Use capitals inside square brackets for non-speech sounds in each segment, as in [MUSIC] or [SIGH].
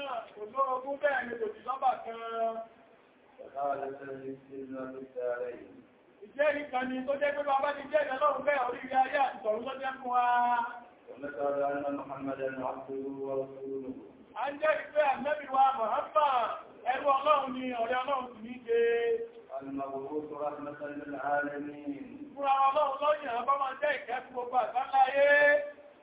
náà kò lọ́ọ̀gún bẹ́ẹ̀ ni kò sí lọ́bà kan. Ìjẹ́ ìkan ni tó jẹ́ pé bàbá ti jẹ́ ìdánlọ́run bẹ́ẹ̀ orí ilé ayé àti tọ̀rún tó jẹ́ fún wa. وَنَشْهَدُ أَنَّ مُحَمَّدًا عَبْدُهُ وَرَسُولُهُ A ń jẹ́ ìfẹ́ àmẹ́bí wa Mọ̀hánmà, ẹrú ọlọ́run ni ọ̀rẹ́ ọlọ́run ti ní ṣe. Al-Mab'uth rahmatan lil 'alamin. Fúra ọlọ́run lọ́yìn àbámọ́ jẹ́ ìkẹ́ fún gbogbo àgbáńláyé.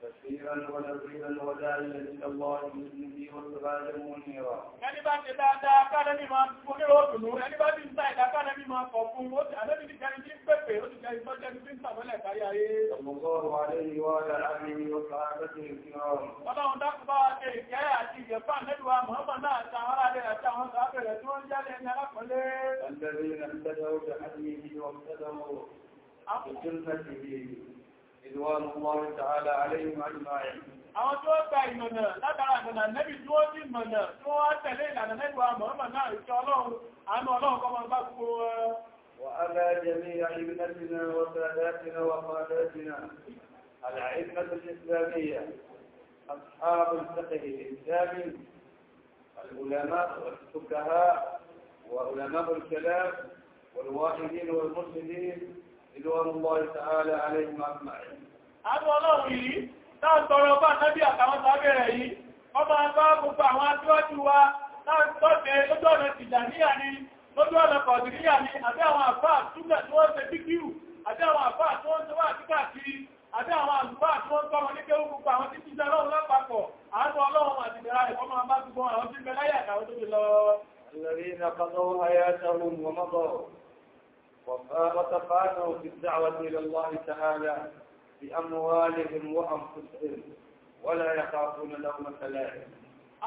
بشيرا ونذيرا وداعيا الى الله باذنه وسراجا منيرا ẹni bá ti dáadáa kánẹ́bí máa fúnlẹ̀ òdùnú ẹni bá ti ń ta ìdá kánẹ́bí máa kọ̀ fún ó ti àlẹ́bí ti jẹni tí ń pèpè ó ti jẹni tó jẹni tí ń tàbẹ́lẹ̀ kárí ayé ọmọgọ́rùn-ún alẹ́yìn wá láàrin ìwọ̀n sàárẹ́ tó ń fi rọrùn ọlọ́run dákùbá ṣe ìkẹ́ àti ìjẹ̀fà nẹ́dùwà mọ́bà náà àtàwọn aráàlẹ́ àti àwọn sàábẹ̀rẹ̀ tí wọ́n jálẹ̀ ní alákọ̀ọ́lẹ́ الذين اهتدوا بهديه رضوان الله تعالى عليهم اجمعين àwọn وعلى جميع ابنتنا وساداتنا وقاداتنا الأئمة الإسلامية أصحاب الفقه الإسلامي العلماء والفقهاء وعلماء الكلام والواحدين والمسلمين رضوان الله تعالى عليهم أجمعين Àwọn ọlọ́run yìí, táà ń tọrọ bá nábí àtàwọn sábẹ̀rẹ̀ yìí, wọ́n máa gbogbo àwọn àtíwájú wa láti tọ́jẹ́ lójú ọ̀nà tìjàníyà ọ̀nà kọ̀dìríyà ni, àbí àwọn àfáà túnbẹ̀ àwọn àfáà tí wọ́n àwọn tí wọ́n ní kéwú وتفانوا في الدعوة إلى الله تعالى بأموالهم وأنفسهم ولا يخافون لومة لائم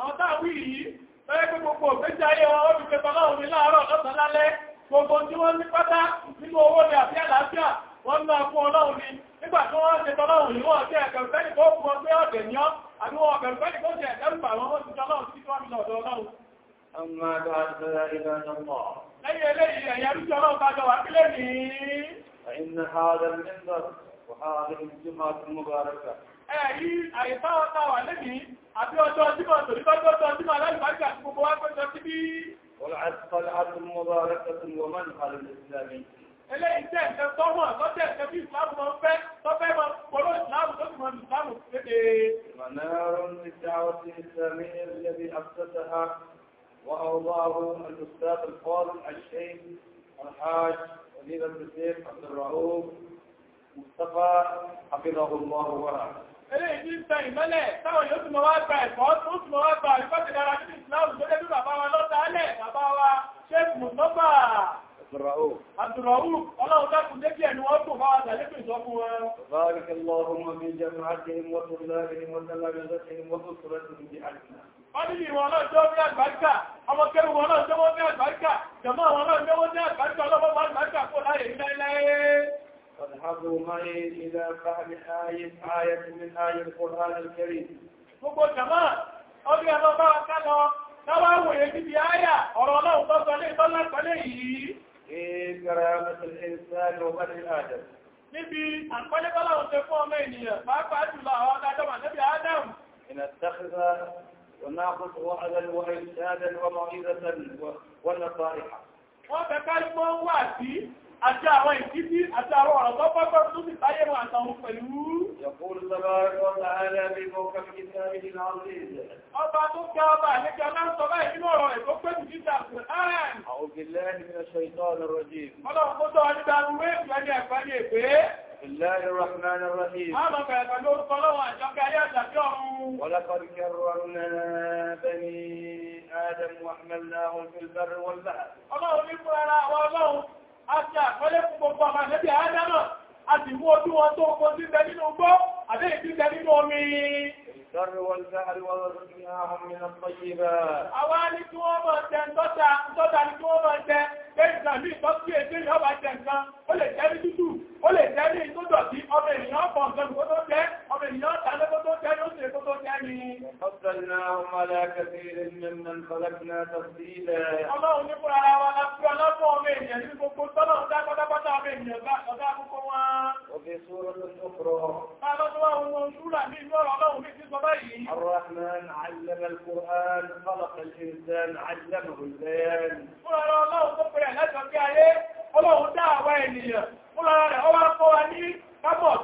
àwọn táàwí yìí fẹ́ pé gbogbo òfẹ́jì ayé wọn ó fi pẹ̀pẹ̀ láwọn ní láàárọ̀ lọ́sàn lálẹ́ gbogbo tí wọ́n ní pátá nínú owó ní àti àlàáfíà wọ́n ní àfún ọlọ́run ní nígbà tí wọ́n ṣe tọ́lọ́run ní wọ́n ṣe ẹ̀kẹ̀rù fẹ́ni kó fún ọgbẹ́ ọ̀dẹ̀ ní ọ́ àbí wọn ọ̀kẹ̀rù fẹ́ni kó ṣe ẹ̀kẹ̀rù bà wọn ó ti tọ́lọ́run sí tí wọ́n fi lọ́dọ̀ ọlọ́run فإن هذا المنبر وهذا الجمعة المباركة أي أي طاوة طاوة لني أبي أتوى تبعته لبقى أتوى تبع لأي باركة مبواكة تبعتي والعز طلعة المباركة ومن قال الإسلام إلا إنت أنت طوما قد تبعي إسلام ومفة طبعا قولوا إسلام وقصوا من إسلام منار للدعوة الإسلامية الذي أفسدها وأوضاعه الأستاذ الفاضل الشيخ الحاج وليد الشيخ عبد الرؤوف مصطفى حفظه الله ورعاه. eléyìí ti ń tẹ ìmọ́lẹ̀ táwọn yóò tún mọ wá gba ẹ̀kọ́ tó tún mọ wá gba ẹ̀kọ́ ti dára nínú tó dé bàbá wa lọ́ta alẹ̀ bàbá wa ṣéèkù mọ́tọ́fà Abdurra'u Ọlọ́run dákùn dé bí ẹni wọ́n tó bá wà tàlébì sọ fún wọn. Bárakà Allahumma fi jama'atihim wa tullarihim wa talabizatihim wa usratihim bi alfina. Wọ́n ní ìwọ̀n náà tó ní àgbàríkà, ọmọ kẹrù wọn náà tó wọ́n ní àgbàríkà, jọmọ́ àwọn náà tó wọ́n ní àgbàríkà ọlọ́pọ̀ máa àgbàríkà kó láyé láyé. Fàdhàbù máyé ìlà fàmì ayé ayé min ayé Qur'an al ọdún ẹ̀mọ́ bá wa ká في كرامة الإنسان وبني آدم níbi àpọ́lẹ́bọ́lá òṣè fún ọmọ ènìyàn pàápàá jùlọ àwọn adájọ́mà níbi Ádámù. ìnàtàkìzà وناخذ وعدا وإرشادا وموعظة ونصائح. wọ́n fẹ́ ká ló mọ́ wà sí àti àwọn ìdíbí àti àwọn ọ̀rọ̀ tó pápá tó sì táyé wọn àtàwọn pẹ̀lú. Ọba tó kí ọba àlejò aláǹsọ̀bá ìdínú ọ̀rọ̀ ẹ̀ tó pẹ́ jù títà Kùrán. Àwọn òbílẹ̀ ni mi ṣe ìtọ́ ọ̀nà rọ̀jì. Ọlọ́run kó tọ́ ọdún darú wé ìfẹ́ ní ẹ̀fẹ́ ní èpé. الله الرحمن الرحيم ولقد كرمنا بني آدم وحملناهم في البر والبحر الله يقول àti àkọlé fún gbogbo ọmọ àlẹ́bí àádámà a sì mú ojú wọn tó kó sí bẹ nínú gbọ́ àbẹ́ ìdí bẹ nínú omi Àwọn ní kí wọ́n mọ̀ jẹ ń tọ́ta ní kí wọ́n mọ̀ jẹ, pé ìgbà ní ìtọ́sí èdè ó lè jẹ́rí dúdú ó lè jẹ́rí tó dọ̀tí ọmọ ènìyàn pọ̀ nǹkan kó tó jẹ́ ọmọ ènìyàn tàbí kó tó jẹ́ ló ṣe kó tó jẹ́ ni. فضلناهم على كثير ممن خلقنا تفضيلا Ọlọ́run ní fúnra ara wa láti ọlọ́pọ̀ ọmọ ènìyàn ní gbogbo tọ́lọ̀ ń dá pátápátá ọmọ ènìyàn bá ọ̀dá àkókò wọn. Òbí sóró ló tó kúrò. Bá lọ́dún wa òun ṣúra ní inú ọ̀rọ̀ Ọlọ́run ní sísọ báyìí. Ar-Rahman 'allama al-Qur'an, khalaqa al-insan, 'allamahu al-bayan. Fúnra ara Ọlọ́run tó ènìyàn fúnra rẹ̀ ọwá kọ́ wa ní kábọ̀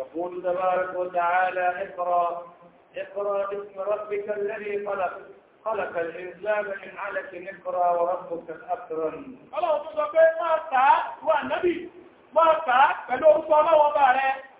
يقول تبارك وتعالى اقرأ اقرأ اسم ربك الذي خلق خلق الإنسان من علك وربك الأكرم الله تبارك وتعالى máa kàá pẹ̀lú orúkọ ọlọ́wọ́ bá rẹ̀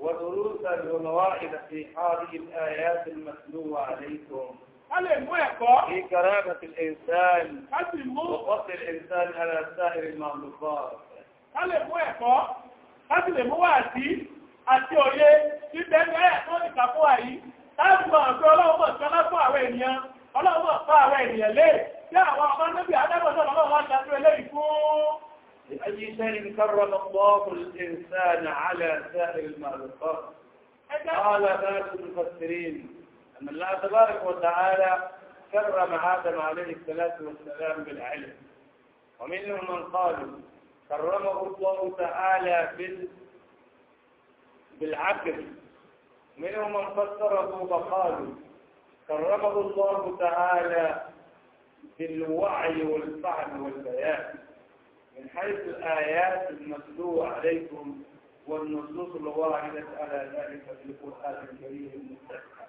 ودروس الومواعظ في هذه الآيات المتلوة عليكم في كرامة الإنسان وقصد الإنسان على سائر المخلوقات láti lè mú wà sí àti òye tí bẹ́ẹ̀ ẹ̀kọ́ nìta àyí láti mọ̀ pé ọlọ́wọ́ sí ọlọ́pọ̀ àwọn ènìyàn ọlọ́wọ́ fún àwọn ènìyàn lè tí àwọn ọmọ níbi adẹ́gbọ́sọ̀ lọ́wọ́ wọ́n ṣàtúrẹ́ لأي شيء كرم الله الإنسان على سائر المخلوقات قال بعض المفسرين أن الله تبارك وتعالى كرم آدم عليه الصلاة والسلام بالعلم ومنهم من قالوا كرمه الله تعالى بال بالعقل منهم من فسره فقالوا كرمه الله تعالى بالوعي والفهم والبيان من حيث الآيات المتلوة عليكم والنصوص الواردة على ذلك في القرآن الكريم المستقبل.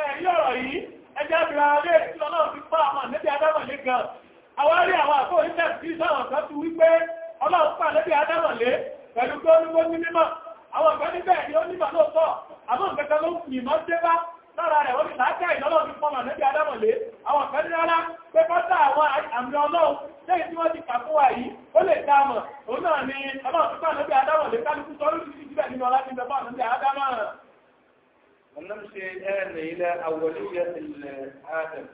ẹ̀yìn ọ̀rọ̀ yìí ẹjẹ́ bí ààrẹ ìlọ́lọ́ fi pa àwọn ànẹ́bí adámọ̀lé gan àwárí àwọn àkó ìṣẹ́ sí sọ̀rọ̀ kan ti wípé ọlọ́run pa ànẹ́bí adámọ̀lé pẹ̀lú pé ó ní mímọ̀ àwọn ọ̀gbẹ́ níbẹ̀ ni ó nímọ̀ lóòótọ́ àwọn ìgbẹ́ta ló ń fìmọ̀ dé bá lára rẹ̀ wọ́n fi láàkà ìlọ́lọ́ ti fọ́mà níbi adámọ̀lé àwọn kan rárá pé kọ́tà àwọn àmì ọlọ́run lẹ́yìn tí wọ́n ti kàkúwà yìí ó lè dámọ̀ òun náà ni ọlọ́run tó bá níbi adámọ̀lé kálukú sọ lórí sí síbẹ̀ nínú ọlá ti bẹ̀ bá níbi adámọ̀ ونمشي الآن إلى أولية آدم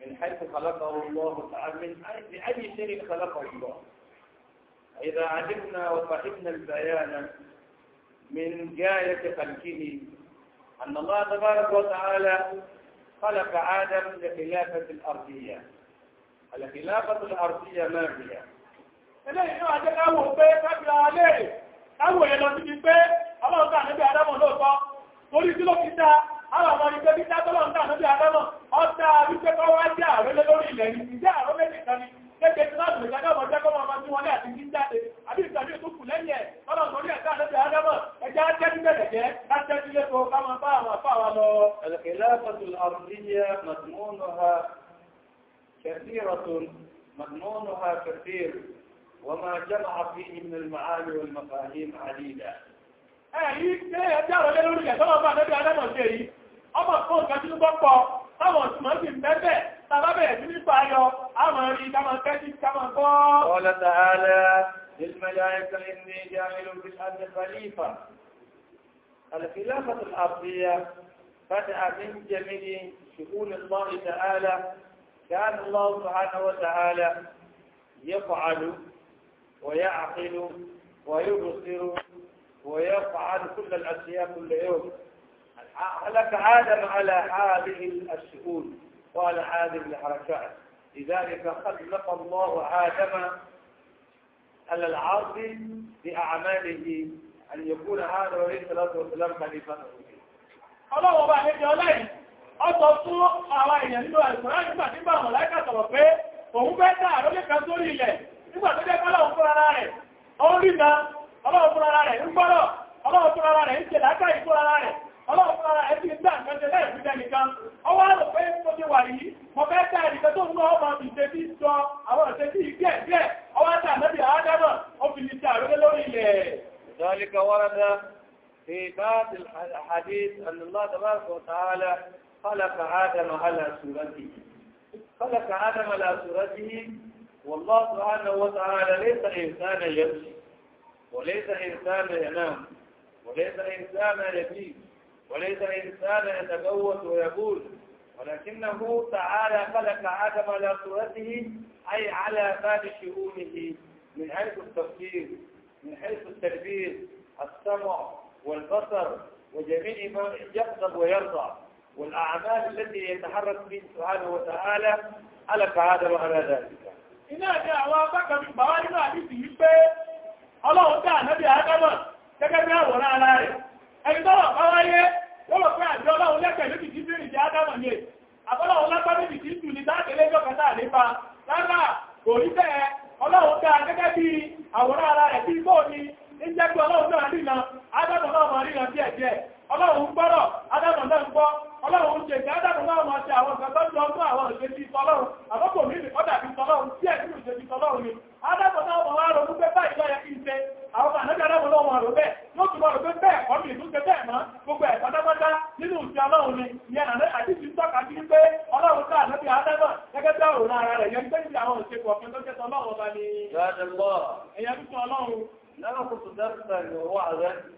من حيث خلقه الله تعالى من أي شيء خلقه الله إذا علمنا وفهمنا البيان من جاية خلقه أن الله تبارك وتعالى خلق آدم لخلافة الأرضية الخلافة الأرضية ما هي؟ eléyìí náà jẹ́ káwò pé kábíra aléèrè káwò ẹ̀ lọ síbi pé ọlọ́ọ̀dá níbi àdámọ̀ lóòtọ́ torí tí ló fi dá aláwọ̀ ìgbé bí dátọ́lọ́ọ̀dá níbi àdámọ̀ ọ̀dá wípé kọ́ wá jẹ́ àrólé lórí ilẹ̀ ìjẹ́ àrólé nìkan ni gẹ́gẹ́ tí láti lè jágọ́ àbí ìgbàlẹ̀ tó kù lẹ́yìn ẹ̀ ọlọ́run orí ẹ̀ká lọ́dẹ̀ adámọ̀ ẹjá tẹ́jú bẹ̀rẹ̀ jẹ́ látẹ́jú lẹ́kọ̀ọ́ ká máa bá àwọn afá wa lọ. الخلافة الأرضية مضمونها كثيرة مضمونها كثير وما جمع فيه من المعاني والمفاهيم عديدة. ẹ̀yí ṣe ẹjá rẹ̀ lẹ́nu orí ẹ̀ká máa bá lọ́dẹ̀ adámọ̀ ṣe yìí ọmọ kan kàtí ló bọ́ pọ̀ táwọn ọ̀sùnmọ́ sì ń bẹ́ẹ̀ tàbá bẹ̀rẹ̀ sí nípa ayọ̀ àmọ́ rí ká máa kẹ́sí ká máa kọ́. قال تعالى للملائكة إني جاعل في الأرض خليفة الخلافة الأرضية بدأ من جميع شؤون الله تعالى كان الله سبحانه وتعالى يفعل ويعقل ويبصر ويفعل كل الأشياء كل يوم لك عادم على هذه الشؤون وعلى هذه الحركات لذلك خلق الله آدم على العاصي بأعماله أن يكون هذا عليه الصلاة والسلام خليفة ọlọ́wọ́ bá ní jẹ́ ọlẹ́yìn ọ̀tọ̀ fún àwọn èèyàn nínú àìsàn nígbà tí bá àwọn láìka sọ̀rọ̀ pé òun fẹ́ dá àrólé kan sórí ilẹ̀ nígbà tó jẹ́ kọ́lọ́wọ́ fún ara rẹ̀ ó rí na ọlọ́wọ́ fún ara rẹ̀ ń gbọ́rọ̀ ọlọ́wọ́ fún ara rẹ̀ ń ṣe láákàyè fún ara rẹ̀ ọlọ́pàá ẹbí gbà kẹjẹ lẹ́ẹ̀fí lẹ́nìkan ọwọ́ àrò pé mo ti wà yìí mo fẹ́ ká ìdíkẹ́ tó ń lọ ọmọ ìṣe bí sọ àwọn ìṣe bí díẹ̀ díẹ̀ ọwọ́ àtà lẹ́bí àádámọ̀ ó fi ní ṣe àrólé lórí ilẹ̀. ذلك ورد في بعض الحديث أن الله تبارك وتعالى خلق آدم على صورته خلق آدم على صورته والله سبحانه وتعالى ليس إنسانا يمشي وليس إنسانا ينام وليس إنسانا يبيت وليس الإنسان يتجوز ويقول ولكنه تعالى خلق آدم على صورته أي على باب شؤونه من حيث التفكير من حيث التدبير السمع والبصر وجميع ما يقصد ويرضى والأعمال التي يتحرك به سبحانه وتعالى خلق آدم على ذلك. إن دعوة بك من في حديثه الله تعالى بآدم كما ولا على ذلك. ẹni tọ́lọ̀ bá wáyé lọ́wọ́ pé ọlọ́run lẹ́kẹ̀ẹ́ lóbi tí bírin jẹ́ ádámọ̀ ni àbọ́lọ́run lápá méjì tí jù ní dáàkẹ́lẹ́ jọ́kẹ́ta àlépa lára kò ọlọ́run ara ọlọ́run gbọ́rọ̀ adájọ́ náà gbọ́ ọlọ́run ń ṣèké adájọ́ náà máa ṣe àwọn ìgbàgbọ́ jọ ọdún àwọn ìṣesí tọlọ́run àkókò mi ní ọ̀dà bíi tọlọ́run tí ẹ̀sìn ìṣesí tọlọ́run ni adájọ́ náà máa wá ronú pé báyìí lọ́yẹ kí n ṣe àwọn ànájọ́ adájọ́ náà máa rò bẹ́ẹ̀ yóò tún máa rò pé bẹ́ẹ̀ kọ́ mi ìtúnṣe bẹ́ẹ̀ mọ́ gbogbo ẹ̀ pátápátá nínú ìṣe ọlọ́run ni ìyẹn àná àti ti tọ́ka sí pé ọlọ́run ká àná bíi adájọ́ gẹ́gẹ́ bí àrùn ara rẹ̀ yẹn gbé níbi àwọn òṣèkò ọ̀fin tó jẹ́ tọ́lọ́run ọba ni. ẹ̀yà bí tún ọlọ́run. lọ́wọ́ kò tún dẹ́kun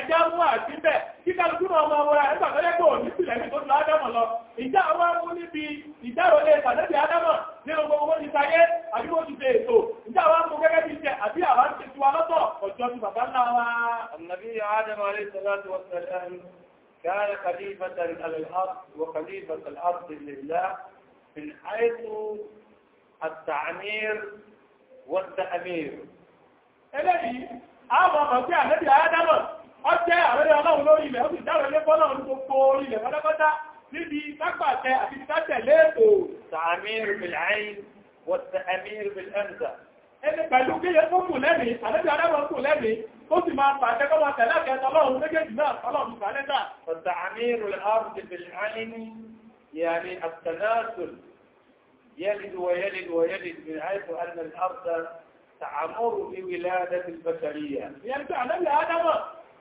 ẹjá mú àti bẹ́ẹ̀ kí kálukú náà máa wọra tó lẹ́gbẹ̀ òní ní tó lọ ádámọ̀ lọ ìjà àwọn amú níbi ìdáròlé ìpàdébì ádámọ̀ nínú gbogbo ti sayé àbí ti ṣe ètò ìjà àwọn gẹ́gẹ́ bí iṣẹ́ àbí àwọn ti tu alọ́tọ̀ ọjọ́ ti bàbá ńlá wa. Ànàbí Ádámù alayhi salatu كان خليفة على الأرض وخليفة الأرض لله من حيث التعمير والتأمير. eléyìí àwọn ọmọ sí àlébì àádámọ̀ ọjẹ́ àrẹ́rẹ́ ọlọ́run lórí ilẹ̀ ó sì dáre lé bọ́lọ́run ní gbogbo orí ilẹ̀ pátápátá níbi kápàtẹ àti títàtẹ̀lé ètò tààmírù bìláyìn wọ́tẹ̀ ẹ̀mírù bìlẹ́ǹdà ẹni pẹ̀lú kí yẹ fún kùlẹ́mì àlẹ́bí adáwọ̀n kùlẹ́mì ó sì máa pàṣẹ kọ́ máa tẹ̀lé àkẹta ọlọ́run méjèèjì náà ọlọ́run sàlẹ́dà tààmírù الأرض بالعين يعني التناسل يلد ويلد ويلد من حيث أن الأرض تعمر بولادة البشرية يعني تعلم لآدم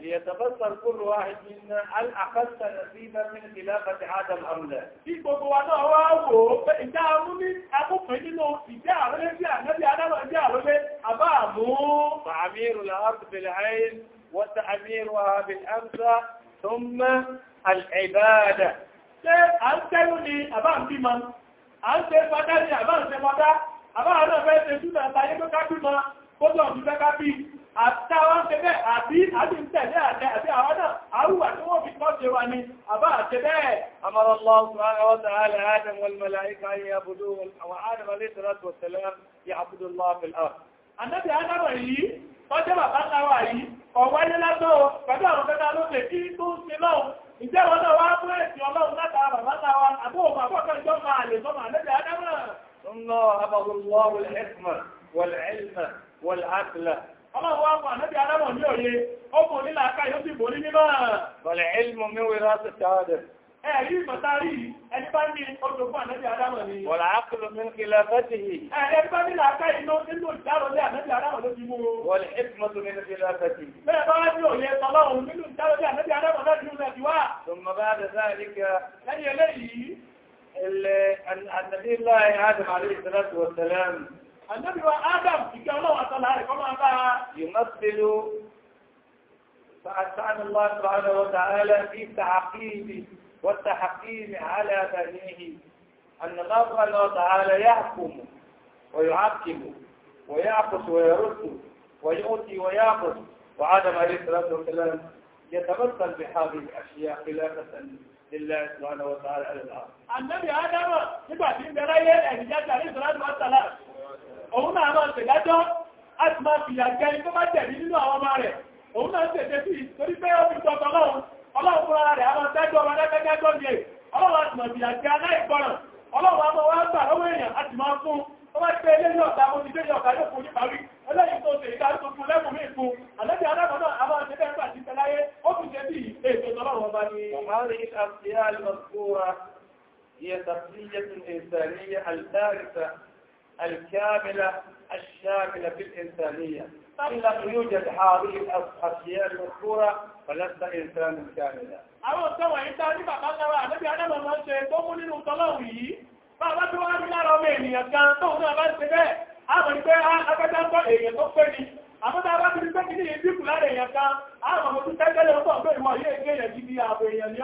يتفسر كل واحد منا هل اخذت نصيبا من خلافه هذا الامر في بوكو انا هو هو انت عمومي ابو فيلو في جاء ربي انا بي انا جاء ربي ابا مو فعمير الارض بالعين وتعميرها بالامس ثم العباده انت لي ابا انت من انت فتاه ابا انت فتاه àbára náà fẹ́ ṣe dúnà láyé tó kábí ma ó lọ sí fẹ́ kábí àtàwọn ṣe bẹ́ẹ̀ àbí àbí ń tẹ̀lé àtẹ àbí àwọn náà àrùwà tí wọ́n fi kọ́ ṣe wa ni àbá àṣẹ bẹ́ẹ̀ amara Allah subhanahu wa ta'ala Adam wal malaika an ya'budu wa Adam alayhi salatu wa salam ya'budu Allah fil ard annabi Adam yìí tọ́jọ́ bàbá láwà yìí ọ̀wáyé látọ́ pẹ̀lú àwọn kẹta ló fẹ́ kí tó ń ṣe lọ́wọ́ ìjẹ́ wọn náà wá fún ẹ̀sìn ọlọ́run látara bàbá láwà àbó òun àbọ̀kẹ́ ìjọba àlè sọ́mà lẹ́bẹ̀ẹ́ Adam náà ثم وهبه الله الحكمة والعلم والعقل Ọlọ́run wá wà níbi aláwọ̀ ní òye, ó bò nílà aká yóò sì bò ní mímọ̀. Bọ̀lẹ̀ ilmù mẹ́wẹ̀ láti ṣáàdẹ̀. Ẹ̀rí ìmọ̀tàrí ẹni bá ní ọdọ̀gbọ́ ànẹ́bí adámọ̀ ni. Wọ̀lá ákùlù mi ń kí lọ fẹ́tì yìí. Ẹ̀rí bá nílà aká inú nínú ìdáròlé ànẹ́bí adámọ̀ ló ti mú. Wọ̀lẹ̀ ìtìmọ̀tò mi ń kí lọ fẹ́tì. Bẹ́ẹ̀ bá ní òye tọ́lọ́run nínú ìdáròlé ànẹ́bí adámọ̀ náà ti mú النبي الله آدم عليه الصلاة والسلام النبي آدم يقول الله أطلع كما بقى يمثل فأسعن الله سبحانه وتعالى في تعقيبه والتحقيم على بنيه أن الله سبحانه وتعالى يحكم ويعقب ويعقص ويرد ويؤتي ويعقص وعدم عليه الصلاة والسلام يتمثل بهذه الأشياء خلافة ilẹ̀ ìwọ̀nà wọ́n sáré ẹ̀lẹ́lá. Ànábì Ádámà nígbà tí ń bẹ̀rẹ̀ yẹ ẹ̀rì jáde àrí ìsọ̀rọ̀ àdúrà sàlá. Òun náà máa ṣèdájọ́ láti máa fìyà jẹ ní tó bá jẹ̀bi nínú àwọn ọmọ rẹ̀. Òun náà ṣèṣe sí torí pé ó fi sọ ọlọ́run. Ọlọ́run fúnra rẹ̀ àwọn dájọ́ ọmọ lẹ́gbẹ́gbẹ́ ọmọ ẹgbẹ́ ilé ní ọ̀tá mo ti dé ní ọ̀tá yóò kò ní parí ẹlẹ́yìn tó ṣe ìdá tó fún lẹ́kùn mí fún àlẹ́bí aláàbọ̀ náà a máa ṣe bẹ́ẹ̀ pàtí tẹ́láyé ó fi ṣe bí ètò ìtọ́lọ́run ọba ni. وهذه الأمثلة المذكورة هي تقنية إنسانية الدارسة الكاملة الشاملة بالإنسانية إن لم يوجد هذه الأشياء المذكورة فلست إنسانا كاملا. àwọn ọ̀sẹ̀ wọ̀nyí tá a ní bàbá náà àlẹ́bí aláàbọ̀ náà ṣe tó mú nínú tọ́lọ́run yìí bàbá tó wá rí lára ọmọ ènìyàn gan tóun náà bá ń ṣe bẹ́ẹ̀ a mọ̀ ní pé agbẹ́dá ń bọ́ èèyàn tó pé ni àbúdá bá ti rí pé kí ní ìdíkù lára èèyàn kan àwọn ọmọ tó tẹ́tẹ́lẹ̀ ọgbọ̀n pé ìmọ̀ yé èké èèyàn gidi ààbò èèyàn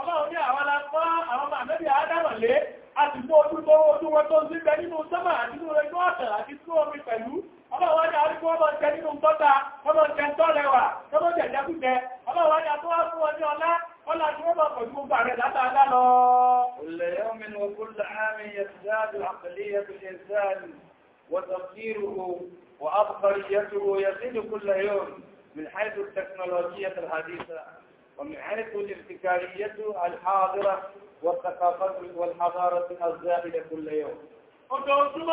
Ọlọ́run ní àwọn alápá àwọn àmẹ́bí Ádámà lé àti fún ojú tó ojú tó ń sí bẹ nínú sọ́mà àti nínú ẹgbẹ́ ọ̀sẹ̀ àti fún omi pẹ̀lú ọlọ́wọ́ ní àríkú ọmọ ìjẹ nínú tọ́ta ọmọ ìjẹ tọ́lẹ̀wà ọmọ ìjẹ jẹ́kújẹ ọlọ́wọ́ ní àtúwà fún ọdí ọlá ọlá tí wọ́n bọ̀ pẹ̀lú gbogbo ààrẹ látàlá lọ. Òlẹ̀ yóò mi ní okú láàmì yẹ̀sìdáàdù àpẹlẹ́yẹ tó ṣe sáàlù وتفكيره وأبصريته يزيد كل يوم من حيث التكنولوجيا الحديثة ومن حيث الابتكارية الحاضرة والثقافة والحضارة الزائدة كل يوم. ọdọọdún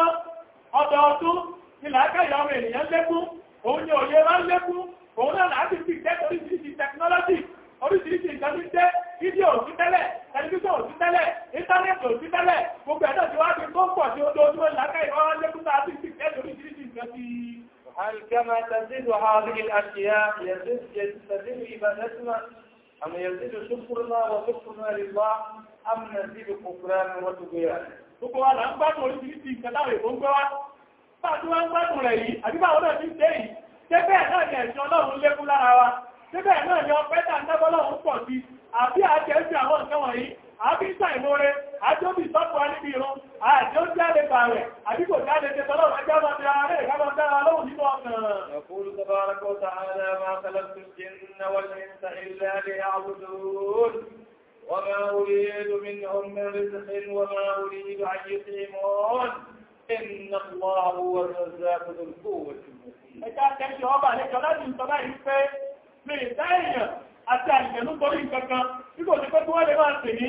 ọdọọdún ní làákàyà àwọn ènìyàn lékún òun ni òye máa ń lékún òun náà láti fi jẹ́ oríṣiríṣi technology oríṣiríṣi nǹkan ti jẹ́ fídíò sí tẹ́lẹ̀ tẹlifíṣàn sí tẹ́lẹ̀ íńtánẹ́ẹ̀tì sí tẹ́lẹ̀ gbogbo ẹ̀dọ̀ tí wá fi tó pọ̀ sí ojoojúmọ́ làákàyà wọn lékún هل كما تزيد هذه الأشياء يزيد تزيد إبادتنا أم يزيد شكرنا وشكرنا لله أم نزيد كفران وتغيان Gbogbo wa là ń gbádùn pàtí wọ́n ń gbádùn rẹ̀ yìí àbíbà ọ̀nà ti ń tẹ́ yìí tẹ́bẹ̀ náà ni ẹ̀sìn ọlọ́run lékún lára wa tẹ́bẹ̀ náà ni ọpẹ́ tà ń tẹ́bọ́lọ́run pọ̀ sí àbí àjẹ́sì àwọn nǹkan wọ̀nyí àbí ìsàìmóre àjọ́bì sọ́pọ̀ níbi ìran àjọ́ tí a lè bà rẹ̀ àbí kò tí a lè tẹ́tọ́ lọ́wọ́ ẹjọ́ ọmọdé ara rẹ̀ ìgbàmọ́ dára lọ́wọ́ nínú ọkàn. Ẹ̀kúrú tọ́bára kó tààdà máa kọlọ́tù jìnnà wọlé ń ta ilẹ̀ àrí àwùdó. Wọ́n máa orí ẹlòmínà ọmọ rẹ̀ Inna Allah huwa ar-Razzaq dhul quwwati al-matin. Ẹja tẹ́jú ọba àlejò láti ń sọ́lá yìí pé mi ìdá èèyàn àti àìjẹ̀nú torí nǹkan kan tí kò sí pé kí wọ́n lè máa sè ní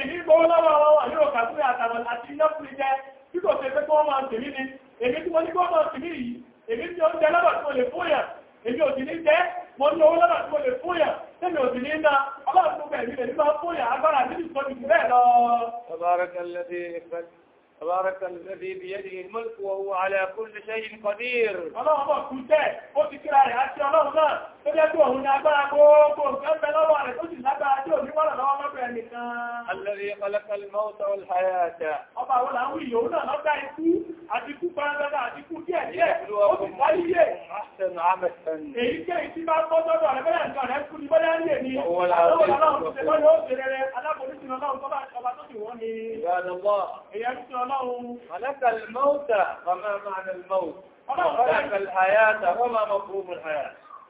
ìní gbowó lọ́wọ́ wà yóò kà sílẹ̀ àti iná fúri tí kò sí pé kí wọ́n máa sè ní ni tí wọ́n ní kí wọ́n ní yìí tí تبارك الذي بيده الملك وهو على كل شيء قدير الله أكبر كنت كده كراري أشياء الله أكبر tó jẹ́ tó òun ní agbára gbogbo nǹkan bẹ lọ́wọ́ rẹ̀ tó sì lágbára tí ò ní wọ́n lọ́wọ́ lọ́pẹ̀ nìkan. Alẹ́rí ọlọ́pẹ̀lú mọ́ta olùhayáta. Ọba wo là ń wí yòó náà lọ́gbà ikú àti ikú pẹ́rẹ́dọ́dà àti ikú díẹ̀ díẹ̀ ó sì sáyé. Èyí jẹ́ ìtí bá bọ́ sọ́dọ̀ rẹ̀ bẹ́ẹ̀ nǹkan rẹ̀ kú ní bọ́lá ń lè ní. Àwọn ọlọ́run ti lọ́yọ́ ó ṣe rẹ̀ alákòóso ọlọ́run tó bá ọba tó sì wọ́n ni. Ìgbàdànbọ̀. Èyí ti ọlọ́run. Ọlọ́pẹ̀lú mọ́ta, ọmọ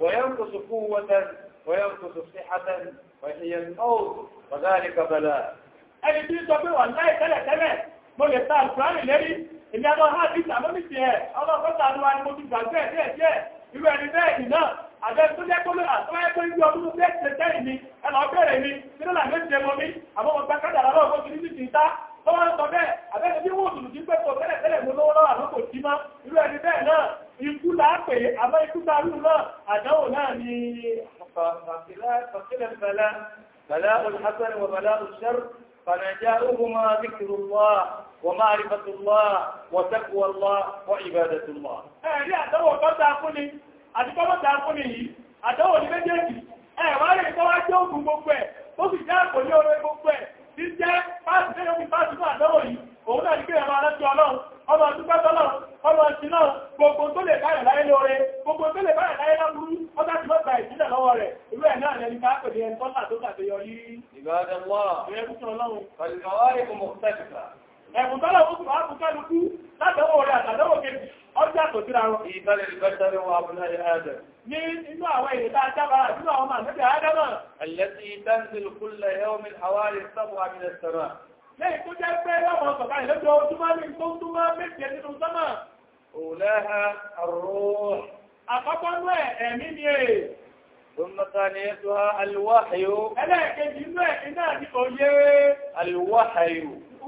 وينقص قوة وينقص صحة وهي الموت وذلك بلاء ẹni tí sọ pé wà láì tẹ́lẹ̀ tẹ́lẹ̀ mo lè ta àlùkùránì lérí èmi àmọ́ hábí àmọ́ mi ti ẹ̀ ọlọ́pọ̀ta àlúwà ni mo ti gbàgbé ẹ̀dẹ́ ẹ̀dẹ́ irú ẹni bẹ́ẹ̀ ìná àbẹ́ tó jẹ́ pé àtọ́wẹ́ pé ibi ọdún tó bẹ́ẹ̀ tẹ́lẹ̀ mi ẹlọ bẹ̀rẹ̀ mi nínú làmẹ́sì ẹmọ mi àmọ́ mo gbá kádà lọ́wọ́ tó wá ń sọ bẹ́ẹ̀ abẹ́rẹ́ bí wọ́n tùlù sí pé kò tẹ́lẹ̀ tẹ́lẹ̀ mú lọ́wọ́ lọ́wọ́ àlọ́kò tí má irú ẹni bẹ́ẹ̀ náà ikú là á pè é àmọ́ ikú ni fàkílẹ̀ fẹlẹ́ fẹlẹ́ olùhásẹ́ni wọ fẹlẹ́ الله ومعرفة الله وتقوى الله وعبادة الله. إيه ليه أدوه قد أقولي أدوه قد أقولي إيه ما ليه قد أقولي gbogbo ẹ̀ ó sì jẹ́ àpòlé orin gbogbo ẹ̀ tí jẹ́ pàṣẹ omi pàṣẹ fún àdánwò yìí òun náà ní pé ẹ̀rọ aláṣẹ ọlọ́run ọmọ àdúgbẹ́ tọ́lọ́run ọmọ ọ̀sìn náà gbogbo tó lè báyẹ̀ láyé lóore gbogbo tó lè báyẹ̀ láyé láburú ọjọ́ tí wọ́n gba ìsílẹ̀ lọ́wọ́ rẹ̀ irú ẹ̀ náà lẹni ká pè ní ẹni tọ́lá tó ṣàṣeyọrí. ìgbà ọdẹ wọ́n. ìrẹ́kùsùn ọlọ́run. pẹ̀lú ẹ̀bùn tọ́lọ̀ ó kùnà ápùn kálukú látọwọ́ rẹ̀ àtàdọ́wọ́ kejì ọjọ́ àtòsíra wọn. ìbálẹ̀ ìbátẹ́rẹ̀ wọn abúlé ẹ̀ẹ́dẹ̀. ní inú àwọn èyí tá a dábàá nínú àwọn màá níbi àádámà. àyẹ̀sí ìtàǹsì kúlẹ̀ ẹ̀ọ́mìn àwárí sábò àmìlẹ̀ sọ̀rọ̀. lẹ́yìn tó jẹ́ pé lọ́wọ́ sọ̀kalẹ̀ lójó ojúmọ́ ní tó túmọ́ méje nínú sọ́mà. òlẹ́hà àrò. àkọ́kọ́ nú ẹ̀ ẹ̀mí ni è. ثم ثانيتها الوحي. ألا كجمع إنا بقوله الوحي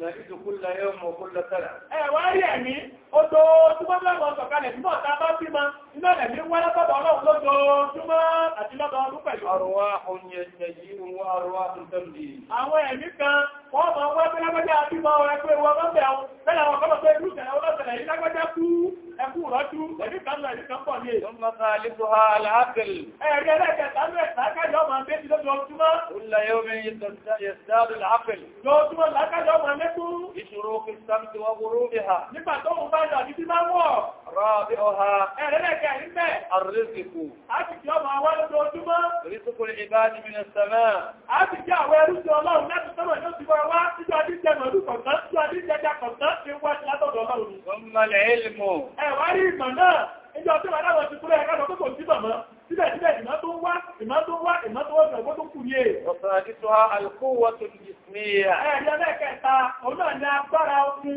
na ìdùkúlẹ̀ yóò mọ̀ kúlẹ̀ tẹ́lẹ̀. ẹ wá rí ẹ̀mí ojoojúmọ́ lọ́wọ́ sọ̀kalẹ̀ nígbà tá a bá bí ma iná ẹ̀mí wá lọ́tọ̀dọ̀ ọlọ́run lójoojúmọ́ àti lọ́dọọdún pẹ̀lú. àrùwá oúnjẹ yìí ń wá àrùwá tuntun di. àwọn ẹ̀mí kan wọ́n máa wá pé lágbájá àbímọ ẹgbẹ́ wọn bẹ́ẹ̀ àwọn kọ́lọ̀ pé irú ìṣẹ̀lẹ̀ wájú ẹ̀mí kan lọ ẹ̀mí kan pọ̀ ní èyí. ọmọ kan àlejò ha aláàbẹ̀lì. ẹ̀rí ẹlẹ́kẹta ló ẹ̀ta kájọ máa bẹ́ ti lọ́jọ́ ojúmọ́. olùlà yóò mi yẹ̀sìdáàdù làápẹ̀lì. lójúmọ́ làákàjọ máa mẹ́kú. ìṣòro kìí sáàmì tí wọ́n wúrú bí رابعها الرزق من السماء Ọ̀sán àdísọ́ alkúwọ́ tó ti jìsmíyà. Ẹ̀ẹ́dẹ́lẹ́kẹta, òun náà ni agbára ọkùn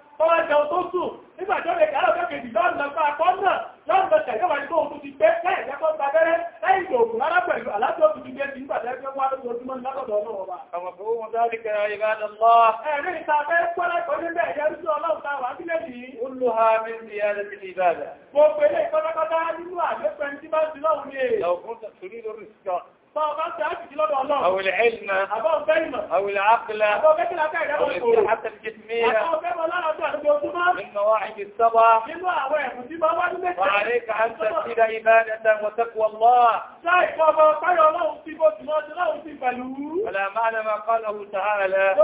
tọ́wọ́ jẹun tó sùn nígbà tó lè kàárọ̀ tó kejì lọ́nà lọ́pàá akọ́nà lọ́nà tẹ̀lẹ́wà ní tóun tó ti gbé lẹ́yìn lẹ́kọ́ gba abẹ́rẹ́ lẹ́yìn ìlò ògùn rárá pẹ̀lú aláàbò tó ti gbé ti nígbà tẹ́lẹ́fẹ́ wá lórí ojúmọ́ ní lábọ̀dọ̀ ọlọ́run wa. àwọn òun wọn dárí kẹrẹ ìbádàn lọ. ẹ̀rí ìta fẹ́ pẹ́lẹ́ kọjú bẹ́ẹ̀ yẹrú sí ọlọ́run táwa sílẹ̀ yìí. ó lo ha mi ní ẹrẹ sí ìbádàn. mo pèlè ìkọ́lọ́kọ́tà nínú àgbẹ̀fẹ́ ní tí أو العلم أو العقل أو الإبتحات الجسمية من مواعد السبع وعليك أن تسيد عبادة وتقوى الله فلا معنى ما قاله تعالى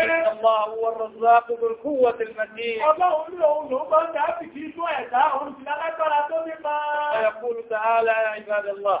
إن الله هو الرزاق ذو القوة المتين ويقول تعالى يا عباد الله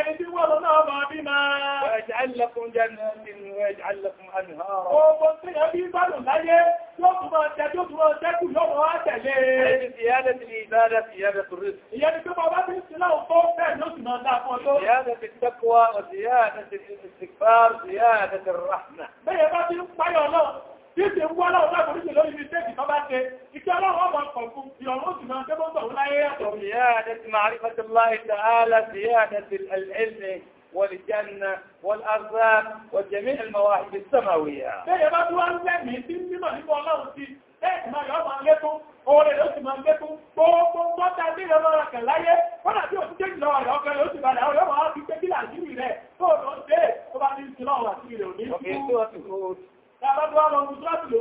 ẹni tí wọ́n lọ náà máa bí máa. Ẹ̀jẹ̀ lẹ́kùn jẹ́ nínú ẹ̀jẹ̀ lẹ́kùn àníhàrọ̀. Ogun tí a bí bálùn láyé yóò tún máa jẹ́ tó tún máa jẹ́kù yóò máa tẹ̀lé. Ẹni tí ìyá lẹ́tì ní ìbára ti yẹ́ bẹ̀tù rí. Ìyá ni tó máa bá ti ń sin láwọn tó bẹ́ẹ̀ ló sì máa dáa fún ọjọ́. Ìyá lẹ́tì tẹ́kọ̀ọ́, ìyá lẹ́tì ìsìnkú, ìyá lẹ́tì rahma. Bẹ́ẹ̀ bá ti ń páyọ̀ náà. Títí ń wọ́n lọ́wọ́ láàbò níṣẹ́ lórí mistake tó bá ṣe, ìṣẹ́ ọlọ́run ọmọ ọkọ̀ fún bí ọmọ òsì máa ń tẹ́bọ́ gbà wọ́n láyé yàtọ̀. زيادة معرفة الله تعالى زيادة العلم والجنة والأرزاق وجميع المواهب السماوية. Bẹ́ẹ̀ bá tún wá ń lẹ́mí tí mímọ̀ nípa ọlọ́run sí, bẹ́ẹ̀ máa yọ máa lékún, oore ló sì máa lékún, gbogbo gbọ́ta bí ìrẹ́ lọ́ra kẹ̀ láyé, kọ́nà tí òsì jẹ́ ìlọ́wọ̀ rẹ̀ ọkẹ́ ló sì balẹ̀, àwọn yóò máa fi pé kí làásìrì rẹ̀ tó lọ sí ẹ̀ tó bá ní ìsinmi ọ̀rọ̀ àti ìrẹ̀ òní.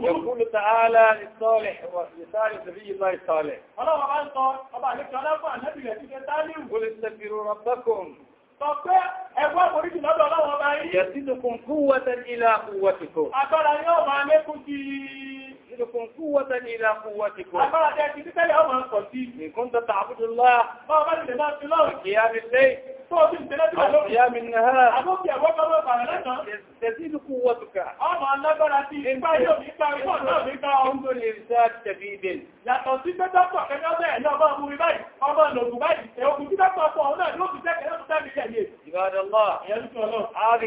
يقول تعالى للصالح لصالح نبي الله الصالح قل استغفروا ربكم يزيدكم قوة إلى قوتكم يزدكم قوة إلى قوتكم أما أتأتي بك يوم القصير إن كنت تعبد الله ما أمر لما في الله قيام الليل قيام النهار تزيد قوتك أما الله براتي انظر لرسالة شديد yàtọ̀ sí pé dọ́pọ̀ kẹjọ́ bẹ́ẹ̀ ní ọmọ ọmọ orí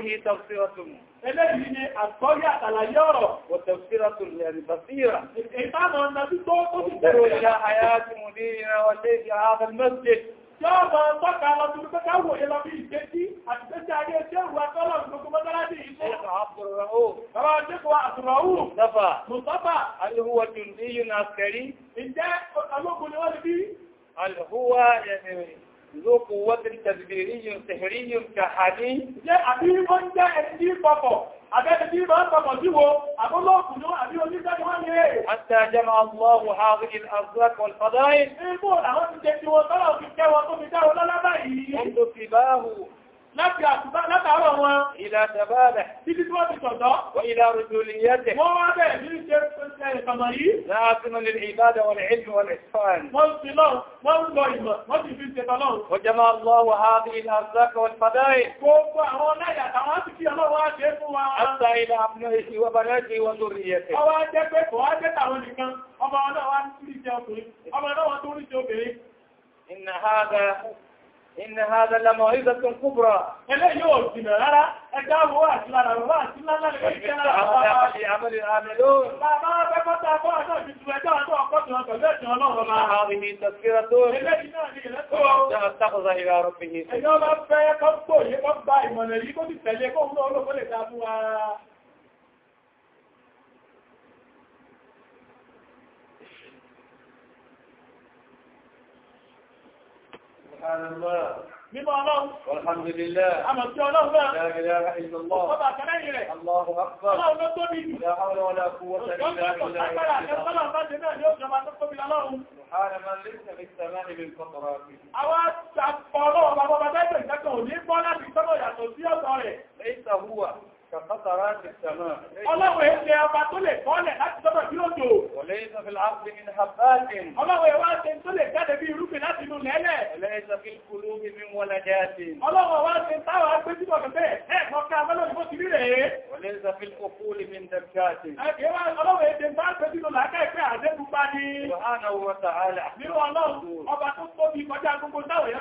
báyìí ọmọ eléyìí ni àgbọ́rí àtàlàyé ọ̀rọ̀ wọ̀tẹ̀síra tó lè rí basíra. ìbámu ọ̀nà tí tó tó ti bẹ̀rẹ̀ òṣìṣẹ́ àyà tí mo ní ìran ọ̀lẹ́ ìdí àwọn mẹ́sẹ̀. yóò mọ tọ́ka lọ sí pé káwọ̀ yẹn lọ bí ìgbésí àti ìgbésí ayé tí ó wà kọ́lọ̀ gbogbo mọ́tàládì yìí fún. bàbá àdékò àtùrọ̀wù. mustapha mustapha. alihuwa tùndíyìn àkẹrí. ǹjẹ́ ológun ni wọ́n ti bí. alihuwa yẹn ذو قوة تدبيري سحري كحالي jẹ́ àbí ó ń jẹ́ ẹni bí pọ̀pọ̀ àbẹ́ni bí máa ń pọ̀pọ̀ sí wo àbúlọ́kùnrin àbí onígbẹ́ni wọ́n ní rẹ̀. حتى جمع الله هذه الأرزاق والفضائل. ìbò àwọn ti jẹ́ tí wọ́n tọ́lọ̀ fi jẹ́ wọn tó láti àtúbá látàárọ̀ wọn. Ìlà tàbádà. Títí tí wọ́n ti sọ̀dọ́. Wọ́n ìlà rùjò lè yẹ́ tẹ̀. Wọ́n wá bẹ̀rẹ̀ nínú ṣe ìfẹ̀mọ̀ yìí. Láàfínà lè ìbádà wọn ìlú wọn ìfàn. Wọ́n ti lọ, wọ́n lọ ìmọ̀, wọ́n ti fi ṣe tọ́lọ́. Ọjọ́ máa lọ wà á bí ilà àzákà wọn padà yìí. Gbogbo àwọn náírà àwọn ti fi ọlọ́wọ́ á ṣe fún wa. Àtà ilà àfúnà ìṣì wọ́n bá lẹ́sí wọn lórí ẹ̀sẹ̀. Ọwọ́ á jẹ́ pé kò á jẹ́ tàwọn nìkan, ọmọ náà wá ń rí jẹ ọkùnrin, ọmọ náà wọ́n tó rí jẹ obìnrin. Ìnà إن هذا لموعظة كبرى أنا يوجد لنا أجابوا أسلانا وأسلانا لعمل عمل العاملون ما ما بمتى فأنا في السوداء أقضنا فلسنا الله ما هذه تذكرة أتخذ إلى ربه سبيلا Subhanallah. Mímọ̀ ọlọ́run. Alhamdulillah. Àmọ̀ tí ọlọ́run náà. La ilaha illallah. Ọba àkàlẹ́yìn rẹ̀. Allahu akbar. Ọlọ́run ló tóbi jù. La hawla wala quwwata illa billah. Ọjọ́ àgbàrà ẹ̀fọ́lọ́ bá ti náà yóò jọba tó tóbi ọlọ́run. Subhana man laysa fi samani bil qatarat. Àwọn àpọ̀ ọlọ́run bàbá bàbá bẹ́ẹ̀ Ọlọ́wọ̀ ẹgbẹ́ ọba tó lè kọ́lẹ̀ láti sọ́bọ̀ bí òjò. Ọlọ́wọ̀ ẹwà ṣe tó lè jáde bí irúgbìn láti inú lẹ́lẹ̀. Ọlọ́wọ̀ wá ṣe táwà gbé tí bọ̀ bẹ̀bẹ̀ ẹ̀kọ́ká mẹ́lọ́dún bó ti rí rẹ̀. Ọlọ́wọ̀ ẹgbẹ́ bá gbé tí lọ lákẹ́ ẹgbẹ́ àdẹ́gbùgbá ni. Nínú ọlọ́run, ọba tó tóbi kọjá gbogbo táwà yẹ́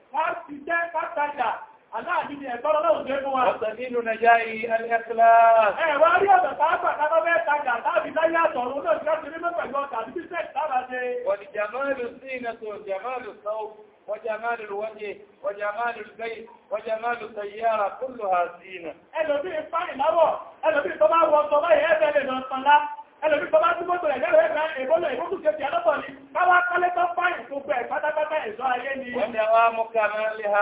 wọ́n ti jẹ́ pátájà aláàbí ni ẹ̀tọ́ lọ́wọ́ jẹ́ fún wa. ọ̀sẹ̀ nínú nàíjá yìí ẹlẹ́kìlá. ẹ̀wọ́ rí ọ̀sẹ̀ pàápàá tábọ́ bẹ́ẹ̀ tajà láàbí láyé àtọ̀rọ̀ náà ti láti rí mẹ́pẹ̀lú ọ̀tà àti bí sẹ́ẹ̀ tábà ṣe. wọ̀nì jàmáàlù sí ìnàtò jàmáàlù sọ́ọ̀ وجمال الوجه وجمال البيت وجمال السيارة كلها زينة. ẹlòmí ìpáyìn láwọ̀ ẹlòmí tó bá wọ ẹlòmí bọ́ bá tún mọ́tò rẹ̀ lẹ́rọ ẹ̀ka ìbọ́lọ̀ ìbọ́tù kejì alọ́bọ̀ ni káwá kálẹ́ tó fáyìn tó gbẹ pátápátá ẹ̀ṣọ́ ayé ni. wọ́n ní àwọn amúkàmẹ́lẹ́ ha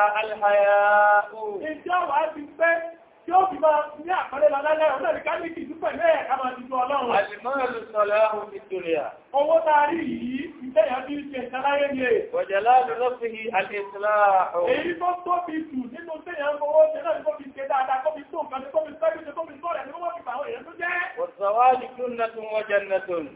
tí ó fi máa ní àpẹẹrẹ lálẹ́ ọ̀nà ìkáníkì tí pẹ̀lú ẹ̀ ká máa dìbò ọlọ́run. Àlìmọ́ọ̀lù sọ̀lá ohun ti torí à. Owó taari yìí, iṣẹ́ ìyá bí ṣe ṣaláyé ni è. Wọ̀jẹ̀lá ló lọ sí àlìsílá. Èyí tó tóbi jù nínú tí ìyá ń fowó ṣe náà ni kó fi ṣe dáadáa, kó fi tó nǹkan, kó fi sẹ́yìn ṣe, kó fi sọ̀rẹ̀ ni wọ́n fi fà àwọn èèyàn tó jẹ́. Wọ̀sàwájú júnnatun wa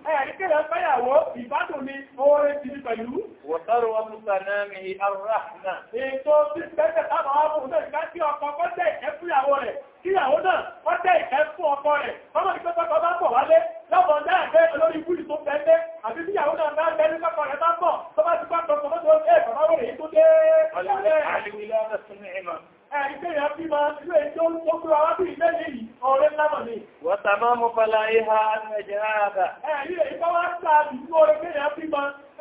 Ẹ ìkéyà fẹ́yàwó ìbádùn ni owó ti ní pẹ̀lú. Wọ̀sàrò wọn tún sànà mi arúrà náà. Ètò tí bẹ́ẹ̀ táwọn ọmọ òun náà ká sí ọkọ̀ kọ́tẹ̀ ẹ̀fúyàwó rẹ̀ kíyàwó náà wọ́n tẹ́ ìkẹ́ fún ọkọ rẹ̀ ọmọ ìpẹ́ tọ́kọ bá bọ̀ wálé lọ́bọ̀ dáàbẹ́ olórí ìwúlì tó bẹ́ẹ̀ àti kíyàwó náà bá bẹ́ẹ̀ nípa kọ̀rẹ́ bá bọ̀ tó bá ti pàtó ọmọ tó ń lé tó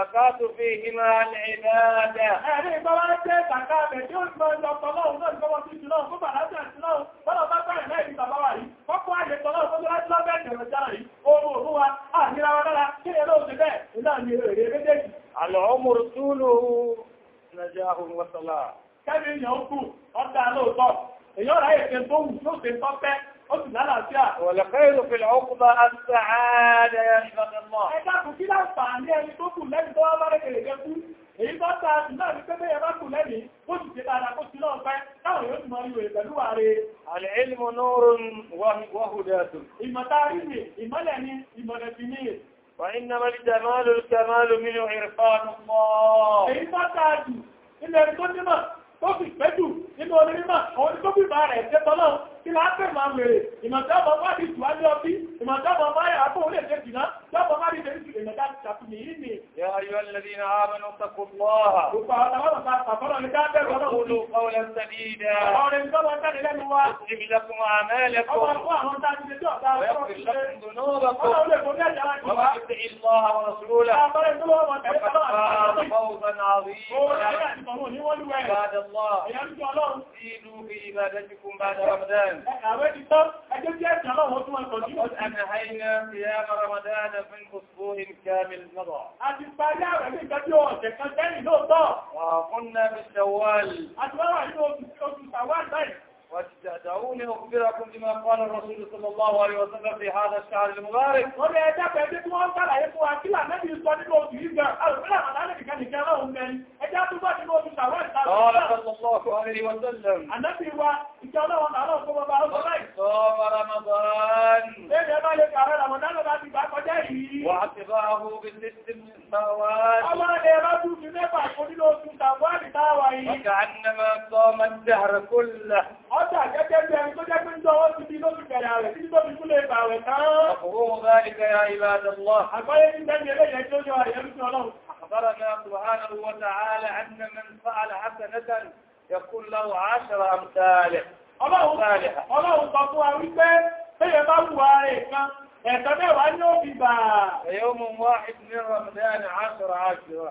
والزكاة فيهما العبادة أهلي بواسة زكاة بجوز ما يطلع الله ونال بواسة جلوه فبا رجع جلوه فلا بطلع نايل تبواري فقوا أهلي طلعه فلا أجلوه بجوز جلوه قولوا هو أهلي روانالا كي لو جبه إلا نيري بديك العمر طوله نجاح وصلاة kẹ́mi ìyàn ó kú ọ̀dá lóòótọ́ èyàn ráyè ṣe tó wù tó ṣe tọ́pẹ́ ó sì lálàáfíà. wọ̀lẹ̀kẹ́ ìròfin ọkùnrin àti إنما الجمال الكمال منه عرفان الله إنما تاجي إلا ركوتما tó fi pẹ́jù nínú onímọ̀ àwọn tó fi máa rẹ̀ jẹ́ tọ́lọ́ kí láàpẹ̀ máa mèrè ìmọ̀tọ́mọ̀ máa di jù á ní ọbí ìmọ̀tọ́mọ̀ máa yà á tó lè jẹ́ jìnà tọ́mọ̀ máa di jẹ́ jù ènìyàn láti يا أيها الذين آمنوا اتقوا الله وقولوا قولا سديدا يخرج لكم أعمالكم ويغفر لكم ذنوبكم ومن يطع الله ورسوله فقد فاز فوزا عظيما عباد الله زيدوا في عبادتكم بعد رمضان وقد أنهينا صيام رمضان من أسبوع كامل مضى parí àwẹ̀ ní ìgbẹ́bí ọ̀sẹ̀ وتدعون أخبركم بما قال الرسول صلى الله عليه وسلم في هذا الشهر المبارك wọ́n lè ẹjá pẹ̀lú tí wọ́n sára ẹ̀kọ́ àkílà mẹ́bí sọ nínú oṣù ìgbà alùpùpù àmàlà nìkan nìkan ọ̀hún mẹ́rin ẹjá tó bá nínú oṣù sàwọn ìta lọ́wọ́ صلى الله عليه وسلم ànábì wa ìjọ ọlọ́wọ́n àlọ́ ọ̀kọ́ bàbá ọ̀sọ́ láì sọ Ramadan lẹ́yìn ẹbá lè kààrẹ Ramadan lọ́dá ti bá kọjá yìí wà á ti bá ahú bí lẹ́sìn sàwọn ọmọ rẹ̀ bá tún fi mẹ́fà kò nínú oṣù sàwọn ìta wà yìí ọjà gẹ́gẹ́ bí ẹni tó jẹ́ pé ń dọwọ́ sí bí lóṣù kẹrẹ rẹ̀ títí tó fi kúlẹ̀ ìgbà rẹ̀ tán. ọkùnrin wọn bá ní kẹrẹ ìbádọ́lọ́. àgbáyé ní bẹ́ẹ̀ ẹ̀tọ́ mẹ́wàá ní ó fi ẹ̀yọ́ mọ̀ wá ìdílé rọ̀mọ̀dé àṣọ àṣọ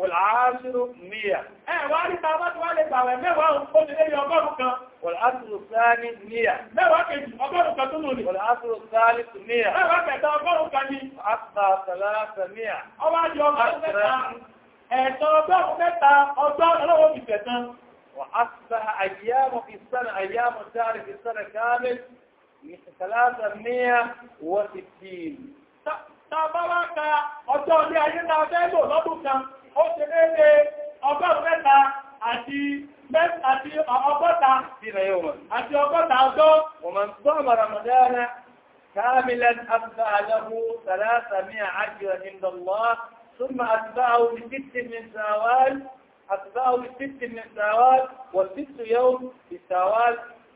wọ̀láàṣírò níyà. Ẹ wá rí ta bá tí wá lè gbàwẹ̀ mẹ́wàá ó ti lé ọgọ́rùn kan. Wọ̀láàṣírò sáàlì níyà. Mẹ́wàá kejì ọgọ́rùn kan tún lòdì. Wọ̀láàṣírò sáàlì tún níyà. Mẹ́wàá kẹta ọgọ́rùn kan ní. Àtà sàlásà níyà. Ọba di ọgọ́rùn mẹ́ta. Ẹ̀sọ́ ọgọ́rùn mẹ́ta ọjọ́ ọlọ́wọ́ fi tẹ̀tán. وأصبح أيام في السنة أيام الدار في السنة كامل ثلاثة مئة وستين ta ọjọ́ ilé ayé ta lọ́dún kan ó ṣe léde ọgọ́rùn mẹ́ta àti àti ọgọ́ta àti ọgọ́ta ọjọ́ ومن صام رمضان كاملا أبدأ له ثلاثمائة عجرا عند الله ثم أتبعه بست من شوال أتبعه بست من شوال والست يوم في شوال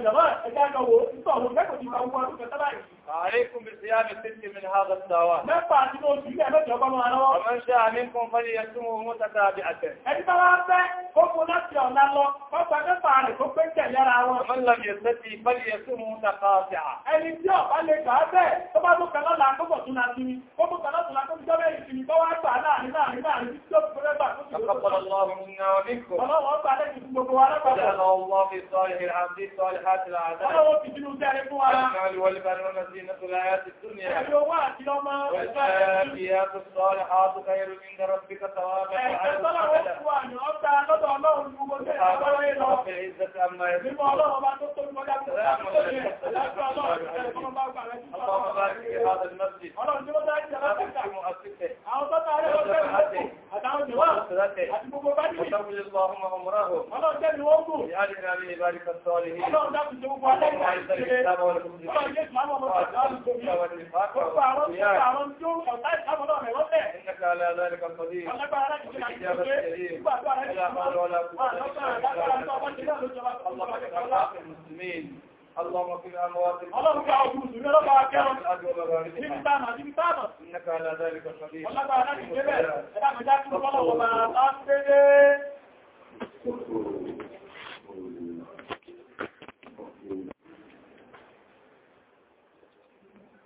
大家救活。هذا السواء ومن شاء منكم فليسمه متتابعة ومن لم يستطيع فليسمه متقاطعة تقبل الله منا ومنكم وجعل الله في صالح العبد صالحات العذاب والمال والبنون زينة الآيات الدنيا والباقيات الصالحات خير عند ربك ثوابا وأجر أبدا رب العزة أما يصفون اللهم بارك في هذا المسجد وتقبل اللهم عمرهم لأجل أبي بارك الصالحين اللهم أعز الإسلام والمسلمين وأجل الإسلام والمسلمين اللهم في الأموات اللهم في عبوس من ربع كرم إنك على ذلك القدير والله بأنا في الجبال أنا مجاك الله وما أصدق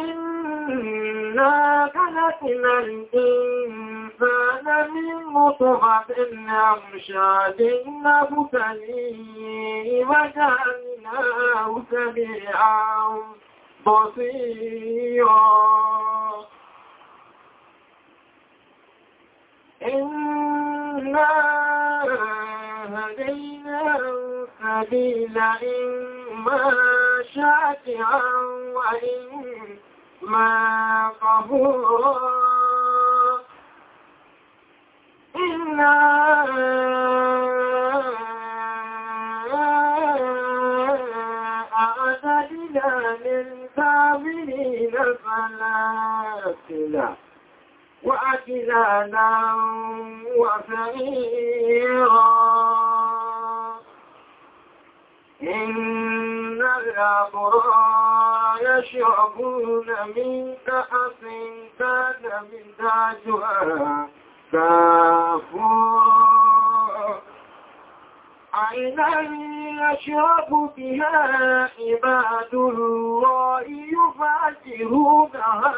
إنا خلقنا الإنسان من مطهة أمشاد نبتليه وجعلناه سميعا بصيرا إنا هديناه سبيل إما شاكرا وإما كفورا إنا أعتدنا للكافرين فلا وأكلانا وسعيرا إن الأبرار يشربون من كأس كان مزاجها كافورا عينا يشرب بها عباد الله يفاجرونها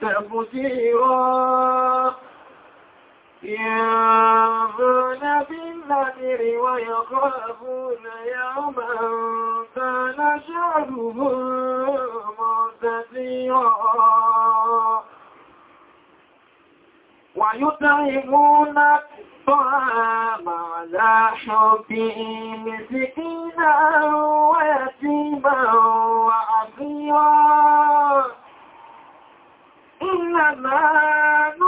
تفجيرا ينظرون بالنذر ويخافون يوما كان شعره مرتديرا ويطعمون الطعام على حبه مسكينا ويتيما وعصيرا إنما نؤمن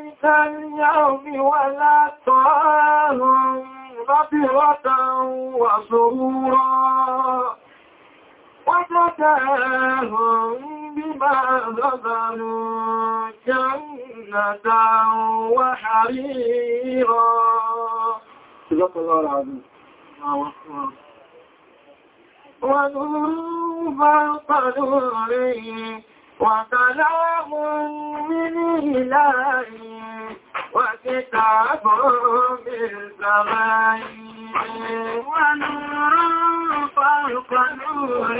اليوم ولا طعام غفرة وسرورا وجزاهم بما غفروا جنة وحريرا صدق الله العظيم ونور فوق نوره وسلام من إلهي وكتاب بالزمان ونور فوق نور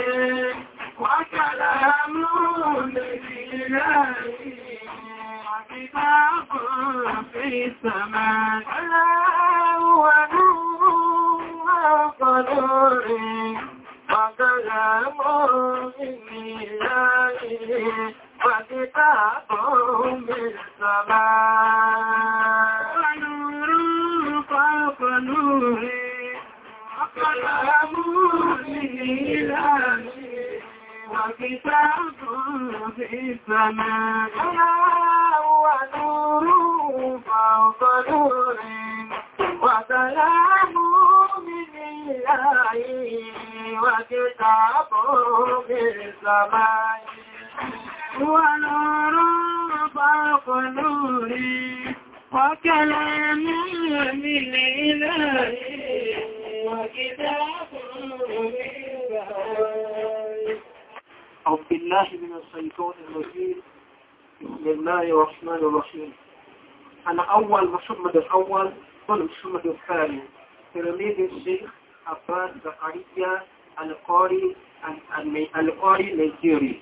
وكلام لله وكتاب في السماء ونور فوق نور وكلام لله فكتاب من السماء ونور فوق نور وكلام لله وكتاب في السماء ونور فوق نور وكلام لله وكتاب في السماء ونور فوق نوري وكلام من إله وكتاب أعوذ بالله من الشيطان الرجيم بسم الله الرحمن الرحيم أنا أول محمد الأول قل محمد الثاني تلميذ الشيخ عباس زكريا القاري القاري نيجيري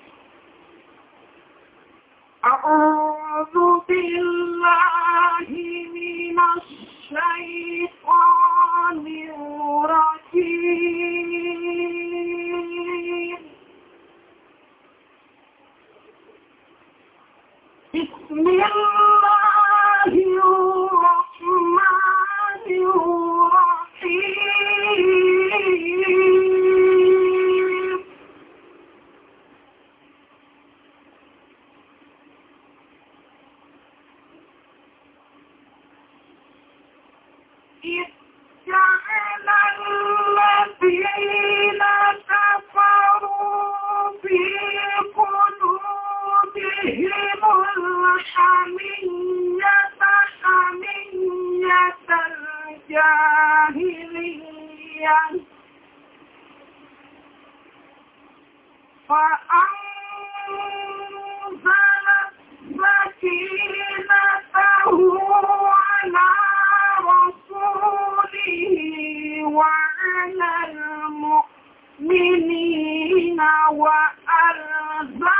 أعوذ بالله من الشيطان الرجيم بسم الله الرحمن الرحيم حمية حمية الجاهلية فأنزلت سكينته على رسوله وعلى المؤمنين وألزمهم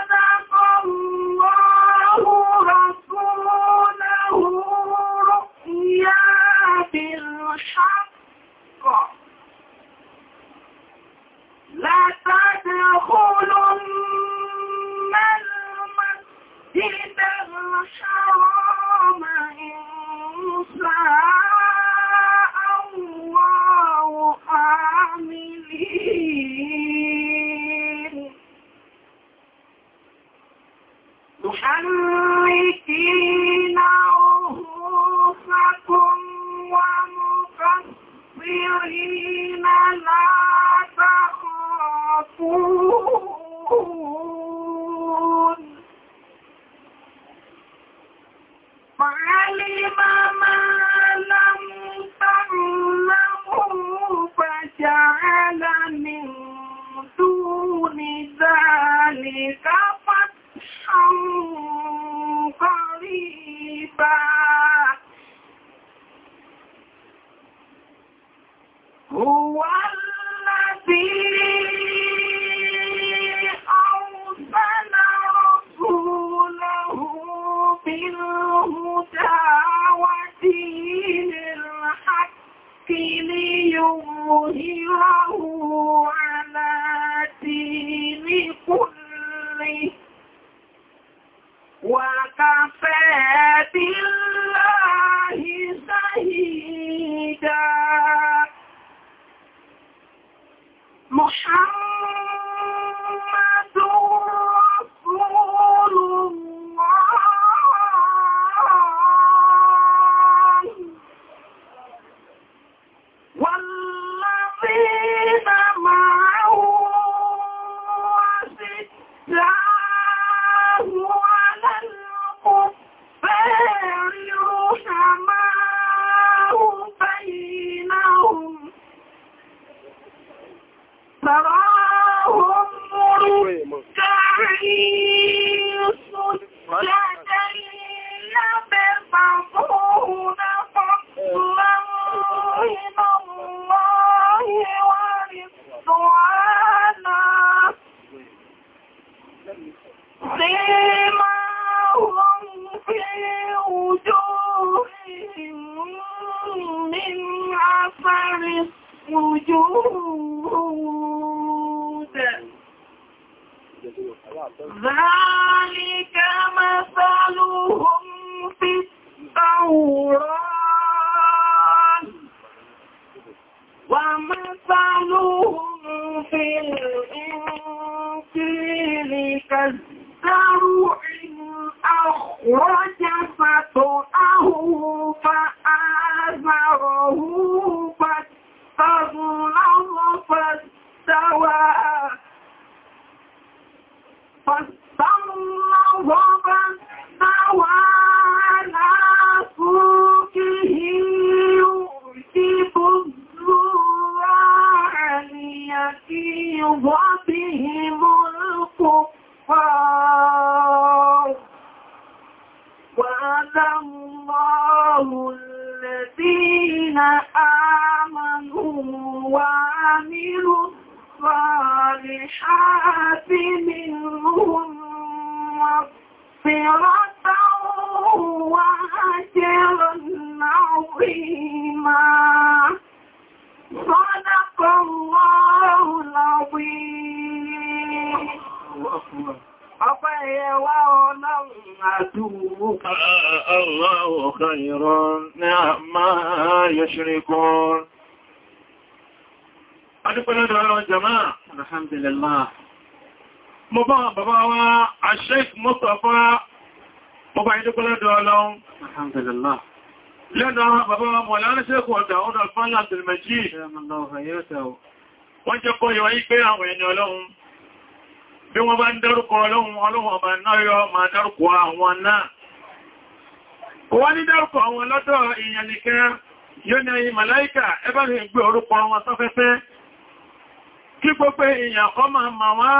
بالحق لا تدخلن المسجد الحرام إنسان الكافرين لا تخافون فعلم ما لم تعلموا فجعل من دون ذلك فتحا قريبا هو الذي رسوله ليظهره على دين كله وكفى بالله شهيدا 莫吓。وجوه ذلك مثلهم في التوراة ومثلهم في الأرض العافي منهم مغفرة وأجرا عظيما صدق الله العظيم Ọpẹ́ ẹ̀wà ọlọ́run àdúgbò. Allahu khairan ní àmà yashrikun. Adúpẹ́lẹ́dọ̀ ọlọ́run jama'a. Alhamdulillah mo bá bàbá wa Sheikh Mustafa mo bá ìdúkọ́ lọ́dọ̀ ọlọ́run alhamdulillah lẹ́nà bàbá wa mọ̀ lárẹ́ṣẹ́kù ọ̀dà ọ̀dọ̀ fánlá tìrìmẹ̀jì wọ́n jẹ́ kọ́ yọ wáyé pé àwọn ẹni ọlọ́run bí wọ́n bá ń dárúkọ ọlọ́run ọlọ́run ọba náyọ ma dárúkọ àwọn náà wọ́n ní dárúkọ àwọn kí gbogbo èèyàn kọ́ máa ma wá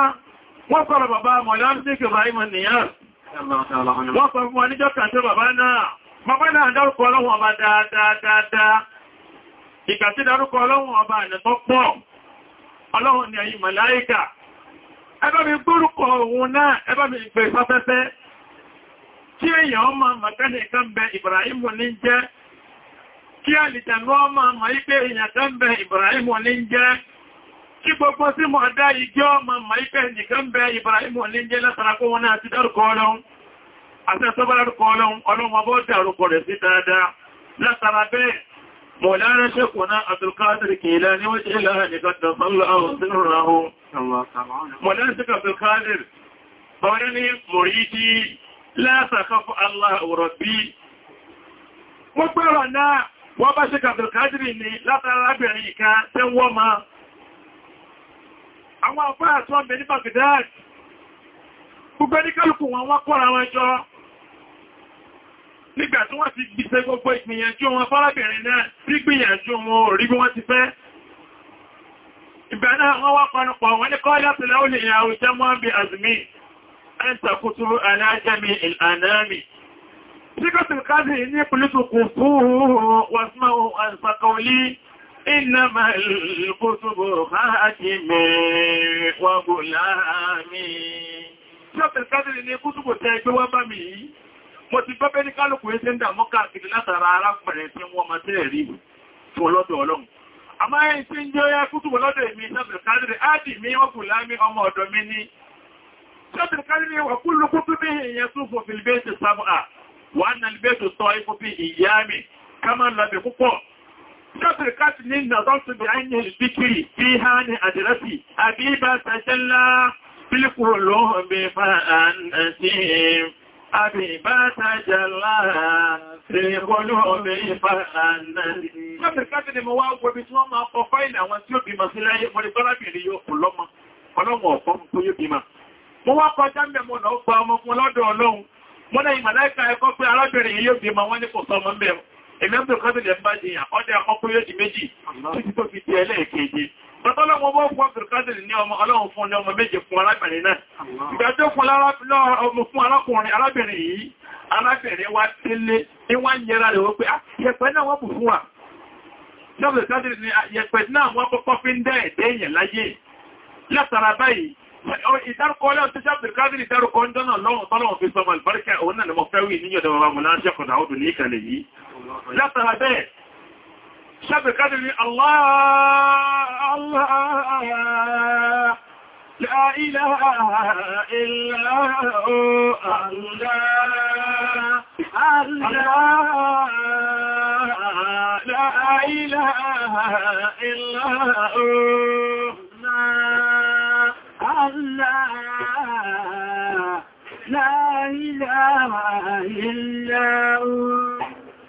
wọ́n sọ̀rọ̀ bàbá mọ̀lẹ́mtíkì Ibrahim Niyas wọ́n sọ fún ọníjọ́ kàṣẹ́ bàbá ọba ebe kí èèyàn ọmọ ń bẹ ní jẹ́ kí ọmọ mọ̀ ipé èèyàn kí gbogbo sí mọ̀ dá igi ọmọ maipẹ́ nìkan bẹ Ibrahim olíjẹ́ látàrakó wọn náà ti dárúkọ ọlọ́run àti ẹ̀sọ́bárúkọ ọlọ́run ọlọ́run ọbọ́ dárúkọ rẹ̀ sí dáadáa látara bẹ́ẹ̀ mọ̀lára ṣẹ́kùnná Abdulkadir Kìlání wọ́n ṣe lára nìkan da sọ́lọ́ Wọ́n bá ṣe kàbùrùkádìrì ni látara lábẹ̀rin ìka tẹ́wọ́ máa àwọn àfáà tó ń bẹ ní baghdad gbogbo ní kálùkù wọn wọ́n kọ́ra wọn jọ nígbà tí wọ́n ti gbìṣẹ́ gbogbo ìgbìyànjú wọn fárábìnrin náà sí gbìyànjú wọn ò rí bí wọ́n ti fẹ́ ìgbà náà wọ́n wá panupọ̀ wọn ní kọ́ látìlẹ́ ó lè yà إنما الكتب خاتمي وغلامي Ṣọ́pẹ̀ kádìrì ní kútùbù tẹ́ ẹgbẹ́ wá bá mi yìí, mo ti gbọ́bẹ́ ní kálùkù ẹ́ tẹ́ ń dàmọ́ káàkiri látara arákùnrin tí wọ́n máa tẹ́ẹ̀ rí fún ọlọ́dọ̀ Ọlọ́run. A máa ń tí ń jẹ́ ọyá kútùbù lọ́dọ̀ èmi ṣọ́pẹ̀ kádìrì, áàdì mi ọkùn láàmí ọmọ ọ̀dọ̀ mi púpọ̀ كبركات من نظرت بعينه الذكر فيها أدرسي أبيبا تجلى بالقلوب فأنسيم أبيبا تجلى في قلوب فأنسيم Kọ́bìrìkátì ni mo wá gbogbo ibi tí wọ́n máa kọ fáìlì àwọn tí ó bímọ sí láyé, mo rí bọ́lábìnrin yóò kò lọ́mọ, ọlọ́mọ ọ̀pọ̀ tó yóò bímọ. Mo wá kọjá mẹ́mọ̀ èmi ń bèèrè kọ́bìlì ẹ̀mbá jìyàn ọdẹ akọ́kúrẹ́dì méjì tó fi di ẹlẹ́ẹ̀kẹ́jì Bọ́tọ́lọ́wọ́ bọ́ fún Abdulkadir ní ọmọ ọlọ́run fún ní ọmọ méje fún arábìnrin náà. Ìgbàjọ́ fún ọmọ fún arákùnrin arábìnrin yìí, arábìnrin wá tẹ́lé, ní wá ń yẹra rẹ̀ wọ́n pé, ah, "Yẹ̀pẹ̀ náà wọ́n bù fún ni ah, yẹ̀pẹ̀ náà wọ́n kọ́kọ́ fi ń dẹ́ ẹ̀dẹ́ èèyàn láyé. Látara báyìí, ìdárúkọ ọlọ́run tí Abdulkadir dárúkọ ń dọ́nà lọ́run tọ́lọ́run fi sọmọ àlùbáríkà òun náà ni mo fẹ́ wí níyọ̀dọ̀ bàbá Mùlá Ṣẹ́kọ̀dà ọdún ní ìkàlẹ̀ yìí. لا تهدئ شاب قدمي الله الله لا اله الا الله الله لا اله الا الله الله لا اله الا الله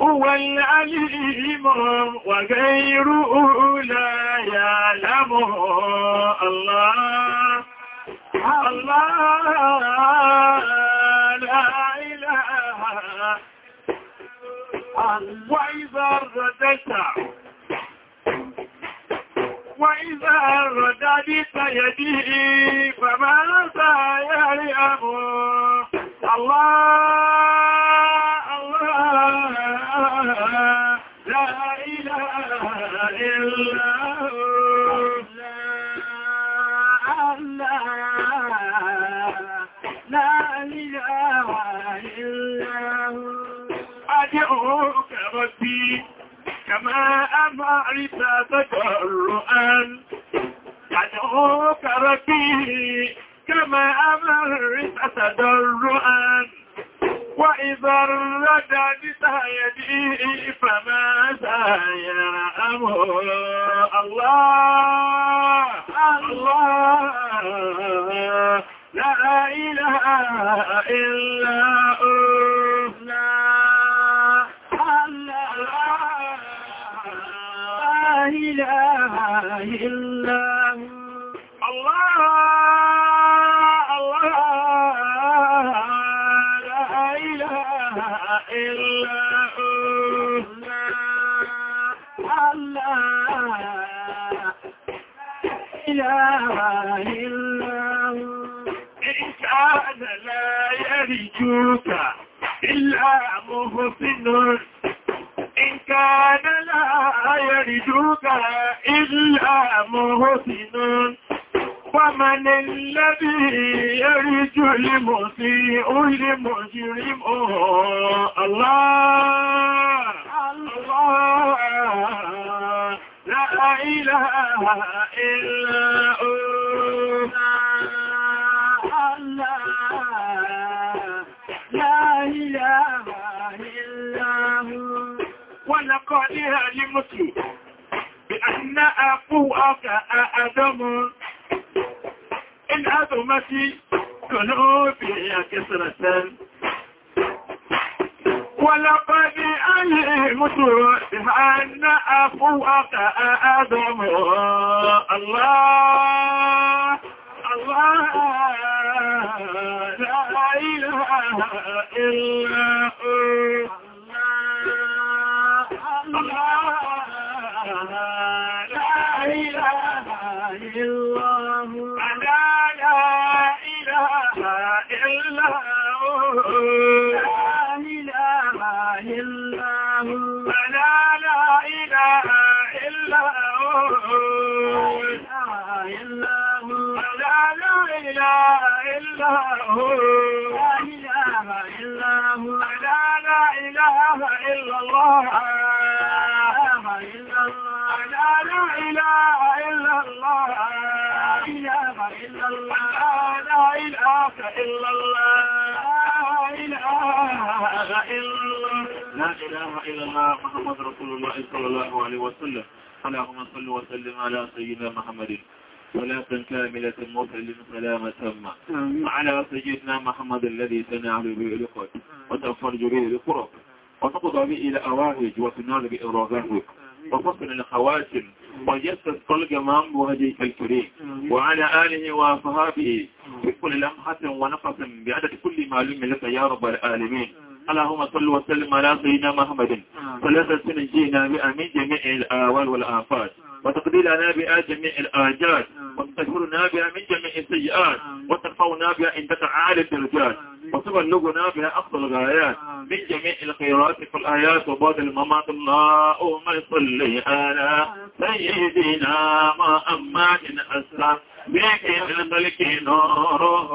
هو العليم وغيره لا يعلم الله الله لا إله وإذا رددت وإذا رددت يديه فماذا يعلمه الله الله لا إله إلا هو لا إله إلا هو أدعوك ربي كما أمرت تجرؤا أدعوك ربي كما أمرت تضرعا وإذا الردى بسعيده فماذا يرأمه الله الله لا إله إلا من الذي يرجو المسيء المجرم الله الله لا إله إلا قلوبي كسرة ولقد علمت أن أفوق آدم الله الله لا إله إلا عليه وسلم اللهم صل وسلم على سيدنا محمد صلاة كاملة مرسل سلامة تامة على سيدنا محمد الذي تنعل به لقد وتفرج به لقرب وتقضى به إلى أواهج وتنال بإراغهك وفصل الخواتم وجسد قلق مام وهديك الكريم وعلى آله وصحابه بكل لمحة ونقص بعدد كل معلوم لك يا رب العالمين اللهم صل وسلم على سيدنا محمد ثلاثة سنين جينا بأمين جميع الآوال والآفات وتقضي لنا بها جميع الآجال وتجبرنا بها من جميع السيئات وترفعنا بها عند تعالي الدرجات وتبلغ بها أفضل الغايات من جميع الخيرات في الآيات وبعد الممات اللهم صل على سيدنا محمد أسلم بك الملك نوره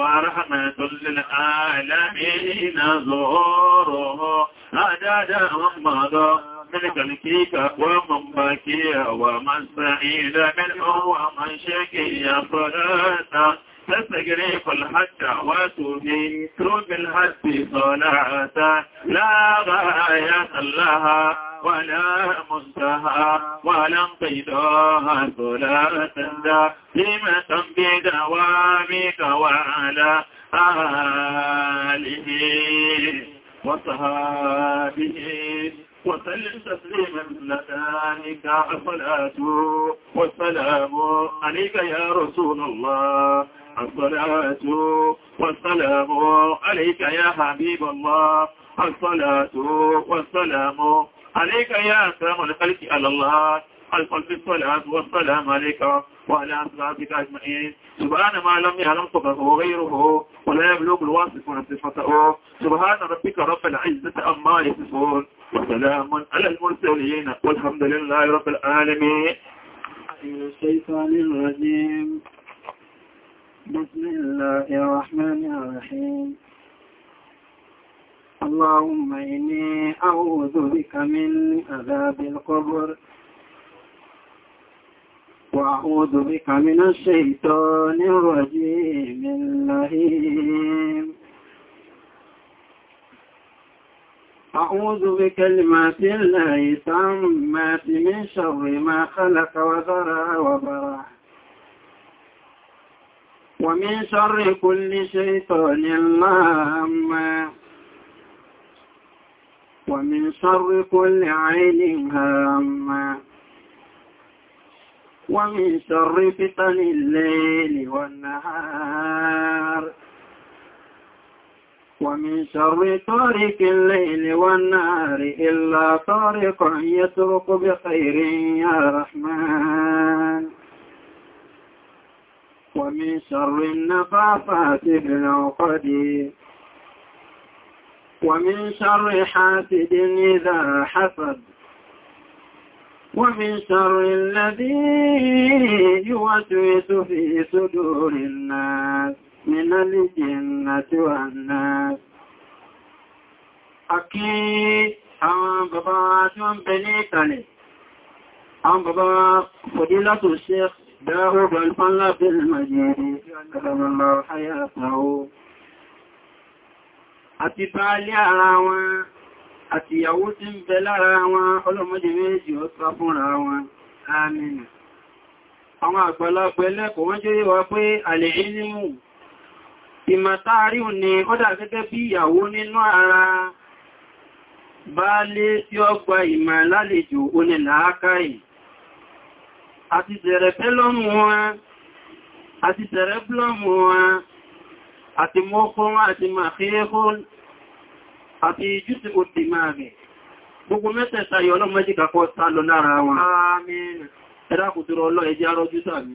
ورحمة للعالمين زوره عدد محمد تلك الكيكة ومن باكية ومن سعيد منه ومن شكي صلاته تستجري في الحج وتذكر بالحج صلاته لا غاية لها ولا منتهى ولا انقضاها صلاة دائمة بدوامك وعلى آله وصحابه وسلم تسليما لسانك الصلاة والسلام عليك يا رسول الله الصلاة والسلام عليك يا حبيب الله الصلاة والسلام عليك يا سلام الخلق على الله القلب الصلاة والسلام عليك وعلى أصحابك أجمعين سبحان ما لم يعلم قبله غيره ولا يبلغ الواصف صفته سبحان ربك رب العزة أما يصفون وسلام على المرسلين والحمد لله رب العالمين من الشيطان الرجيم بسم الله الرحمن الرحيم اللهم إني أعوذ بك من عذاب القبر وأعوذ بك من الشيطان الرجيم اللهم أعوذ بكلمات الله سمات من شر ما خلق وذرى وبرع ومن شر كل شيطان اللهم ومن شر كل عين هامة ومن شر فتن الليل والنهار ومن شر طارق الليل والنهار إلا طارق يسرق بخير يا رحمن ومن شر النفافات بالعقد ومن شر حاسد إذا حسد ومن شر الذي يوسوس في صدور الناس من الجنة والناس Akí àwọn bàbá tí wọ́n bẹ ní ìkàlẹ̀, àwọn bàbá fòdí látò ṣe dáhó balfán lábẹ́ ìmọ̀jẹ̀rẹ̀ ọ̀rọ̀lọ̀ ayátàwó. Àti báálé ara wọn, àti ìyàwó tí ń bẹ lára wọn, ọlọ́mọdé méjì ó sá fúnra wọn, àmín. Àwọn àgbàlagbà wọ́n jẹ́ wá pé àlè ìlú ìmọ̀táàrí ni ó dà gẹ́gẹ́ bí ìyàwó nínú ara baálé tí ó gba ìmọ̀ lálejò oní làákàí àti tẹ̀rẹ̀ pẹ́lọ́mù wọn àti tẹ̀rẹ̀ blọ́mù wọn àti mọ́kọ́ wọn àti màfíẹ́kọ́ àti jùsù òtì máa rẹ̀ gbogbo mẹ́tẹ̀ẹ̀ta yọ ọlọ́mọdé kàkọ́ sá lọ lára wọn àmín ẹ̀dàkùtùrọ̀ ọlọ́ ẹjẹ́ arọ́jú sàmì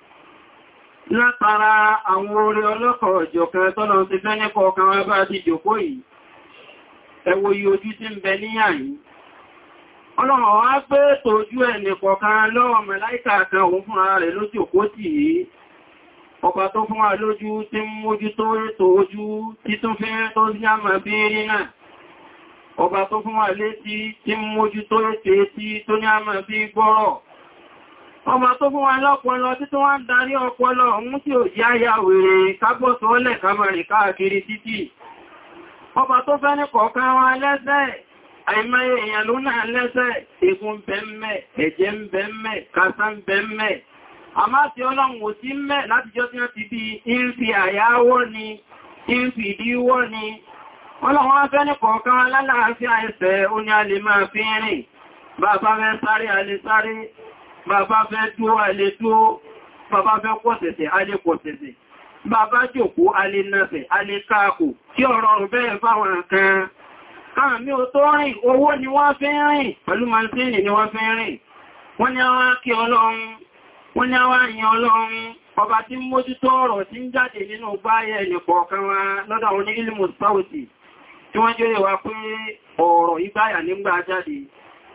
látara àwọn orí ọlọ́kọ̀ ọ̀jọ̀kan tọ́lọ ti fẹ́ nípa ọkàn wọn bá ti jòkó yìí ẹwọ yìí ojú tí ń bẹ níyà yìí ọlọ́run wá pé tójú ẹni kọ̀ọ̀kan lọ́wọ́ mẹ́láìkà kan òun fúnra rẹ̀ ló jòkó tì yìí ọkà tó fún wa tí ń mójú tó ètò ojú títún fẹ́ tó sí àmà bí rí náà ọba tó fún wa tí ń mójú tó ètò tó ní àmà bí gbọ́rọ̀ ọmọ tó fún wa lọ́pọlọ títí wọ́n ń darí ọpọlọ ọmú tí ò jẹ́ àyà wèrè kágbọ́sọ́ọ́lẹ̀ kamari títì ọba tó fẹ́ ní kọ̀ọ̀kan lẹ́sẹ̀ àìmọye èèyàn ló náà lẹ́sẹ̀ ikun bẹ́mẹ́ ẹ̀jẹ̀ kásá a ọlọ́run ò tí mẹ́ bàbá fẹ́ dúró alé dúró bàbá fẹ́ pọ̀tẹ̀tẹ̀ alé pọ̀tẹ̀tẹ̀ bàbá jòkó alé nafẹ̀ alé káàkò tí ọ̀rọ̀ bẹ́ẹ̀ fáwọn kan káà mí tó rìn owó ni wọ́n fẹ́ rìn pẹ̀lú mansini ni wọ́n fẹ́ rìn wọ́n ni àwọn akí ọlọ́run wọ́n ni àwọn àyìn ọlọ́run ọba tí mójútó ọ̀rọ̀ tí ń jáde nínú báyẹ̀ nìkọ̀ọ̀kan wa lọ́dọ̀ àwọn onílùmọ̀ sáwọ̀tì tí wọ́n jẹ́ wà pé ọ̀rọ̀ ìgbáyà nígbà jáde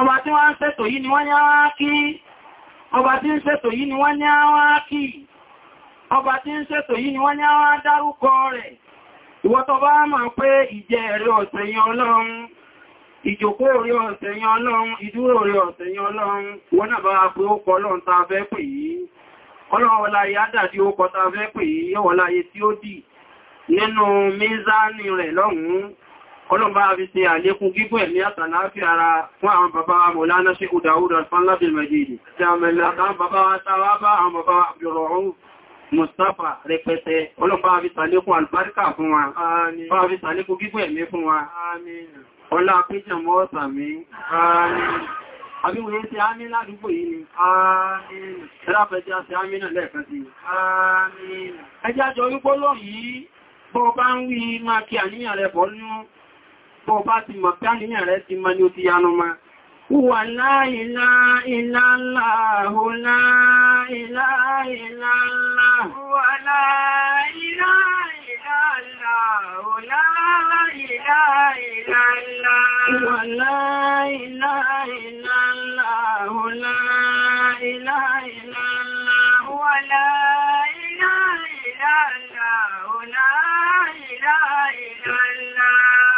ọba tí wọ́n ń ṣètò yìí ni wọ́n ní áwákí ọba tí ń ṣètò yìí ni wọ́n ní áwákí ọba tí ń ṣètò yìí ni wọ́n ní áwá dárúkọ rẹ̀ ìwọ tó bá mọ̀ pé ìjẹ rẹ̀ ọ̀sẹ̀yìn ọlọ́run ìjòkó orí ọ̀sẹ̀yìn ọlọ́run ìdúró kọlọ̀mbá àfi ṣe àlékún gígùn ẹ̀mí àtàláfí ara fún àwọn bàbá wa Mọ̀lánà ṣe òdàúdà fánlábìl mẹ́jìdì tí a mẹ́lá àwọn bàbá wa sáwá bá àwọn bàbá wa Abdurrahman Mustapha rẹpẹtẹ ọlọ́pàá àfi ṣàlékún albarka fún wa fáàfi ṣàlékún gígùn ẹ̀mí fún wa ọlá péjẹ mọ́ ọ̀sàmí àbí wòye tí a ní ládúgbò yìí ni ààrin ẹlápẹjẹ́ àti àmìnà tó bá ti mọ̀ pé àníyàn rẹ̀ ti mọ́ ní O ti yanu ma wà láìlá ìlàlá hù láìlá ìlàlá wà láìlá ìlàlá hù láìlá ìlàlá wà láìlá ìlàlá hù láìlá ìlàlá wà láìlá ìlàlá إله الله لا إله إلا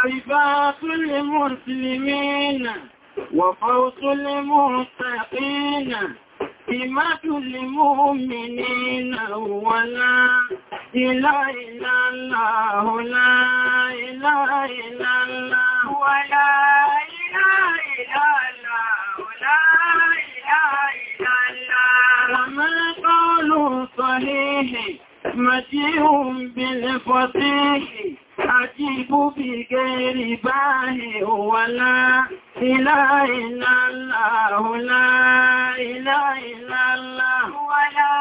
الله صفات المسلمين وفوز المتقين سمة المؤمنين ولا إله إلا الله لا إله إلا الله ولا إله إلا الله لا إله إلا الله وما قالوا صحيح مجيء بالفتيح أجيب بغير باه ولا إله إلا الله لا إله إلا الله ولا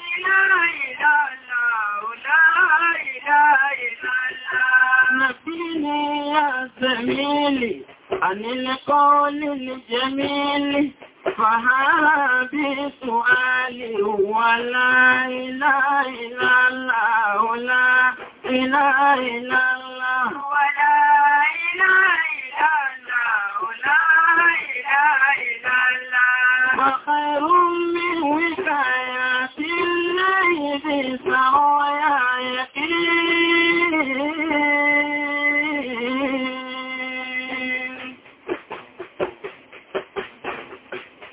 إله إلا الله لا إله إلا الله نبيني يا زميلي عن القول الجميل فها بسؤالي ولا إله إلا الله لا إله إلا الله ولا إله إلا الله لا من وكاية الله في سوايا يقين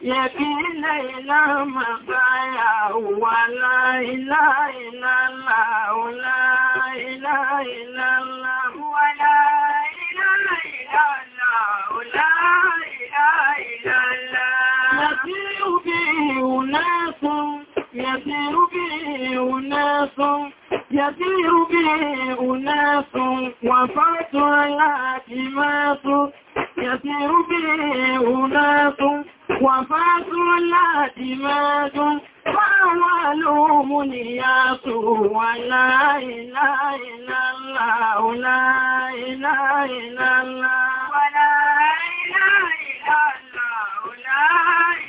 Yẹ̀bí ilẹ̀ ilá màbáyà wà láìlá ìlàlá ọ̀lá ìlá ìlàlá wà láìlá ìlàlá ọ̀lá ìlá ìhùn náà يسير به أناس يسير به أناس وفات الأكماس يسير به أناس وفات الأكماس معلوم ياسو ولا إله إلا الله لا إله إلا الله ولا إله إلا الله لا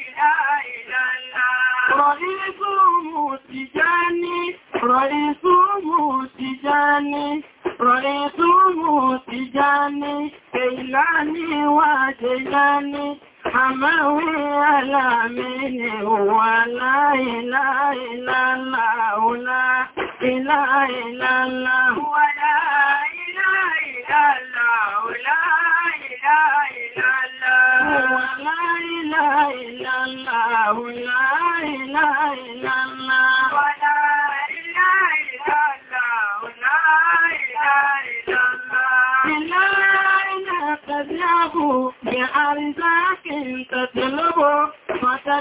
إله إلا الله رئيس موسجاني رئيس موسجاني رئيسه تجاني كيلاني وتجاني حموي الأمين هو لا إله إلا الله لا إله إلا الله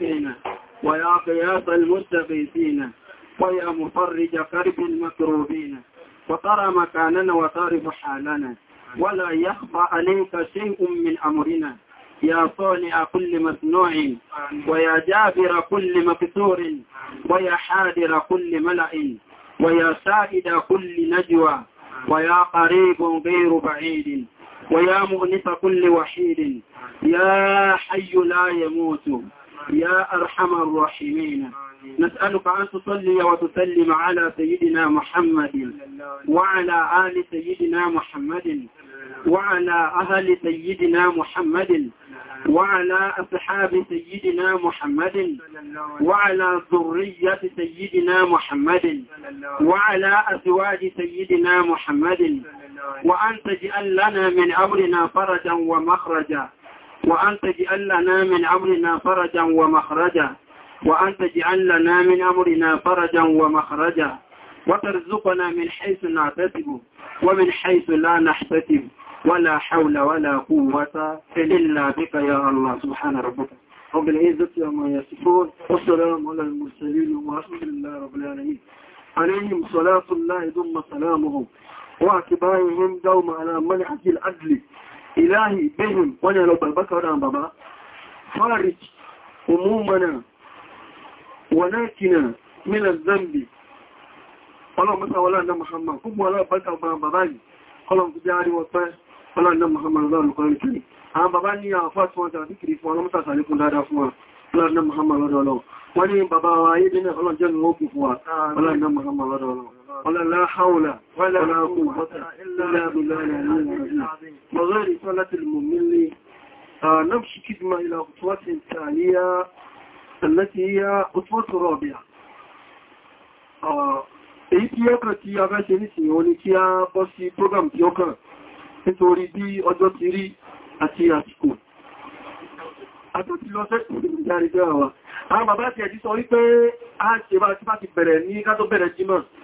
المتقين ويا قياس المستغيثين ويا مفرج كرب المكروبين وترى مكاننا وتعرف حالنا ولا يخفى عليك شيء من أمرنا يا صانع كل مصنوع ويا جابر كل مكسور ويا حاضر كل ملأ ويا شاهد كل نجوى ويا قريب غير بعيد ويا مؤنس كل وحيد يا حي لا يموت يا أرحم الراحمين نسألك أن تصلي وتسلم على سيدنا محمد وعلى آل سيدنا محمد وعلى أهل سيدنا محمد وعلى أصحاب سيدنا محمد وعلى ذرية سيدنا محمد وعلى أزواج سيدنا محمد وأن تجعل لنا من أمرنا فرجا ومخرجا وأن تجعل لنا من أمرنا فرجا ومخرجا وأن تجعل لنا من أمرنا فرجا ومخرجا وترزقنا من حيث نعتسب ومن حيث لا نحتسب ولا حول ولا قوة إلا بك يا الله سبحان ربك رب العزة وما يصفون والسلام على المرسلين ورحمة الله رب العالمين عليهم صلاة الله ثم سلامهم وأتباعهم دوم على منعة العدل ilahi bihim wọ́n yà lọ bàbá kọ́rọ̀ bàbá farij umumana wanakina min zambi ọlọ́mọ́ta wọ́lá na muhammad gbogbo alábàtà bàbá yìí ọlọ́m ti járí wọ́pẹ́ wọ́lá na muhammad lọ́rùn kọrin kiri àwọn bàbá ní àfáà tí wọ́n tàbí kiri fún ọlọ́mọ́ta sàlékún dáadáa fún wa wọ́lá na ولا لا حول ولا قوة إلا بالله العلي العظيم وغير صلاة الممل نمشي كدمة إلى خطوة ثانية التي هي خطوة رابعة èyí tí ẹ́kà tí a fẹ́ ṣe nìsìn òní kí a bọ́ sí program tí ó kàn nítorí bí ọjọ́ ti rí àti àsìkò. àjọ́ ti lọ sẹ́kùn ní ìjárí jẹ́ àwà. àwọn bàbá ti ẹ̀jí sọ wípé a ṣe bá ti bẹ̀rẹ̀ ní ká tó bẹ̀rẹ̀ jímọ̀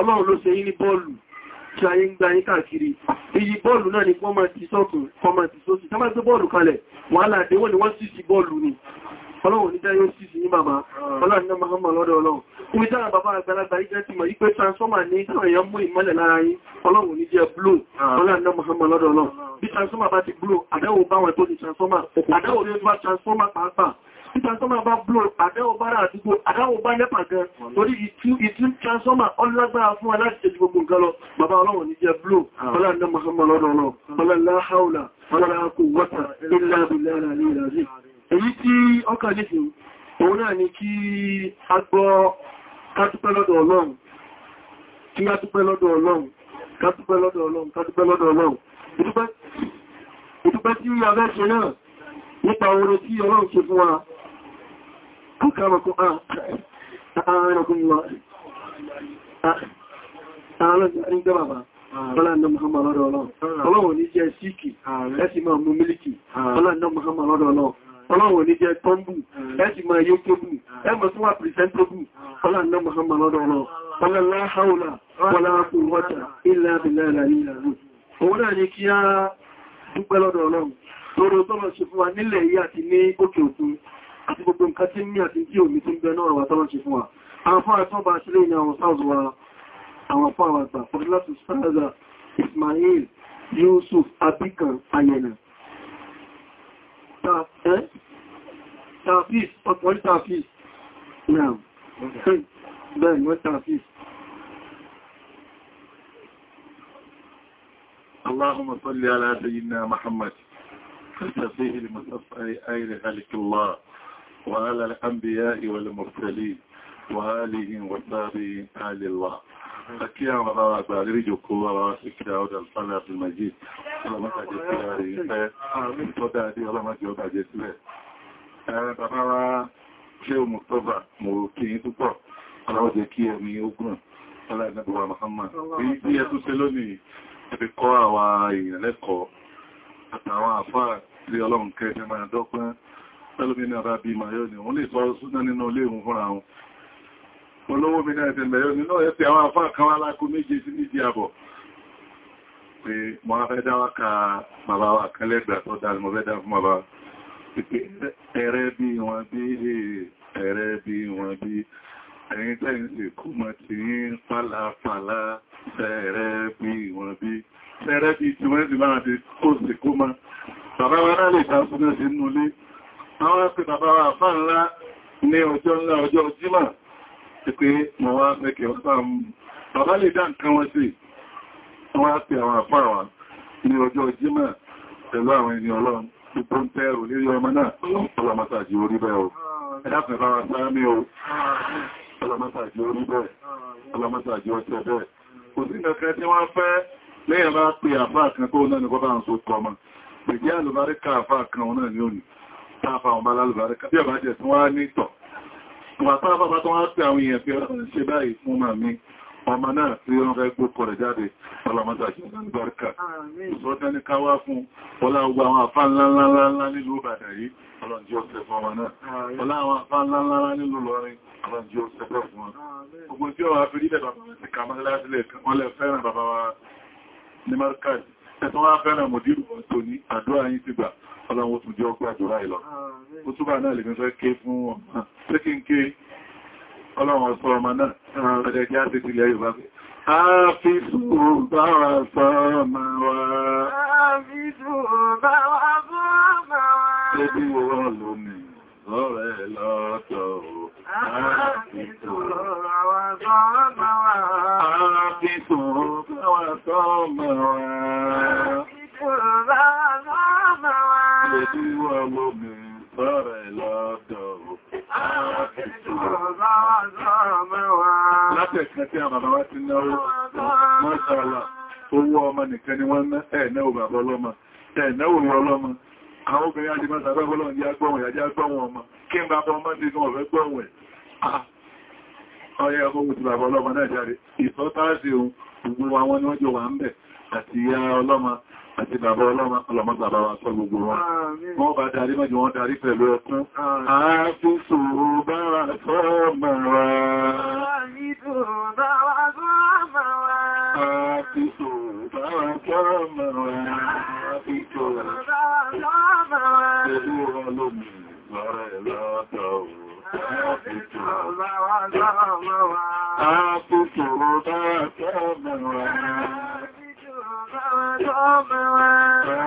ọlọ́run ló ṣe yí ní bọ́ọ̀lù tí ayé ń gba yí káàkiri iyì bọ́ọ̀lù náà ni wọ́n máa ti sọ́kùn fọ́mà ti sósì tó máa gbé bọ́ọ̀lù kalẹ̀ wàhálà àdéwọ́ ni wọ́n sì sí bọ́ọ̀lù ni ọlọ́run ní dáyé sí sí ní màmá ọlọ́run náà máa mọ̀ lọ́dọ̀ ọlọ́run omi bàbá transformer ní ìtàn èèyàn mú ìmọ́lẹ̀ lára yí ọlọ́run blue ọlọ́run náà máa mọ̀ lọ́dọ̀ ọlọ́run transformer bá blue àdáwò báwọn tó ní transformer àdáwò ní transformer pàápàá títà sọ́mà bá blò àdáwò bára àdúgbò àdáwò bá lẹ́pà gan torí ìtú transformer ọlọ́gbára fún aláṣẹ́ ju gbogbo nǹkan lọ bàbá ọlọ́run ní jẹ́ blò ọlọ́run mọ́sánmọ́ lọ́dọ̀ ọlọ́run ọlọ́run láháùlà ọlọ́run kò wọ́ta nílá àbúlé ara ní ìrìnàjò èyí tí ọkà nìsìn òun náà ni kí a gbọ́ kátúpẹ́ lọ́dọ̀ ọlọ́run kí a túpẹ́ lọ́dọ̀ ọlọ́run kátúpẹ́ lọ́dọ̀ ọlọ́run ṣe náà nípa oore tí ọlọ́run ṣe fún wa أكرمكم أعانكم الله أعانكم عند بابا Ọlọ́run Muhammad lọ́dọ̀ ọlọ́run. Ọlọ́run ní jẹ́ síkì, ẹ̀sì máa mú mílìkì. Ọlọ́run Muhammad lọ́dọ̀ ọlọ́run. wà pìrìsẹ́ntóbù. Ọlọ́run Muhammad lọ́dọ̀ ọlọ́run. Ọlọ́run láháúlà, wọ́lá kò wọ́ta, ilẹ̀ abìlẹ̀ ìlànà. Òun náà ni kí á àti gbogbo nǹkan tí ní àti tí omi tí ń bẹ náà rọ̀wà tọ́wọ́n ṣe fún wa àwọn fún àtọ́bà sílé ní àwọn sáàzùwà àwọn fún àwọn àgbà fọ́dílátù sáàzà Ismail Yusuf Abikan Ayẹ̀nà tàfíìs ọ̀pọ̀lí tàfíìs náà bẹ́ẹ̀ wọ́n tàfíìs اللهم صل على سيدنا محمد فلتفيه لمتصفى أي لذلك الله وعلى الأنبياء والمرسلين وآله وصحبه آل الله أكيا وراء باري جوكو وراء إكراود الصلاة المجيد اللهم تجد سياري خير وتأتي اللهم تجد سياري Bàbá wa ṣe Mùsọ́bà mò kí ní púpọ̀, aláwọ̀ jẹ́ kí ẹ̀mí ogun aláìdàbọ̀wà Muhammad. Èyí tí ẹ tún ṣe lónìí, ẹ̀fẹ́ kọ́ àwa èèyàn lẹ́kọ̀ọ́, àtàwọn àfáà tí ọlọ́run kẹ́ tẹ́lómi náà rábí mayọ́ ni wọ́n lè sọ súnà nínú ilé ìhun olówó mi náà ẹ̀tẹ̀lẹ̀ yóò nínú ẹ̀tẹ̀ àwọn afá kan alákó méje sí méjì àbọ̀ pé mọ́ afẹ́ dáwà ka bàbá wa kan tó dáa mọ́ fẹ́ fún bàbá ẹ̀rẹ́ bí wọn bí ẹ̀rẹ́ bí wọn bí ẹ̀yìn tẹ́yìnsì sí nínú àwọn ẹ̀pẹ̀ bàbá wa fà ńlá ní ọjọ́ ńlá ọjọ́ jímà ti pé mọ̀ wá mẹ́kẹ̀ bàbá lè dá nǹkan wọn sí wọ́n á pè àwọn àpá wa ní ọjọ́ jímà pẹ̀lú àwọn ẹni ọlọ́run gbogbo ń tẹ́rù lérí ọmọ náà ọlọ́mọ́sàájì orí bẹ́ẹ̀ o ẹ̀dáfẹ́ bá wa sáámi o ọlọ́mọ́sàájì orí bẹ́ẹ̀ ọlọ́mọ́sàájì ọ̀tẹ́ bẹ́ẹ̀ kò sí nǹkan tí wọ́n fẹ́ lẹ́yìn bá pè àfáà kan kó náà ní kọ́ bá ń so kọ́ ọmọ pèjẹ́ àlùbáríkà àfáà kan náà ní òní tààfà ọmọ alálùbáríkà bí ọba jẹ́ tí wọ́n á ní tọ̀. wà tààfà bá tó wọ́n pẹ́ àwọn èèyàn pé ọlọ́run ṣe báyìí fún màá mi ọmọ náà tí wọ́n fẹ́ gbó kọ̀rẹ̀ jáde ọlọ́mọ́ta ṣe ní káwá fún ọlá ogbà àwọn àfá ńláńláńlá nílùú Ìbàdàn yìí ọlọ́run jí fún ọmọ náà ọlọ́run tún jẹ́ ọgbà jùlá ìlọ. Ó túbà náà lè fẹ́ ké fún ọmọ tẹ́kí ń ké ọlọ́run ọ̀sọ́ ọmọ náà ọ̀rẹ́ jẹ́ àti ìpìlẹ̀ Yorùbá fẹ́. A fi sùúrù bá wa sọ ọmọ wa. A fi sùúrù bá wa sọ ọmọ Àbẹ̀bí wọ́n mọ́bìnrin sọ́rọ̀ ìlọ́dọ̀. Látẹ̀kẹ́ tí a bàbá wá ti náwó, mọ́ṣàlá, owó ọmọ nìkan ni wọ́n ná ẹ̀ẹ́nẹ́wò bàbá ọlọ́mọ, ẹ̀ẹ́nẹ́wò ọlọ́mọ, àwọn obìnrin àti máa sàbẹ́ ọlọ́run yá gbọ́wọ̀n yá gbọ́wọ̀n ọmọ, kí ń bàbá ọmọ nínú ọ̀fẹ́ gbọ́wọ̀n ẹ̀. Ọyẹ́ ọmọ òtù bàbá ọlọ́mọ náà jáde, ìfọ́táàsì ohun, gbogbo àwọn ni wọ́n jọ wà ń bẹ̀ àti ìyá ọlọ́mọ àti bàbá ọlọ́mọ ọlọ́mọgbàbá wa sọ gbogbo wọn wọ́n bá darí mẹ́jọ wọn darí pẹ̀lú ọkún ààfi sòrò bára sọ́ọ̀mọ̀ wa ààfi sòrò bára sọ́ọ̀mọ̀ wa ààfi sòrò bára wa ọmọ wa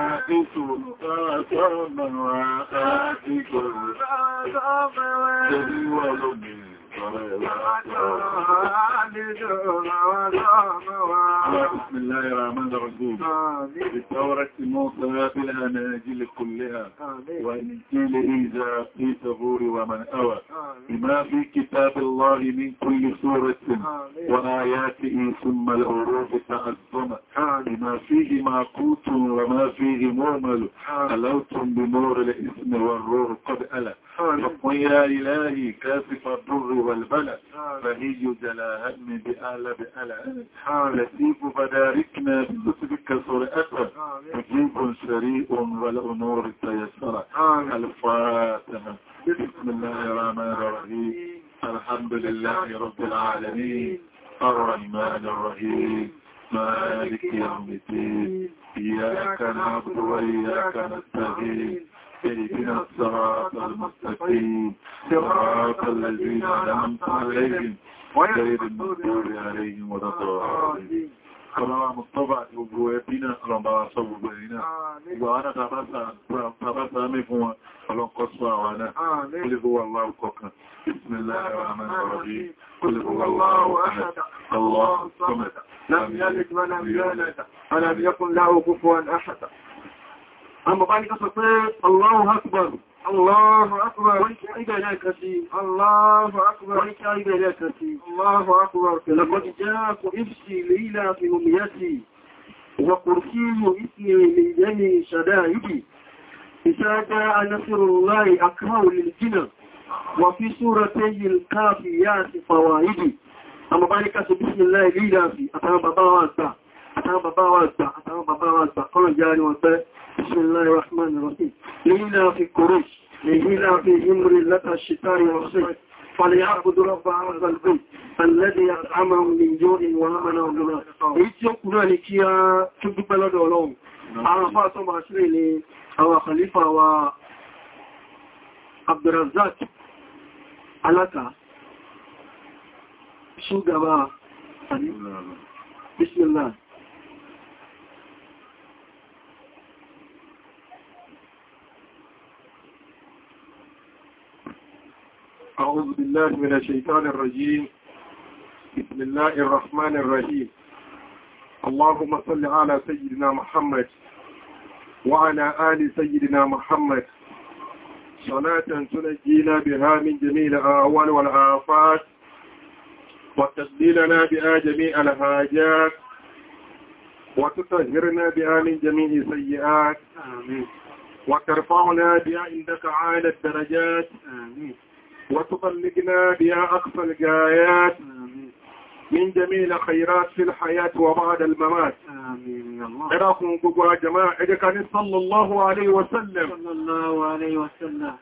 àtìkò ọmọ wa àtìkò ọmọ wa بسم الله الرحمن الرحيم بالثورة الموصى في الأناجل كلها وإن كيل إذا في ثبور ومن أوى بما في كتاب الله من كل سورة وآياته ثم الأروف تأثم بما فيه معكوت وما فيه مرمل ألوتم بنور الإثم والروح قد ألت وقل يا إلهي كاسف الضر والبلى فهي جلا هم بأعلى حال سيب فداركنا بلطفك سرعة مجيب سريء والأمور تيسر الفاتحة بسم الله الرحمن الرحيم الحمد لله رب العالمين الرحمن الرحيم مالك يوم الدين إياك نعبد وإياك نستعين اهدنا الصراط المستقيم صراط الذين أنعمت عليهم غير المغضوب عليهم ولا الضالين Ọlọ́run Mùsùlùmí àti gbogbo ẹbí náà ọlọ́mbà wa sọ gbogbo ẹ̀yìn náà. Gbogbo àwọn náà tàbá sàámi fún wọn, ọlọ́nkọ́ sọ àwọn náà. Qul huwa Allahu kọ̀kan. Bismillahir rahmanir rahim. Qul huwa Allahu ahad. Allahu samad. Lam yalid wa lam yulad wa lam yakun lahu kufuwan ahad. Àwọn bàbá ní ká sọ pé Allahu Akbar, Allahu Akbar, wọ́n kí á ibẹ̀ lẹ́ẹ̀kan sí, Allahu Akbar, wọ́n kí á ibẹ̀ lẹ́ẹ̀kan sí, Allahu Akbar, laqad jā'akum ifki li-ilāfi ummiyati, wa kurkiyyu ismi min jami shadā'idi, idhā jā'a nasrullāhi akrahu lil-jinan, wa fī sūratayhi al-kāfiyāti fawā'idi. Àwọn bàbá ní ká sọ bismillāhi li-ilāfi, àtàwọn bàbá wa àgbà, àtàwọn bàbá wa àgbà, àtàwọn bàbá wa àgbà, kọ́lọ̀ jẹ́ àríwọ̀n pẹ́. بسم الله الرحمن الرحيم لينا في قريش لينا في همر لدى الشتاء والصيف فليعبدوا رب هذا البيت الذي أطعمهم من جوع وآمنهم من خوف ìtìọkùnrin ni kí a tún dúpẹ́ lọ́dọ̀ Ọlọ́run àwọn afá tó máa ṣílẹ̀ ni àwọn khalifa wa Abdurrazzaq aláta ṣúgbàmà bismillah أعوذ بالله من الشيطان الرجيم بسم الله الرحمن الرحيم اللهم صل على سيدنا محمد وعلى آل سيدنا محمد صلاة تنجينا بها من جميع الأهوال والآفات وتسديلنا بها جميع الحاجات وتطهرنا بها من جميع السيئات آمين وترفعنا بها عندك عالى الدرجات آمين وتبلغنا بها أقصى الغايات من جميل خيرات في الحياة وبعد الممات آمين الله إراكم بقوا جماعة إذا كان صلى الله عليه وسلم صلى الله عليه وسلم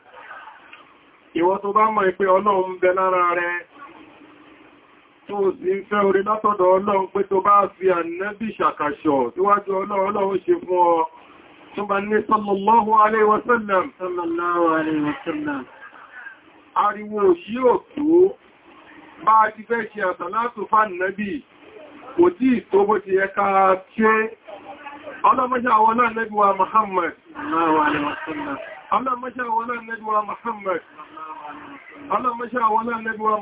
Ìwọ tó bá mọ̀ ìpé Ọlọ́run bẹ lára rẹ tó sì ń fẹ́ orí látọ̀dọ̀ Ọlọ́run pé tó bá fi ànẹ́bì ṣàkàṣọ̀ tíwájú Ọlọ́run ṣe fún ọ tó bá ní sallallahu alaihi wasallam. Sallallahu alaihi wasallam. ariwo òṣí òtó bá ti fẹ́ ṣe àsàlátù fánàbí kò tí tó bó ti ẹka tí ọlọ́mọ́já àwọn náà nẹ́bíwa Muhammad ọlọ́mọ́já àwọn náà nẹ́bíwa Muhammad ọlọ́mọ́ṣẹ́ àwọn náà lẹ́gbẹ̀wà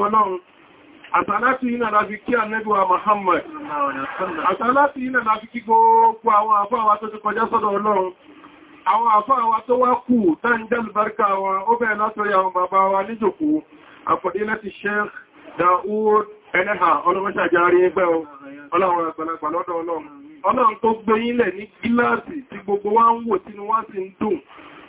Muhammad Àtàlátì iná láti kí ànẹ́gbà mohamed Àtàlátì iná láti kí gbogbo àwọn àfáàwà tó ti kọjá sọ́dọ̀ Ọlọ́run. Àwọn àfáàwà tó wá kù tánjẹ́ wa, ó bẹ̀rẹ̀ látorí àwọn bàbá wa níjòkó, àpọ̀dé láti Sheikh Daoud Ẹlẹ́hà, ọlọ́run gbogbo wa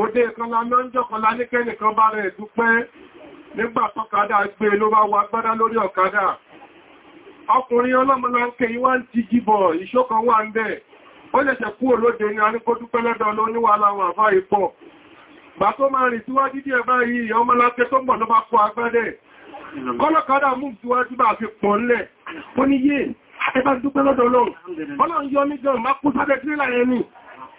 òde ìkanlá lọ́njọ́ kanlá ní kẹ́nìkan bá rẹ̀ dúpẹ́ nígbà tọ́kadà gbé ló bá wà gbádá lórí ọ̀kadà ọkùnrin ọlọ́mọláńkẹ́ yíwá ń ti gíbọ̀ ìṣókan wà ń bẹ̀ ó lẹ́sẹ̀ kú olóde ní aníkó dúpẹ́ lọ́dọ̀ ló níwà láwọn àfá ipọ̀ gbà tó máa rìn síwájú díẹ̀ báyìí ọmọláńkẹ́ tó ń bọ̀ ló bá kó agbádẹ̀ kọ́lọ́kadà mú síwájú bá fi pọ̀ ńlẹ̀ ó ní yé ẹbá dúpẹ́ lọ́dọ̀ lọ́run ọlọ́run yọ mí gan má kú sábẹ́ tírélà yẹn ni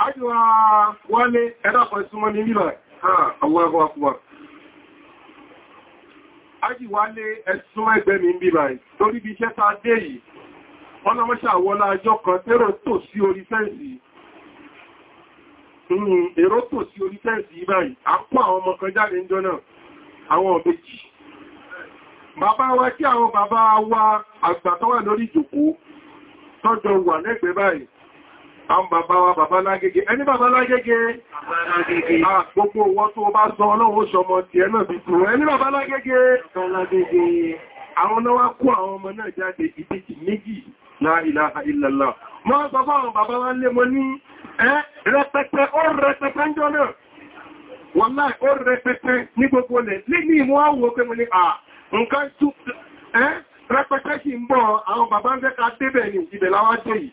Ajúwa wálé ẹ̀dàpọ̀ ìsúnmọ́ ní nílọ̀ Allahu akbar. Ajúwa lé ẹ̀sùn ẹgbẹ́ mi ń bí báyìí torí bí iṣẹ́ ta dé yìí, ọlọ́mọ́ṣà wọlá àjọ kan tẹ́rọ tò sí orí fẹ́ǹsì. Hmm, báyìí, a kó àwọn ọmọ kan jáde ń jọ náà, àwọn wa kí àwọn bàbá wa àgbà tó tọ́jọ wà lẹ́gbẹ̀ẹ́ báyìí àwọn bàbá wa bàbá lágége ẹni bàbá lágége gbogbo wọn tó bá sọ ọlọ́wọ́ sọmọ tí ẹ̀nà bí tó ẹni bàbá lágége àwọn náwà kó àwọn ọmọ náà jáde ìdíjì méjì la ilaha illallah mọ́ bàbá wa lè mọ́ ní rẹpẹpẹ ó rẹpẹpẹ ń jọ náà wàláì ó rẹpẹpẹ ní gbogbo lẹ̀ lé ní ìmú àwọ̀ pé mo ní à nǹkan tún rẹpẹpẹ sì ń bọ̀ àwọn bàbá ń fẹ́ ká débẹ̀ ní ìbẹ̀ láwájẹ́ yìí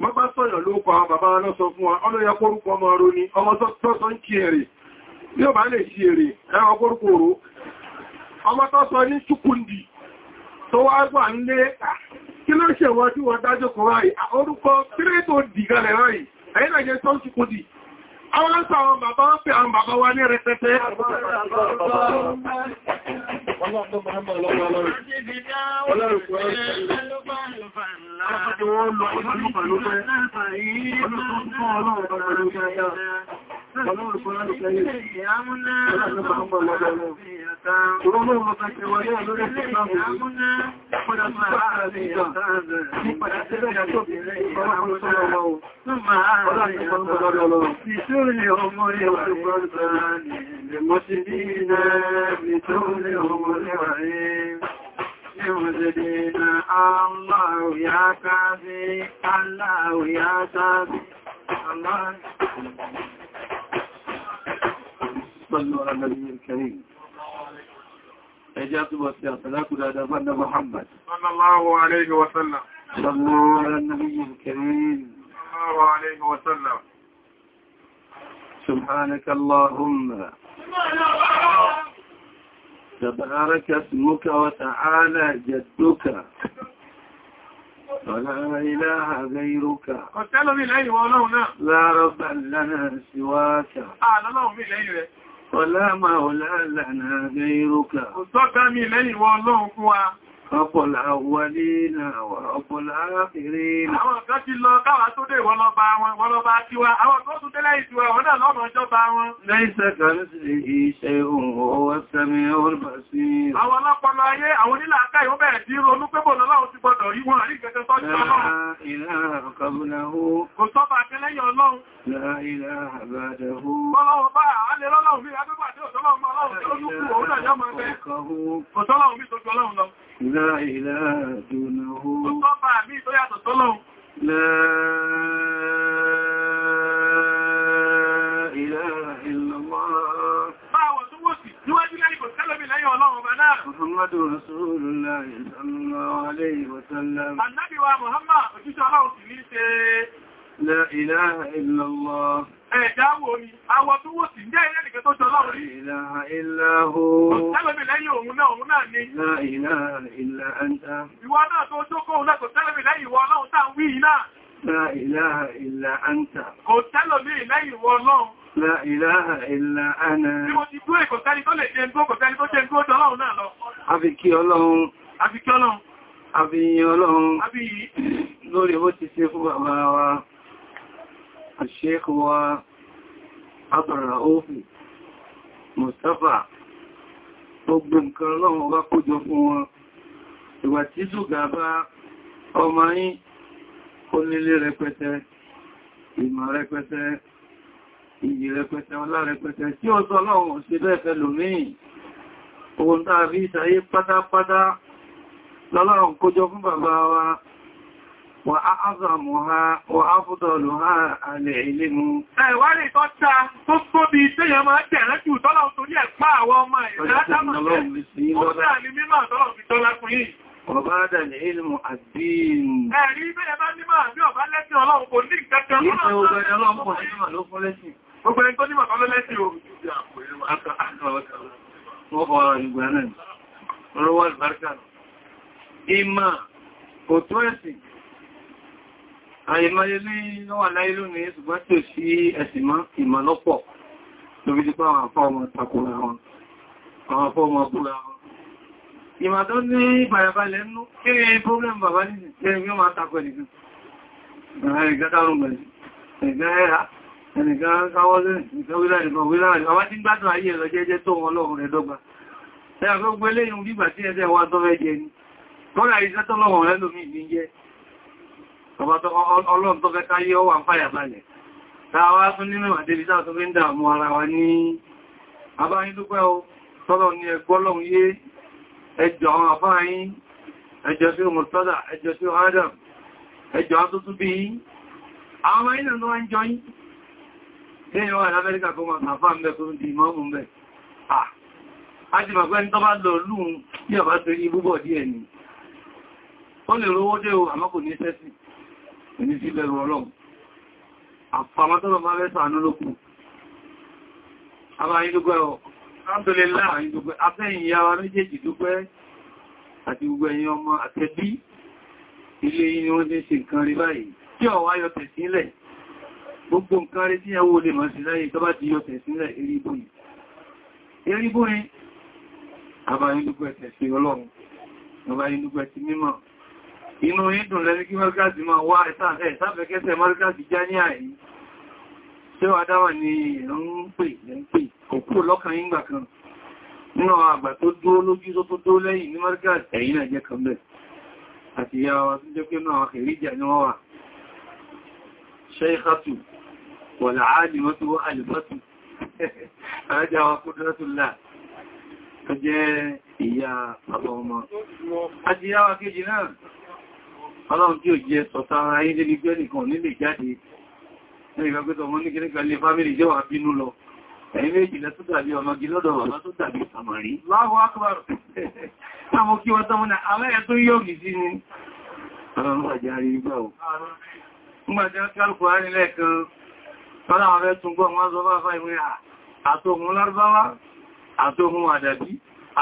wọ́n bá sọ̀yàn ló kọ àwọn bàbá lọ sọ fún wa ọlọ́yà kórúkọ ọmọ ọrọ̀ ni ọmọ tọ́sọ ń kí èrè bí ó lè ṣe èrè ẹwọ kórúkọ òró ọmọ tọ́sọ ní ṣùkúndì tó wá gbà ń lé kí ló wọ́n Àwọn ń sàwọn bàbá ń pè àwọn bàbá wa ní rẹpẹtẹ. Ọlọ́run الله يا كافي الله يا كافي الله صلوا على النبي الكريم اجابة والسلام على محمد صلى الله عليه وسلم صلوا على النبي الكريم صلى الله عليه وسلم سبحانك اللهم تبارك اسمك وتعالى جدك ولا إله غيرك لا رب لنا سواك ọlá máa ọlá lànà gẹ́rùkà. Òṣọ́ká mi lẹ́yìn wọ́n fún wa. Ọpọ̀lá wọlé náà wà ọpọ̀lá fèrè. Àwọn kan ti lọ káwà tó dé wọ́n lọ́ba wọn, wọ́n lọ́ba tí wá. Àwọn kan tó tẹ́lẹ̀ ìtìwà wọ́n náà lọ́mọ ìjọba wọn. Lẹ́yìn sẹ́kà ní sí iṣẹ́ ohun ọwọ́ sẹ́mi ọlọ́bà sí. Àwọn ọlọ́pọ̀lọ ayé, àwọn onílà aká yóò bẹ̀rẹ̀ sí ronú pé bọ̀ lọ́lá ti gbọdọ̀ rí wọn àrí ìgbẹ̀tẹ̀ tọ́jú ọlọ́run. Ìlànà kọbùnahó. Kò sọ́bà tẹ́lẹ́yìn ọlọ́run. Láìláà àbádẹ̀hó. Ọlọ́run bá àálẹ́ lọ́lọ́run bí i adúgbà tí ò tọ́lọ́run mọ́ ọlọ́run tí ó lúkú òun náà yọ́ máa bẹ́. Kò tọ́lọ́run bí i tó jọ ọlọ́run lọ. لا إله دونه لا إله إلا الله محمد رسول الله صلى الله عليه وسلم النبي ومحمد La ilaha illallah. Ẹ̀dá wo ni, awọ tó wò sí jẹ́ ẹ̀rẹ́dìkẹ́ tó jọ lọ́rùn. La ilaha illahu. Tẹ́lẹ̀mì lẹ́yìn òun náà, òun náà ni. La ilaha illa anta. Ìwọ náà tó jókòó náà kò tẹ́lẹ̀mì lẹ́yìn ìwọ ọlọ́run tá ń wí náà. La ilaha illa anta. Kò tẹ́lẹ̀mì lẹ́yìn ìwọ ọlọ́run. La ilaha illa ana. Bí mo ti dúró ìkọ̀tẹ́ni tó lè jẹ́ ń الشيخ هو عبد الرؤوف مصطفى gbogbo nǹkan lọ́wọ́ wá kójọ fún wọn ìwà tí ṣùgbà bá ọmọ yín onílé rẹpẹtẹ ìmọ̀ rẹpẹtẹ ìyì rẹpẹtẹ ọlá rẹpẹtẹ tí ó sọ lọ́wọ́ sí bẹ́ẹ̀fẹ́ lòmíì ohun وأعظمها وأفضلها العلم Ẹ̀wárí tó ta tó tóbi tí yẹn máa jẹ́ ẹ̀rẹ́jù tọ́lá torí ẹ̀pá àwọn ọmọ ìrẹ́látámà rẹ̀. Ó tàà ní mímọ̀ tọ́lá fi tọ́lá fún yìí. وبعد العلم الدين Gbogbo ẹni tó ní màkà lọ́lẹ́sì o. Wọ́n fọ́ra ìgbà náà, ọlọ́wọ́ ìbárkà. Ìmà, kò tó ẹ̀sìn, àìmọye lé lọ́wà láyé lónìí ṣùgbọ́n tí ò sí ẹ̀sìn mọ́ ìmọ̀ lọ́pọ̀ lórí ti pàwọn àfọ́ ọmọ takùnra wọn àwọn àfọ́ ọmọ búra wọn ìmọ̀ tó ní ìbàyàbalẹ̀ nú kí ni problem bàbá ní ìṣẹ́rin yóò máa takọ̀ ẹ̀nìkan ẹ̀nìkan dárùn bẹ̀rẹ̀ ẹ̀nìkan ẹ̀hà ẹ̀nìkan sáwọ́lẹ̀ ìfẹ́ wíláàrí bọ̀ wíláàrí bàbá tí gbádùn ayé ẹ̀rọ jẹ́jẹ́ tó wọn lọ́rùn rẹ̀ dọ́gba ẹ̀yà fẹ́ gbẹ́lẹ́yìn bíbà tí ẹ̀ẹ́ wá tọ́fẹ́ jẹ ni tọ́lá ìṣẹ́ tọ́lọ́wọ̀n rẹ̀ lómi ìgbìyànjẹ́ Ọlọ́run tó fẹ́ káyé ọwà ń fàyà balẹ̀. Tàwà tún nínú àdébí sáà tó fi ń dààmú ara wa ní abáyídúpẹ́ o, tọ́lọ̀ ní ẹgbọ́ lọ́run yé ẹjọ́ àwọn àfáàyín, ẹjọ́ sí Mùsọ́dà, ẹjọ́ sí Adam, ẹjọ́ àtútù bí i. Àwọn ọmọ ilẹ̀ ló wá ń jọ yí. Léyìn wà lábẹ́ríkà kó máa di ìmọ́mù ń bẹ̀. A ti mọ̀ pé ní tọ́ bá lọ lóun tí ni. Ó lè rówó dé o, àmọ́ ní sí lẹ́rù ọlọ́run àpamọ́tọ́lọ́ máa rẹ́ sàánú lókù àbá ìdúgbẹ́ ọ̀ alhamdulillah ìdúgbẹ́ afẹ́yìn yàwà méjèèjì dúpẹ́ àti gbogbo ẹ̀yin ọmọ àtẹ́bí ilé yìí ni wọ́n ti ṣe nǹkan rí báyìí tí ọ̀wá yọ tẹ̀sílẹ̀ gbogbo nǹkan rí tí ẹwọ́ olè mọ̀ sí láyé tó bá ti yọ tẹ̀sílẹ̀ eríbùnì eríbùnì àbá ìdúgbẹ́ tẹ̀sí ọlọ́run àbá ìdúgbẹ́ ti mímọ̀ inú ìdùn lẹ́ni kí mọ́ríkàtì máa wá ìsáfẹ́kẹ́sẹ̀ mọ́ríkàtì já ní àìyí tí ó adáwà ní ìrún pè lẹ́ńpè òkú lọ́kàn yíngbà kan nínú àgbà tó dúró lójú tó tó dúró lẹ́yìn ní mọ́ríkàtì ẹ̀yìn náà jẹ́ kan bẹ̀ àti ìyá wa tó jẹ́ pé náà kẹ̀ríjà ni wọ́n wà ṣẹ́ìkàtù wọ̀lá àádìmọ́tò àlìfàtù àájá [LAUGHS] wa kúdúrátùlá tó àbọ̀ ọmọ àti ìyá kejì náà ọlọ́run tí ò jẹ́ sọ̀tà ara yí débi gbẹ́ nìkan nílé jáde ní ìgbàgbẹ́tọ̀ wọn ní kíníkà lè fámílì jẹ́ wà bínú lọ ẹ̀yìn méjì lẹ́tọ́ tàbí ọmọgí lọ́dọ̀ bàbá tó tàbí sàmàrí láwọ́ akọ́rọ̀ táwọn kí wọ́n tọ́mọ́nà alẹ́ tó yóò gì sí ni ọlọ́run àjárí igbá ò nígbàjá kálùkù arìnlẹ̀ kan tọ́lá àwọn fẹ́ tún gbọ́ wọn sọ bá fà ìwé àtòhun lárúbáwá àtòhun àdàbí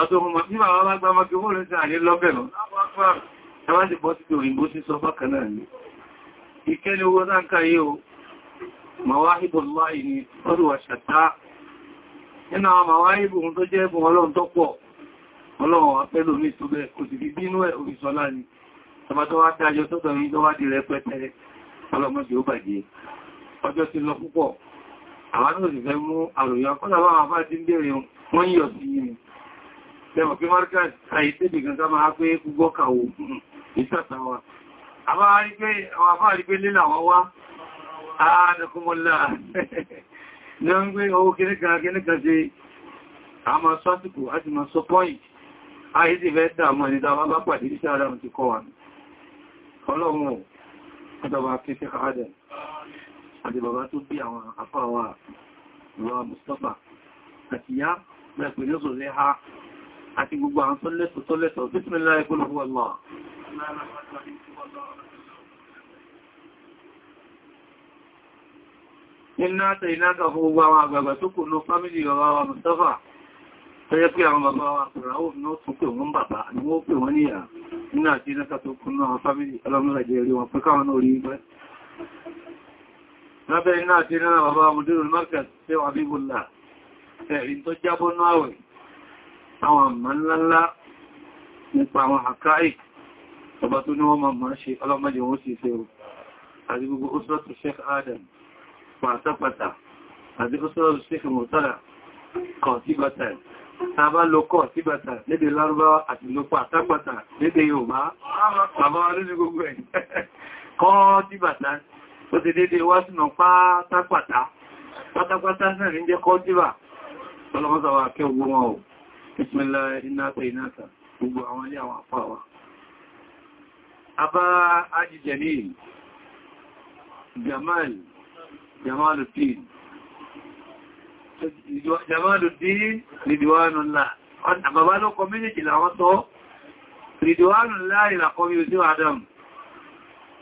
àtòhun mọ̀ ẹwà sì bọ́ sí òyìnbó sí sọ bákan náà ní ìkẹ́lẹ̀ owó dáńkà yí o mawáhìbò láì ní ọdúnwà ṣàtá nínú àwọn mawáhìbò tó jẹ́ ẹbùn ọlọ́run tó pọ̀ ọlọ́run wà pẹ́lú ní ìtúbẹ̀ kò sì fi bínú ẹ̀ òbìsọ́lá ni tọbátọ́wá tàjọ tó tọ̀rí tó wá di rẹpẹtẹ ọlọ́mọdé ó bàjẹ́ ọjọ́ ti lọ púpọ̀ àwọn náà sì fẹ́ mú àròyìn akọ́lá wọn àfáà ti ń bèèrè wọ́n yọ̀ sí yìí ni ká máa pé gbọ́kàwó ìtàtàn wa. Àwọn àfáà rí pé lílà wọ́n wá, ààrẹ̀kùnmọ́lá, ní wọ́n gbé owó kìníkan kìníkan sí àmà sọ́tùkù àti ma sọ pọ́ìntì, àìsí fẹ́ dámọ́ ní dáwà bá pàdé iṣẹ́ ara ti kọ́ wa. Ọlọ́run ọ̀dọ̀bà kí sí àádẹ̀ àti bàbá tó bí àwọn àfáà wa, Ìwà Mustapha, àti yá mẹ́pẹ̀ lóṣòlẹ́ ha àti gbogbo àwọn tọ́lẹ́tọ̀ tọ́lẹ́tọ̀ Iná tẹ iná kan fún gbogbo àwọn àgbàgbà tó kò ló fámílì ọ̀rọ̀ àwọn Mùsọ́fà tó yẹ pé àwọn bàbá wa pẹ̀láwò náà tún pè wọ́n bàbá ni wọ́n pè wọ́n níyà iná àti iná kan tó kún náà fámílì ọlọ́mọ́lẹ̀jẹ̀ rí wọn pẹ́ káwọn náà rí ipẹ́. Lábẹ́ iná àti iná bàbá Mùdírùn ọba tó ní wọ́n máa máa ṣe ọlọ́mọdé wọ́n sì fẹ́ o àti gbogbo ọ́sọ́tù sheikh adam pàtàpàtà àti ọ́sọ́tù sheikh mọ̀tàlá kọ̀tíbàtà tàbá lọ kọ̀tíbàtà lédè lárúbáwá àti lọ pàtàpàtà lédè yorùbá bàbá wa lórí gbogbo ẹ̀ kọ̀tíbàtà ó ti dédé wá sínú pátápàtà pátápàtà náà ní jẹ́ kọ̀tíbà ọlọ́mọ́sàwà kẹ́ gbogbo wọn ò bismillah iná tẹ̀ iná tà gbogbo àwọn ilé àwọn àpá wa Abá Ajijalil, Jamal, Jamaluddin. Jamaluddin, Ridwanullah. Bàbá ló kọ méjèèjì làwọn tọ́. Ridwanullah ìlàkọ́ bí o sí Adam.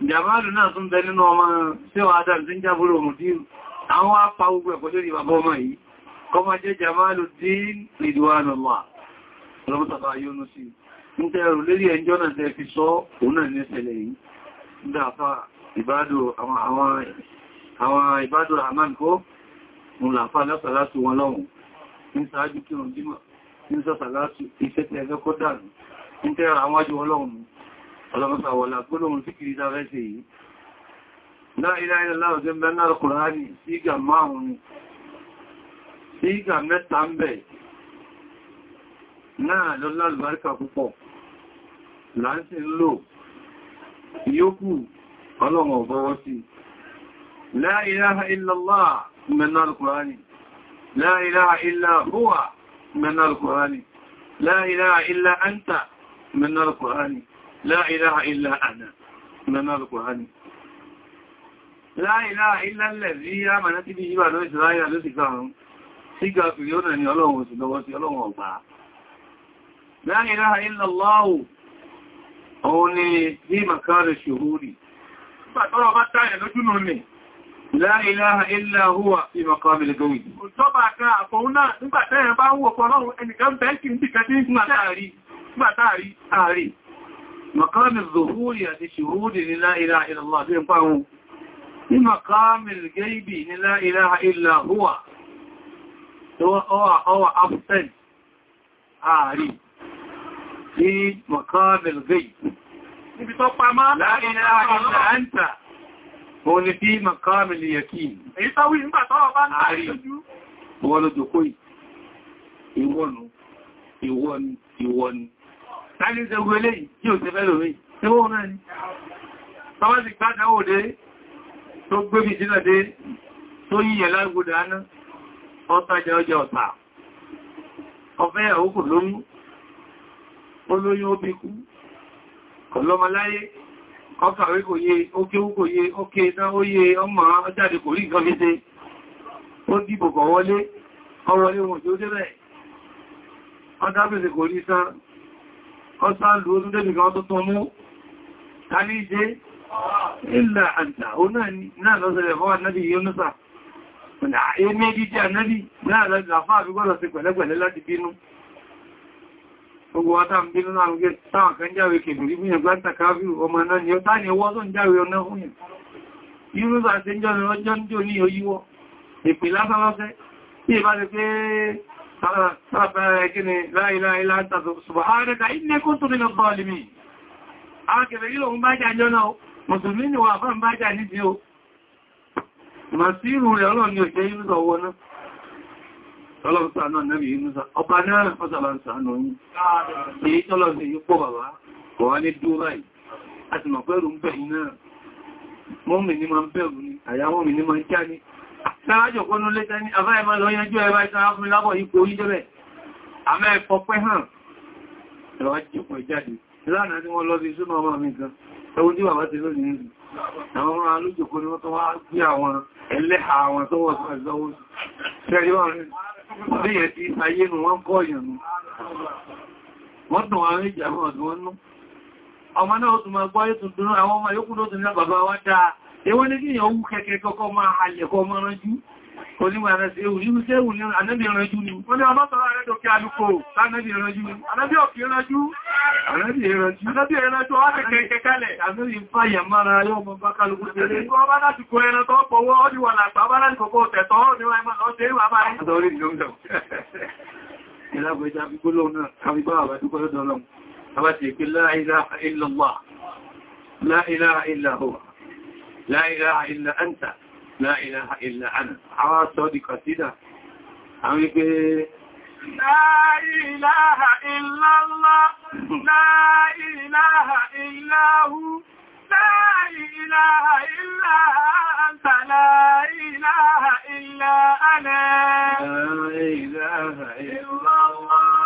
Jamalu náà tún bẹ nínú ọmọ sí Adam tí ń jábúrò mùdíru. Àwọn apá gbogbo ẹ̀kọ́ lórí bàbá ọmọ yìí. Kọ́ máa jẹ́ Jamaluddin, Ridwanullah. Ọlọ́pùtàbà yóò nú sí Níta ẹrù lérí ẹjọ́ náà tẹ́ fi sọ òun náà ní ẹsẹ̀lẹ̀ yìí. Níta àfá ìbádò àwọn ìbádò Rahman kó, òun làfá lásàlátù wọn lọ́wọ́. Níta ájú kí òun dímọ̀, níta sàlátù iṣẹ́ tẹ́ ẹgbẹ́ kó dànù. Níta ẹrù àwọn ájú ọlọ́run. Ọlọ́mọ́sà kiri dáfẹ́ sí yìí. Láìláì lọ́wọ́ jẹ́ mẹ́rin náà Kùránì sí ìgbà márùn-ún ni. Sí ìgbà mẹ́ta ń bẹ̀ láti lò yókù ọlọ́run ọ̀bọ̀wọ́ sí la ilaha illallah mẹ́nà alkùránì la ilaha illa huwa mẹ́nà alkùránì la ilaha illa anta mẹ́nà alkùránì la ilaha illa ana mẹ́nà alkùránì la ilaha illa allazi amanati bihi wa lọ́wọ́ ìsìláyà ló ti káàrùn sígbà fìrí ó òun ni ní màkàrẹ̀ ṣòhúrì pàtọ́rọ bá táyẹ̀ lójú nù ní la ilaha illa huwa fi maqamil gawid tọ́bà ká àfọ́un náà nígbàtẹ́yẹ̀ bá ń wò pọ̀lọ́run ẹnìkan bẹ́ẹ̀kì ní kẹtí nígbàtàrí ààrí maqamil zuhuri àti shuhudi ni la ilaha illa Allah bí n pàrún ní ní mọ̀kánil gẹ́yì níbi tó pa máa láàrin àìlà àǹtà òun ni bí mọ̀kánil yakin èyí tó wí nígbà tọ́wọ́ bá ń tàrí wọ́n ló jòkó ìwọ́nu ìwọ́nu ìwọ́nu láti ṣe gbé lè yí ò tẹ́fẹ́ lórí tí wọ́n náà ni tọ́wọ́ sì gbá dáwò dé tó gbé bí olóyún ó bí kú ọlọ́mọláyé ọkàwé kò yé ókè ó kò yé ókè náà ó yé ọmọ ọjáde kò rí nǹkan mése ó dìbò kọ̀ wọlé ọwọlé wọn tí ó débẹ̀ ọdábẹ̀sẹ̀ kò rí sán ọsáàlù ó tún débi kan tó tún mú ta ní ṣe ìlà àǹtà ó náà lọ́sẹ̀lẹ̀ fọ́wà náà yónúsà èmé dídí ànábì náà lọ́sẹ̀lẹ̀ gbogbo wata ń bínú náà gẹ́ táwọn kan jáwé kèbìrí bí ẹgbẹ́ tàkàfíù ọmọ náà ni ó tá ní ọwọ́ tó ń jáwé ọ̀nà fún yẹn yúrúsà ti ń jọ́nà ọjọ́ ń jò ní oyíwọ́ ìpè lásánlọ́sẹ́ tí ìbá ti pé sára bẹ̀rẹ̀ kí ni láìláìlá Ọlọ́run ṣàánú Ànábì Yúnúsà, ọba náà ọ̀sàbà ń ṣàánú yìí. Èyí tọ́lọ́run èyí pọ̀ bàbá, kò wá ní dúró báyìí, a ti mọ̀ pẹ́rù ń bẹ̀yìn náà. ni, àyàwó mi ní máa ń já ní. Sáájọ̀ kọ́nú lẹ́ta ní, àbá ìmọ̀ lọ yanjú ẹ̀bá ìtara fún mi lábọ̀ ipò oníjẹ́bẹ̀. Àmẹ́ ẹ̀fọ́ pẹ́ hàn, ẹ̀rọ ajẹ́kùn ìjáde. Lánàá ni wọ́n lọ sí súnmọ́ ọmọ mi kan, ẹwọ́n tí bàbá ti lónìí Àwọn ọmọ alójòkó ni wọ́n tó wá gbé àwọn ẹlẹ́ha àwọn tó wọ́n sọ ìzọwọ́. Ṣẹ́rí wọ́n Bẹ́yẹ̀ ti ayé nù wọ́n kọ́ ìyànú. Wọ́n tàn wọ́n rí ìjà wọn wọ́n nú. Ọmọ náà ó tún máa gbọ́ ètò dúró àwọn ọmọ yókù kúrò tún ní bàbá wá dáa. Èwọ́n ní kí ìyàn wú kẹ́kẹ́ kọ́kọ́ máa halẹ̀ mọ́ránjú. oníwàrẹ́ sí ewu yíò sẹ́wù ní ànábì ìrànjú ni wọ́n ni ọmọ sọ́rọ̀ rẹ̀ dókè alùkò ànábì ìrànjú ni ànábì òkè ìrànjú ànábì ìrànjú ànábì ìrànjú wá sí kẹ̀kẹ́ kalẹ̀ ànábì ń fàyà mara yọ́ mọ́ bá kálùkù tẹ́lẹ̀ wọ́n bá láti kò ẹran tó pọ̀wọ́ ọdí wà lápá bá láti kọ̀kọ́ tẹ̀tọ́ ní wọ́n ẹmọ́ lọ́tẹ́ ìwà bá Ìlàgbẹ̀já gbígbóló náà, àbígbà àbádúgbọ́ lọ́dọ̀ ọlọ́run, àbáti ìpé láìlá ìlàlá, láìlá ìlà huwa, láìlá ìlà لا إله إلا أنت عوى صدي قصيدة عمي لا إله إلا الله لا إله إلا هو لا إله إلا أنت لا إله إلا أنا لا إله إلا الله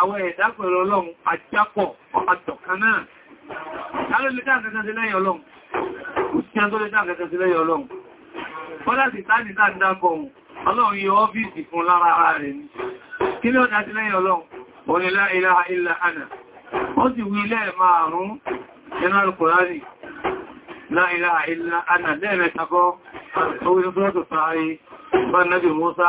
àwọn ẹ̀dá pẹ̀lú ọlọ́run àjápọ̀ àtọ̀kan náà. Ta ló lè dá nǹkan sí lẹ́yìn ọlọ́run? Kò sí ẹn tó lè dá nǹkan sí lẹ́yìn ọlọ́run. Bọ́lá sì tá ní táà dábọ̀ ohun, ọlọ́run yọ ọ́fíìsì fún lára ara rẹ̀ ni. Kí Wọ́n ni la ilaha illa ún nínú Al-Qur'ani. La ilaha illa ana lẹ́ẹ̀mẹ́ta kọ́, ó wí fún ọ́tọ̀ sáré, bá Nábì Mùsá,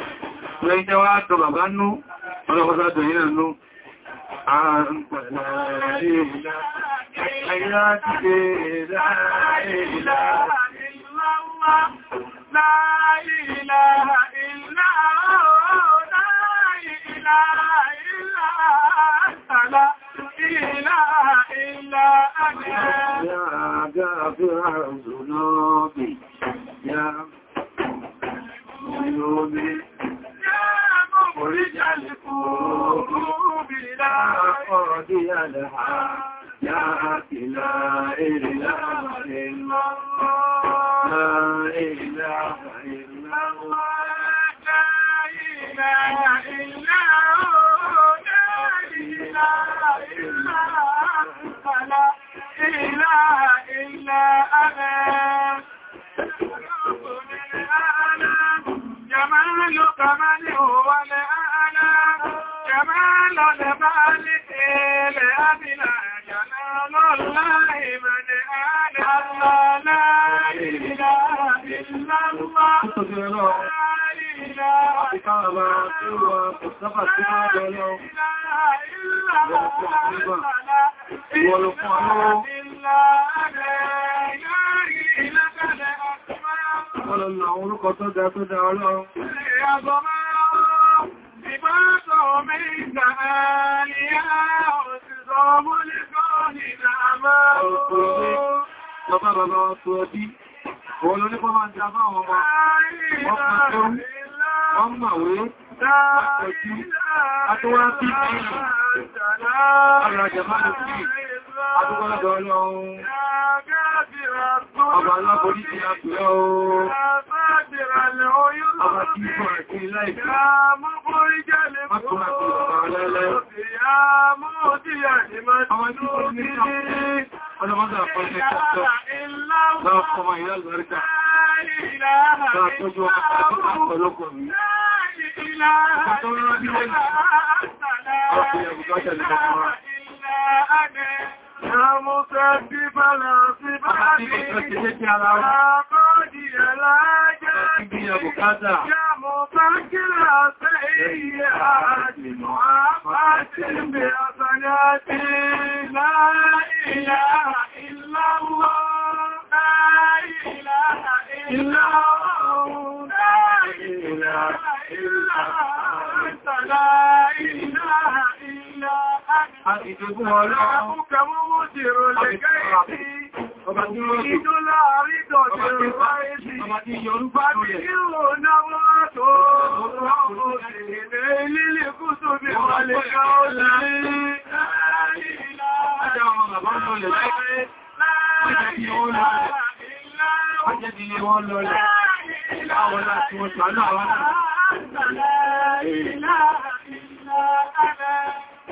lórí tẹ́wà tó bàbá nú ọlọ́pọ̀sá tó yínà nú La ilaha sábà tí wọ́n lọ lọ́wọ́. Ìwọ̀n ló fún ọlọ́wọ́. Wọ́n lọ lọ àwọn orúkọ tó dá tó dá ọlọ́run. Ìbátọ̀ mi ìgbà àríyá òṣìṣọ́ ọmọ lè kọ́ nìlà máa ó. Bàbá bàbá wa tó ọdí, òun ló ní kọ́ máa ń ta fáwọn ọmọ. Wọ́n àpọ̀jú àtúwá sí ìlú àràjàmánù sí àdúgbọ́lọ́dọ̀ ọlọ́run àbà aláborí ti àpẹ̀lẹ́ ooo àbà tí ìfọ̀ àti iláìsí Àwọn tí ó ní ọ̀pẹ́ ọlọ́mọdé àpọ̀lẹ́ tọ́jọ́ lọ́kọ̀ọ́mọ̀ ìlú àgbàríkà lọ́tọ́jú ọ̀pọ̀lọpọ̀ mi ọ̀pọ̀lọpọ̀ لا إله إلا أنت لا إله Àtìdìbò ọlọ́run. wọ́n lè ká ó Àwọn láti wọ́n sọ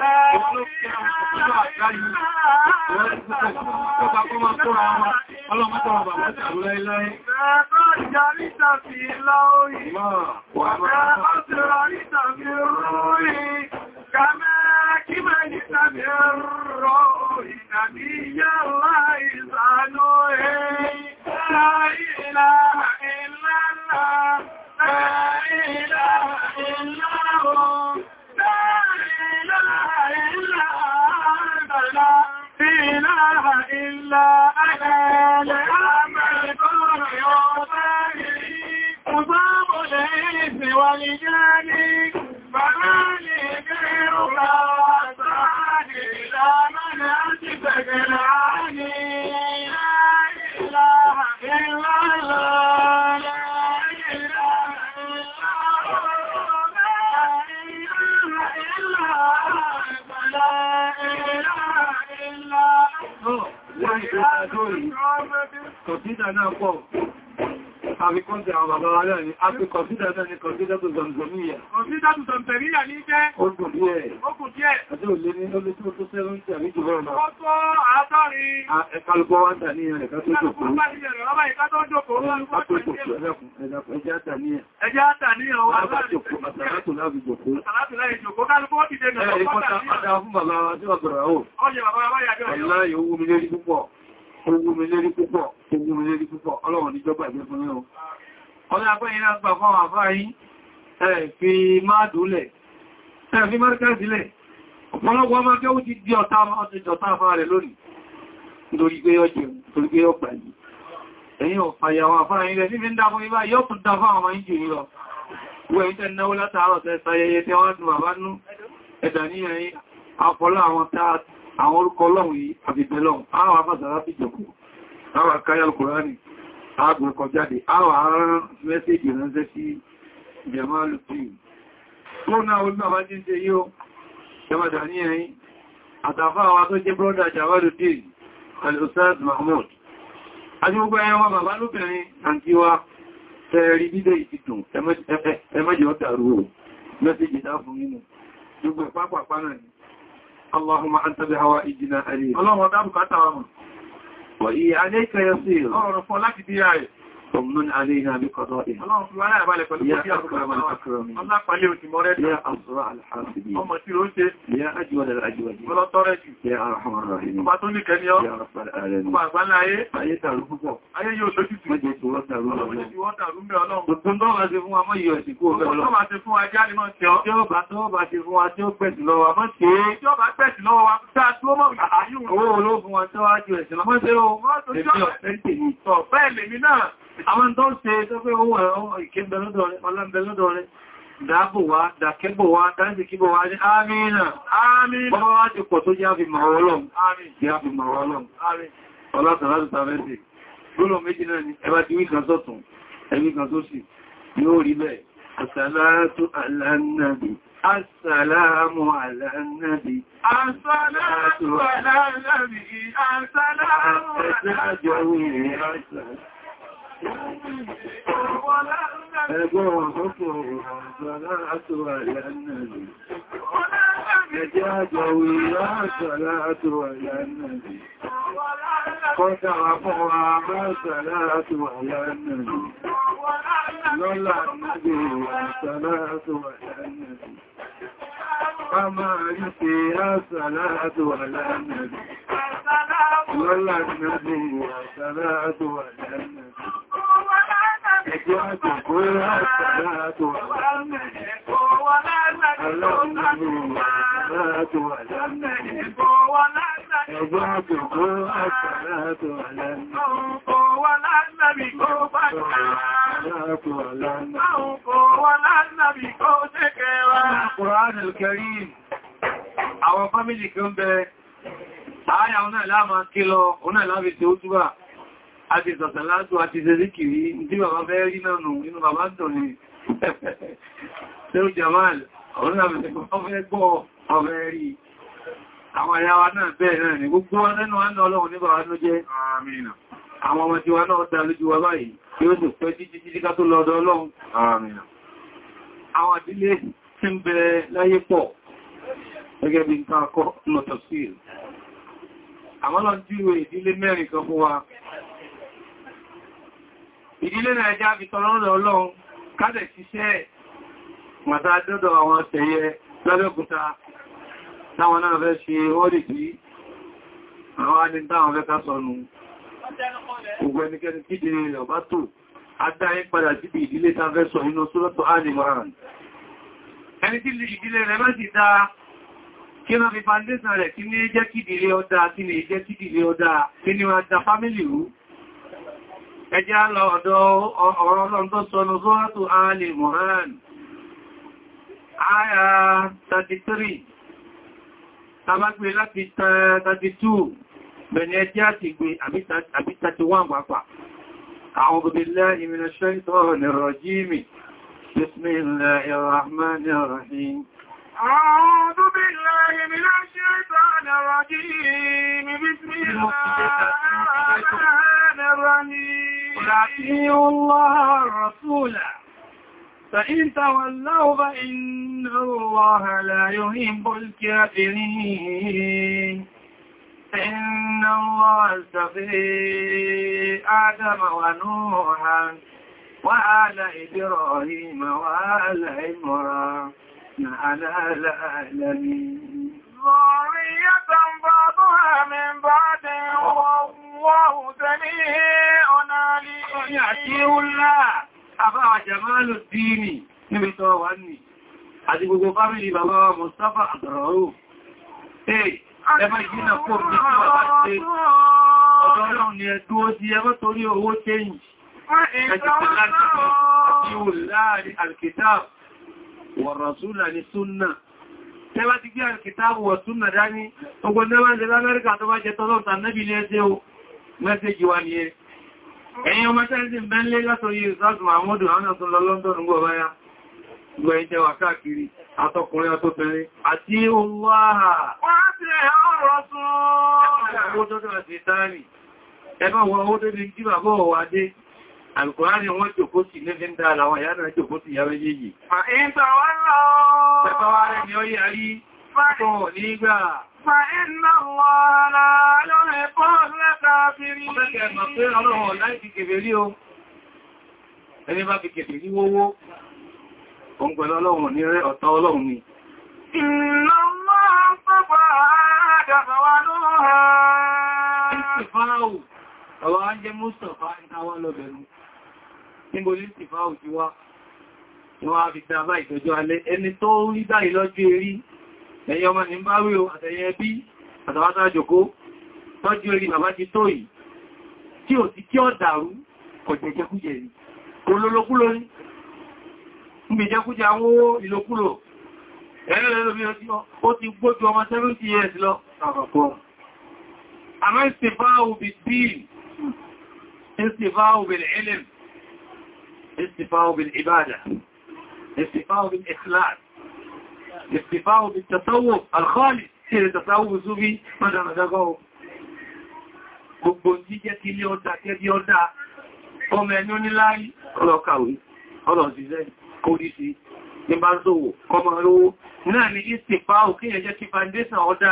La إله إلا kọ̀sídà náà pọ̀ àbí kọ́ntẹ̀ àwọn bàbá wa náà ni a fi kọ̀sídà náà ni kọ̀sídà tó zọmzọmíyà kọ̀sídà tó zọmzọmíyà ní jẹ́ ogun díẹ̀ ogun díẹ̀ àti òlé ní olé tí ó tó sẹ́rún tí àríjù rẹ̀ náà ọ̀tọ́ àátọ́rin ẹ̀kàlùkọ́ wá dà ní ní ẹ̀rẹ̀ká ogun mi lérí púpọ̀ ogun mi lérí púpọ̀ ọlọ́run níjọba ìgbé fún yíò ọlá pẹ́yìn náà gbà fún àfá yí ẹ̀fí máa dúlẹ̀ ẹ̀fí márùkà sílẹ̀ ọ̀pọ̀lọpọ̀ ọmọ akẹ́wù ti di ọ̀tá afá rẹ̀ lónìí nítorí pé ọjẹ́ nítorí pé ọgbà yìí ẹ̀yìn ọ̀fàyàwó afá yìí rẹ̀ níbi ń dá fún ibá yóò tún dá fún àwọn ìjì lọ wọ́n èyí tẹ́ náwó látàárọ̀ tẹ́ sayẹyẹ tẹ́ wọ́n dùn bàbá nú ẹ̀dà ní ẹ̀yìn àpọ̀lọ́ àwọn tààtù àwọn orúkọ ọlọ́run yìí àbìbẹ̀lọ́run àwọn afásàrá fi jẹ̀kù àwọn akáyàl kùránì àgbẹ̀kọ̀ jáde àwọn arán mẹ́sẹ̀jì ránṣẹ́ sí jẹ̀máàlù tí ó náà ó náà bá jí ṣe yíó jẹmàdà ní ẹ̀yìn àtàfà àwọn tó jẹ́ brọ́dà jàwádù tí al-Ustaz Mahmud àti gbogbo ẹ̀yàn wọn bàbá lóbìnrin àti wa tẹ́ẹ̀rí dídẹ̀ ìtìtùn ẹmẹ́jì ọ̀tàrú mẹ́sẹ̀jì dáfún nínú gbogbo pápá náà ni اللهم أنت بهوائجنا أليم اللهم دعبك أتعامل وإي عليك يصير أرى رفو لك ديائي صمن علينا بقضائها يا أكرم الأكرمين يا أسرع الحاسبين يا أجود الأجودين يا أرحم الراحمين يا رب العالمين ayé tààrù púpọ̀ ayé yóò lójú tí wọ́n jẹ́ tí wọ́n tààrù ọlọ́run gbogbo tó bá ṣe fún wa mọ́ yíò ẹ̀sìn kó ọ̀fẹ́ ọlọ́run tó bá ṣe fún wa jáde náà tí ó bá tó bá ṣe fún wa tí ó pẹ̀sì lọ́wọ́ wa mọ́ sí é tí ó bá pẹ̀sì lọ́wọ́ wa sáà tí ó mọ́ àyún owó olóògùn wa tó wá jù ẹ̀sìn lọ́mọ́ sí ó mọ́ tó jọ́ àwọn tó ṣe tó pé owó ẹ̀rọ ìkébẹ̀lódọ̀ rẹ̀ dáàbò wá dàkẹ́bò wá dáàbì kíbò wá ní àmìnà àmìnà bọ́ wá ti pọ̀ tó jẹ́ àfi màwọ́ ọlọ́run àmì ọlọ́tàn láti tàbẹ́sì gbọ́lọ̀ méjì náà ni ẹbá ti wí kan sọ́tún ẹbí kan tó sì yóò rí bẹ́ẹ̀ asàlátù alánàbì asàlámù Ẹgbọ́n wọn tó kò Lọ́lá nígbè wà sàlá àtọ̀wà Kama rí pé àṣàlátò àlànàbí. Lọ́lá nàbí àṣàlátò àlànàbí. Ẹjọ́ àjọ̀kọ́ àṣàlátò àlànàbí. Ọwọ́lá nàbí الصلاة على النبي صباحك الصلاة على النبي القرآن الكريم àwọn fámílì kan bẹ ààyà ọ̀nà ìlàmà kí lọ ọ̀nà ìlàmà tí ó túbà àti ìsọ̀sẹ̀láàtò àti ìsẹ̀síkìrí tí bàbá fẹ́ rí náà nù inú bàbá dùn ní ṣe ó jàmáàlì ọ̀nà ìfẹ́ ọ̀fẹ́ rí àwọn ìyáwa náà bẹ́ẹ̀ náà ni gbogbo wọn lẹ́nu wọn ọlọ́run níbà wọn ló jẹ́ àwọn ọmọ tí wa náà dá lójú wa báyìí tí ó sì pẹ́ títí títí ká tó lọ́dọ̀ ọlọ́run àwọn àdílé tí ń bẹ láyé pọ̀ gẹ́gẹ́ bí nǹkan akọ́ nọ̀tọ̀ sí ẹ̀ àwọn lọ jíwẹ̀ ìdílé mẹ́rin kan fún wa ìdílé náà já táwọn náà fẹ́ ṣe ọ́dì tí àwọn adé táwọn fẹ́ ká sọnù gbogbo ẹnikẹ́ni kíde rẹ̀ ọba tó adáyé padà síbi ìdílé tá fẹ́ sọ inú sórọ́tọ̀ ánìmọ̀ràn ẹni tí ìdílé rẹ̀ bá ti dá kí wọ́n fi foundation rẹ̀ kí ní jẹ́ kídìlé ọdá kí ní jẹ́ kídìlé ọdá kí ní wọ́n dá fámílì rú ẹjẹ́ lọ ọ̀dọ̀ ọ̀rọ̀ ọlọ́ntọ́ sọ́nà sórọ́tọ̀ ánìmọ̀ràn Aya 33 tàbá gbé láti 32 bẹ̀rẹ̀ ẹjẹ́ àti gbé àbí 31 pàpà أعوذ بالله من الشيطان الرجيم بسم الله الرحمن الرحيم أعوذ بالله من الشيطان الرجيم بسم الله الرحمن الرحيم وأطيعوا الله الرسول فإن تولوا فإن الله لا يهب الكافرين إن الله استفي آدم ونوحا وآل إبراهيم وآل عمران على العالمين ضرية بعضها من بعد والله سميع عليم يأتي الله àbáwà jàmálù dìínì níbi tọ́ wà ní àti gbogbo fámílì bàbá wa Mustapha àtàràwò ẹ̀bá ìgbìnà pọ̀ ní ọ̀pá ṣe ọ̀dọ́ ọlọ́run ni ẹ̀dú ó ti ẹgbẹ́ torí owó change ẹjọ́ láti ìwò láàrin alkitab wà rasúlà ní súnnà tẹ́bá ti gbé alkitab wà súnnà dání ogun náà ń jẹ lamẹ́ríkà tó bá jẹ tọ́lọ́ ẹ̀yin ọmọ tẹ́lẹ̀sì bẹ́ńlé látọ̀yí ìsáàtù mahmudu àwọn ọ̀tún lọ London gbọ́ báyá gbọ́ ẹ̀jẹ́ wà káàkiri àtọkùnrin àtọkùnrin àti olúwàhà wọ́n ti rẹ̀ ọ̀rọ̀ sún Alkùnrin wọ́n jòkó sí lé lẹ́ndà àwọn ìyá náà jòkó sí ìyàwó yéyìí. Fà ń tàwọn lọ! Tẹ́kọ́ wá rẹ̀ ni ó yàrí, fà ní ìgbà. فإن الله لا يحب Ẹni bá fi kèfè ní wówó, òun pẹ̀lú ọlọ́run ní rẹ̀ ọ̀tá ọlọ́run ni. Iná máa ń pẹ́pà àdàbàwà lóòrà. Ìsìfáàwù, ọ̀rọ̀ ajé Mustapha ìtawà lọ́bẹ̀nu. Níbo ní ìsìfáàwù ti wá, wọ́n á fi ẹ̀yẹ ọmọ ni ń bá rí o àtẹ̀yẹ ẹbí àtàwátà jòkó tọ́jú orí bàbá ti tó yìí tí ò ti kí ọ dàrú kò jẹjẹkújẹ ni kò lólókúlò ní níbi jẹkújẹ àwọn owó ìlókúlò ẹ̀rẹ́lẹ́lómi ó ti gbójú ọmọ 70 الاكتفاء بالتصوف الخالص سير التصوف الصوفي ما دام دغو gbogbo jíjẹ́ kí ilé ọdá kẹ́bí ọdá ọmọ ẹni oníláàrí ọlọ́kàwé ọlọ́sìsẹ́ kóríṣi ní bá sówò kọmọ olówó náà ni ìsìnpá òkè ẹjẹ́ kí foundation ọdá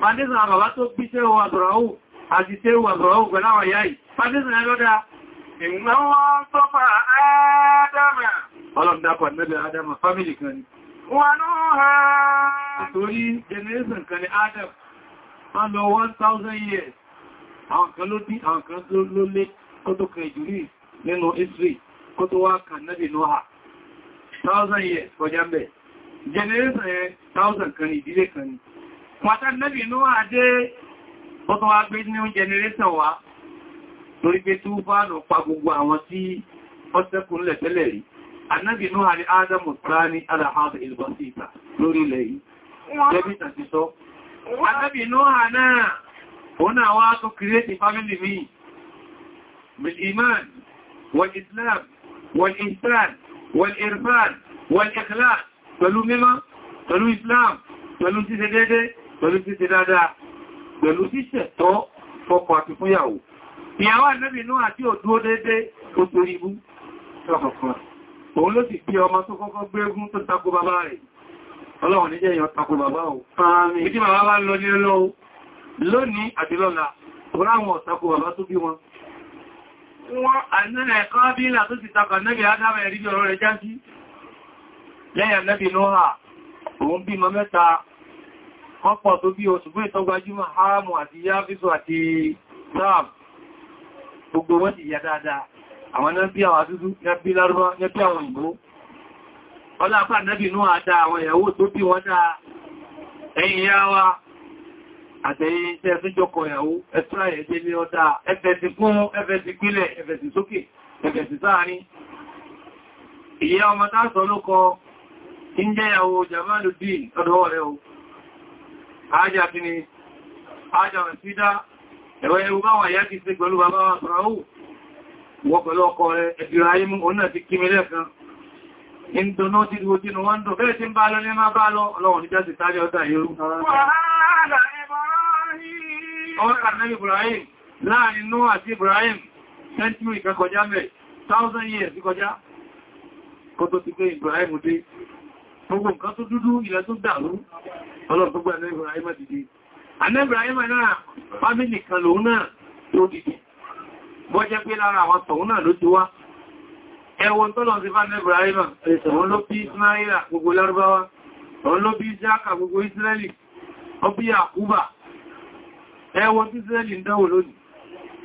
foundation àbàbá tó gbíṣẹ́ ohun àbúrọ̀hù àti tẹ́rù àbúrọ̀hù pẹ̀láwọ̀ yáì foundation ẹlọ́dá ìmọ̀ wọn tó wọ́n náà torí generation kan ní Adam wọ́n lọ 1000 years àwọn kan ló dí àwọn kan ló lé kó tó kẹ ìjúrí nínú Israel kó tó wá kàn náà nínú ha 1000 years kọjá mẹ́ generation yẹn 1000 kan ní ìdílé kan ní pàtàkì náà nínú àdé ó tó wá gbé ní generation wa torí pé tó bá lọ pa gbogbo àwọn tí ọ́sẹ́kùnlẹ̀ tẹ́lẹ̀ rí Annabi Nuha ni Adamu Sani Alahaba Ilbasita lórí lẹ́yìn. Jẹ́bí tàbí sọ. Annabi Nuha náà, òun náà wá tó kìrẹ́tì fámílì mi, bil iman, wal islam, wal ihsan, wal irfan, wal ikhlas, pẹ̀lú mímọ́, pẹ̀lú islam, pẹ̀lú ṣíṣe dédé, pẹ̀lú ṣíṣe dáadáa, pẹ̀lú ṣíṣe tọ́ fọ́kọ àti fúnyàwó. Ìyàwó Annabi Nuha tí ò dúó ó torí ibú. Ṣọ́kọ̀kọ́ òun ló sì pí ọmọ tó kọ́kọ́ gbégún tó takò bàbá rẹ̀ ọlọ́run ní jẹ́ èèyàn takò bàbá ò bí tí bàbá bá lọ nílé lọ́wọ́ lónìí àti lọ́la ráwọn takò bàbá tó bí wọn wọ́n àìsànà ẹ̀kọ́ bí ìlà tó ti takà nẹ́bì adára ẹ̀rí bí ọ̀rọ̀ rẹ̀ já àwọn náà bí àwọn àdúdú náà bí lárúbá náà bí àwọn ìgbó ọlọ́pàá nẹ́bì inú àdá àwọn ìyàwó tó bí wọ́n dáa ẹ̀yìn yá wa àtẹ̀yìn tẹ́ ẹ̀sùjọkọ̀ ìyàwó ẹ̀sùra ẹ̀ẹ́dẹ́ ní ọdá ẹfẹ̀sì fún ẹfẹ̀sì pílẹ̀ ẹfẹ̀sì sókè ẹfẹ̀sì sáàrin ìyá ọmọ táàsọ lókọ tí ń jẹ́ ìyàwó Jamaluddin ọdọ́wọ́ rẹ̀ o ajá fi ni ajá rẹ̀ sí dá ẹ̀wẹ̀ ẹ̀rù báwọn ìyá ti ṣe pẹ̀lú bàbá wa sọ̀rọ̀ wọ́n pẹ̀lú ọkọ̀ rẹ̀ Ibrahim oná ti kí mẹ́lẹ̀ kan in tó náà ti gbogbo jínú wọ́n tó bẹ́ẹ̀ tí ń bá lọ ní máa bá lọ ọlọ́run ní jáde tàbí ọdá ìrú láàrin Noah àti Ibrahim century kan kọjá thousand years kọjá kó tó ti pé Ibrahim dé gbogbo nǹkan tó dúdú ilẹ̀ tó dàrú ọlọ́run tó gbà ní Ibrahim dìde bọ́ jẹ́ pé lára àwọn tọ̀hún náà ló ti wá ẹwọ́n tọ́lọ̀ sí fánà Ibrahima ẹ̀sọ̀wọ́n ló bí Ismaila gbogbo Lárúbáwá ọ̀n ló bí Isaka gbogbo Israeli ọbí Yakuba ẹwọ́n tí Israeli ń dáwò lónìí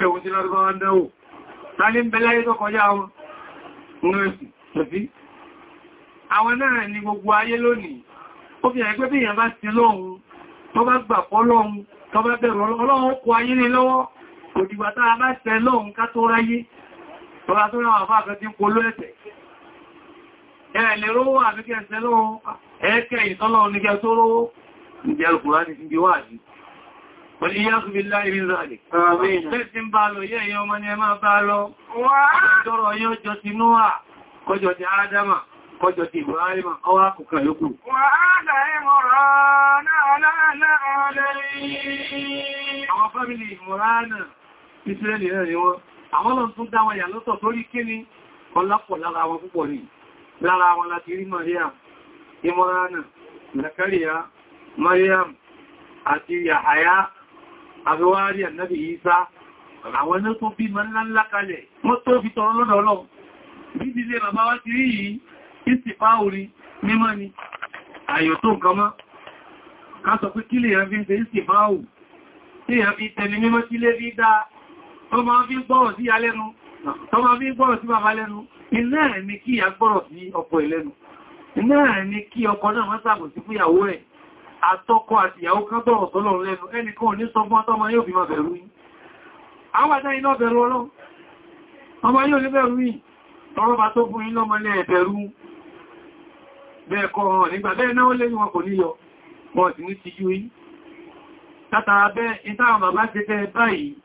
ẹwọ́n tí Lárúbáwá ń dáwò tàbí ń bẹ̀lẹ́ ni gbogbo ayé lónìí ó fi ẹgbẹ́ bí èèyàn bá sí lọ́hun tó bá gbà fọ́lọ́hun tó bá bẹ̀rù Ọlọ́hun ayé ní lọ́wọ́ kò dìgbà tàà bá ṣẹ lọ́hun ká tó ráyé tọ́lá tó ráwà fà kan tí ń polú ẹ̀tẹ̀ ẹ̀lẹ́rọ wà ní kẹsẹ̀ lọ́hun ẹ̀ẹ́kẹ́ ìtọ́lọ́hun ní kẹ tó rówó ìdí alùkùnrán ti fi wà ní wọ́n ni yá ṣubí láìrí rẹ̀ tẹ́sí ń bá lọ yẹ́ èyàn ọmọ ni ẹ máa bá lọ ọjọ́rọ̀ yóò àwọn fámílì Ìmọ̀ránà Ísírẹ́lì náà ni wọ́n àwọn lọ tún dá wọn yà lọ́tọ̀ torí kí ni ọlápọ̀ lára wọn púpọ̀ ní lára wọn láti rí Maria Imorana Zakariya Mariam àti Yahaya àbíwárí ànábì Isa àwọn ẹni tó bí ma ńlá kalẹ̀ wọ́n tó fi tọrọ lọ́dọ̀ ni àyò tó nǹkan mọ́ ká sọ pé kílè yàn fi ń ṣe ìsìpá fi tẹni mímọ́ sílé rí dáa tó máa fi gbọ́rọ̀ sí alẹ́nu tó máa fi gbọ́rọ̀ sí bàbá lẹ́nu iná ẹ̀ ni kí ìyá gbọ́rọ̀ sí ọkọ ìlẹ́nu iná ẹ̀ ni kí ọkọ náà wọ́n sàbò sí fúyàwó ẹ̀ àtọkọ àti ìyàwó kan gbọ́rọ̀ sọ́lọ́run lẹ́nu ẹnìkan ò ní sọ fún ọtọ́mọ yóò fi máa bẹ̀rù yìí àwọn àdá iná ìtàwọn bàbá ti báyìí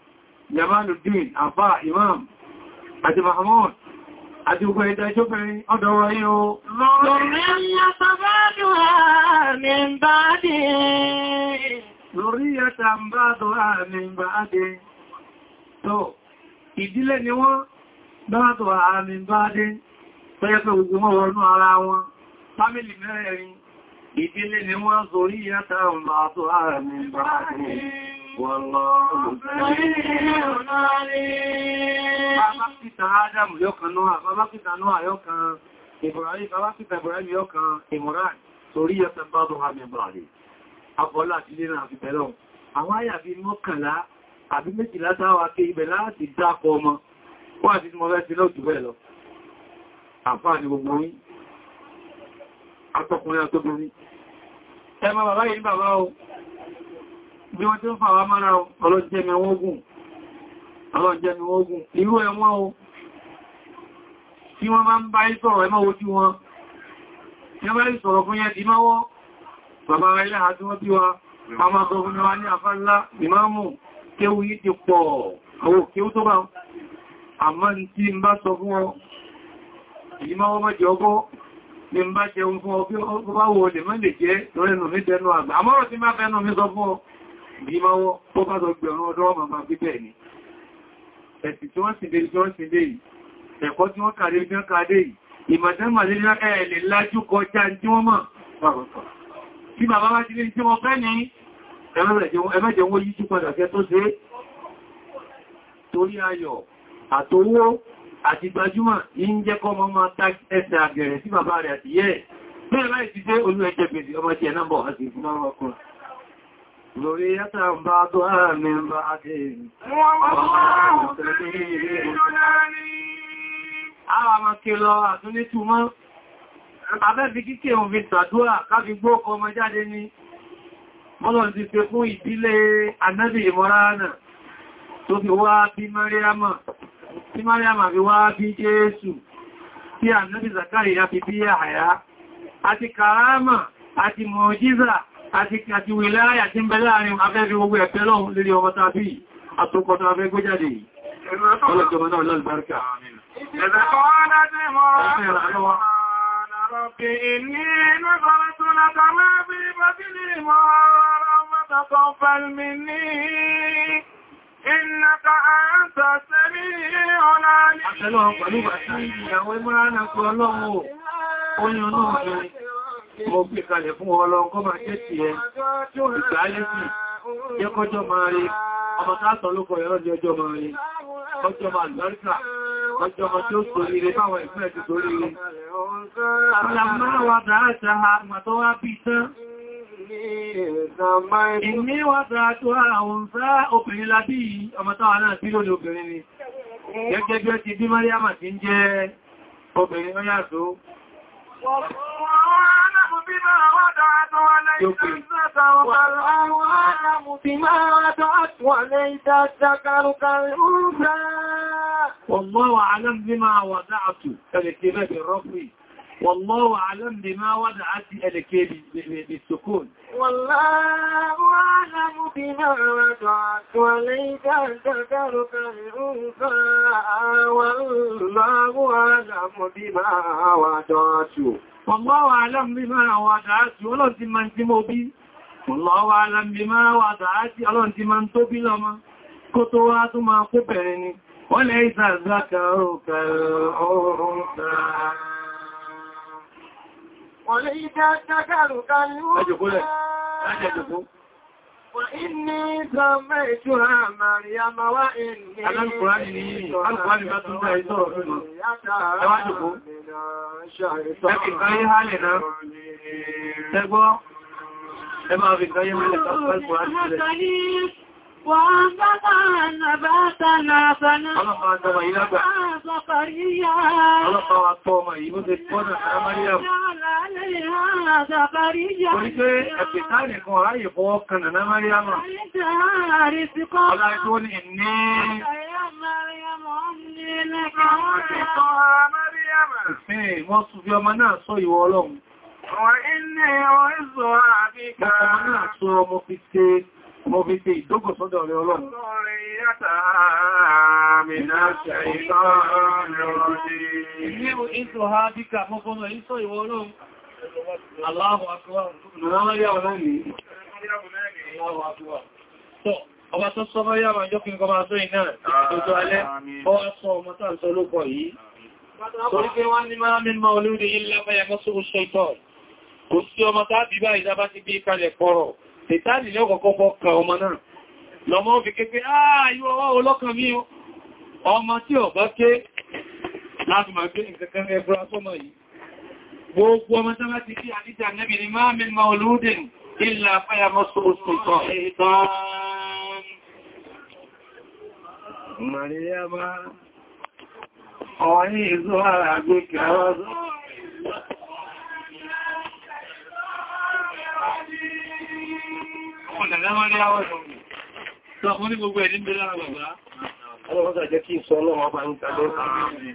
Jamaluddin àfá imam àti Mahmoud àti ogun ẹ̀dà ìjọbìnrin ọdọ̀ ọ̀rọ̀ yìí o lóríyàtà ń bá dọ́wà min ba'di tó ìdílé ni wọ́n dọ́wàtọ̀wà min ba'di pẹ́yẹ́pẹ́ gbogbo wọn wọnú ara wọn fámílì mẹ́rin ìdílé ni wọ́n zoríyàtà ń bá dọ́wà والله خير عليم بابا كتا آدم يوكا نوح بابا كتا نوح يوكا إبراهيم بابا كتا إبراهيم يوكا إمران سورية بعضها من بعض أقول لك لنا في بلون àwọn àyà bí mọ́kànlá àbí méjìlá táwà pé ibẹ̀ láti dákọ ọmọ wọ́n àti mọ́ rẹ̀ sí lọ́tù bẹ́ẹ̀ lọ àfáà ni gbogbo rí atọ́kùnrin àtọ́kùnrin ẹ ma bàbá yìí bàbá o bí wọ́n tí ó fàwà mọ́ra ọlọ́jẹ́mi irú ẹ̀wọ́n o tí wọ́n bá ń bá ń sọ̀rọ̀ ẹmọ́ ojú wọn tí wọ́n bá ń sọ̀rọ̀ fún yẹn ti mọ́wọ́ bàbá ilẹ̀ àdúwọ́ ni ń jẹun fún ọ lè mọ́ lè jẹ́ lọ́rẹ́nu mi tẹnu àgbà àmọ́rọ̀ tí má fẹ́nu mi sọ fún ọ ìdímáwọ́ tó bá dọgbẹ̀rún ọdọ́ ọmọ ma fi bẹ́ẹ̀ ni ẹ̀sì tí wọ́n sìndé tí wọ́n sìndé yìí ẹ̀kọ́ tí wọ́n kàdé tí wọ́n kàdé yìí ìmọ̀tẹ́mà lè lákà ẹ̀lẹ̀ lájú kọjá tí wọ́n mọ̀ tí bàbá bá ti lè tí wọ́n fẹ́ ní ẹmẹ́jẹ̀ wọ́n yíjú padà fẹ́ tó ṣe torí ayọ̀ àtowó àti gbajúmọ̀ yìí ń jẹ́ kọ́ ọmọ máa tá ẹsẹ̀ àgẹ̀rẹ̀ sí bàbá rẹ̀ àti yẹ́ bẹ́ẹ̀ láì ti dé olú ẹjẹ́ gbèsè ọmọ tí ẹ̀ náà bọ̀ àti ìfúnmọ́ ọkùnrin ذرية بعضها من بعض والله سميع عليم àwọn àmàkìlọ àtúnítúmọ́ abẹ́bí kíkẹ́ òun fi tàdúrà káfí gbó ọkọ̀ ọmọ jáde ní mọ́lọ̀ ti fẹ́ fún ìdílé anábì ìmọ̀ránà tó fi wá bí Mariama tí Mariama fi wá bí Jésù tí anábì Zakari ya fi bí àyá àti karama àti mọ̀jíza àti àti wìláyà tí ń bẹ láàrin afẹ́fẹ́ gbogbo ẹ̀fẹ́ lọ́hun lórí ọmọ tàbí àtòkọ̀tà afẹ́ gbójáde ọlọ́jọmọ náà lálùbáríkà Rabbi inni nazartu laka ma fi batni muharraran fataqabbal minni innaka anta as-sami'ul 'alim. Àtẹ́lọ́ pẹ̀lú bàtà ìyàwó ìmúra náà kú ọlọ́run ó yọ náà rẹ̀ mo gbé kalẹ̀ fún ọlọ́run kọ́ máa jẹ́ ti ẹ ìgbàálẹ́sì jẹ́ kọjọ́ máa rí ọmọ tààtọ̀ lókọ̀ ẹ̀rọ di ọjọ́ máa rí ọjọ́ máa lọ́ríkà ọjọ́ ọmọ tí ó sórí rẹ̀ báwọn ìpínlẹ̀ ti sórí rẹ̀ Ìní wàtà tó àwọn ọ̀sá obìnrin lábí ọmọ táwà náà sí lórí obìnrin ni. Gẹ́gẹ́ bí ó ti bí Mariama ti ń jẹ́ obìnrin ó yàtọ̀. Wọ́n بما وضعت وليس الذكر والأعلم بما وضعت وليس الذكر كالأنثى والله أعلم بما وضعت كالاتباع الرفي والله أعلم بما وضعت الكيل بالسكون والله أعلم بما وضعت وليس ذكرك كالأنثى والله أعلم بما وضعت والله أعلم بما وضعت Ọlọ́run ti máa والله أعلم بما وضعت Ọlọ́run ti máa ń tó bí lọ́mọ وليس ذكرك كالأنثى Ìní ìgbàmẹ́ ìjúra Màríyàmà wá ìní Aláàkùnrin ní Aláàkùnrin bá tún bá ìtọ́rọ̀ fún mọ̀. Ẹwà jùkú. Ẹkìnkan yí hálẹ̀ náà. Ẹgbọ́, ẹ máa fi kan yí mẹ́lẹ̀ وأنبتنا نباتنا فنبتنا زكريا وجعل عليها زكريا وعندها رزقا قال إني يا مريم أمني لك رزقا مريم Wọ́n tún fi ọmọ náà sọ ìwọ Ọlọ́run. Wọ́n inú ìwọ̀n ìzọ̀ àbíkà. Ọmọ náà sọ ọmọ fi ṣe mo fi ṣe ìdógò sọ́dọ̀ rẹ ọlọ́run. Ọba tó sọ bá yára jọ́ kí n kọba sọ iná ìtòjò alẹ́, ọ wá sọ ọmọ tàà sọ lókọ yìí. Torí pé wọ́n ní máa mímọ̀ olóòdè ilẹ̀ ọmọ yàmọ́sọ́ òṣèlú. Kò sí ọmọ tàà bí bá ìjábá ti bí kalẹ̀ pọ̀rọ̀ ṣètàlì ní ọkọ̀kọ́ fọ́kàn ọmọ náà lọmọ fi kéèké àà ah, ìwọ ọlọ́kàn mí ọmọ tí ọ bá ké láti máa gbé ìkẹ́kẹ́ ẹgbùra sọ́mọ̀ yìí gbogbo ọmọ tọ́bá ti kí àdíjà nẹ́bì máa mi ma olóòdìn ilẹ̀ afẹ́yàmọ́ Ọlọ́pàá jẹ́ kí ìṣọ́ ọlọ́wọ́ bá ń tàbí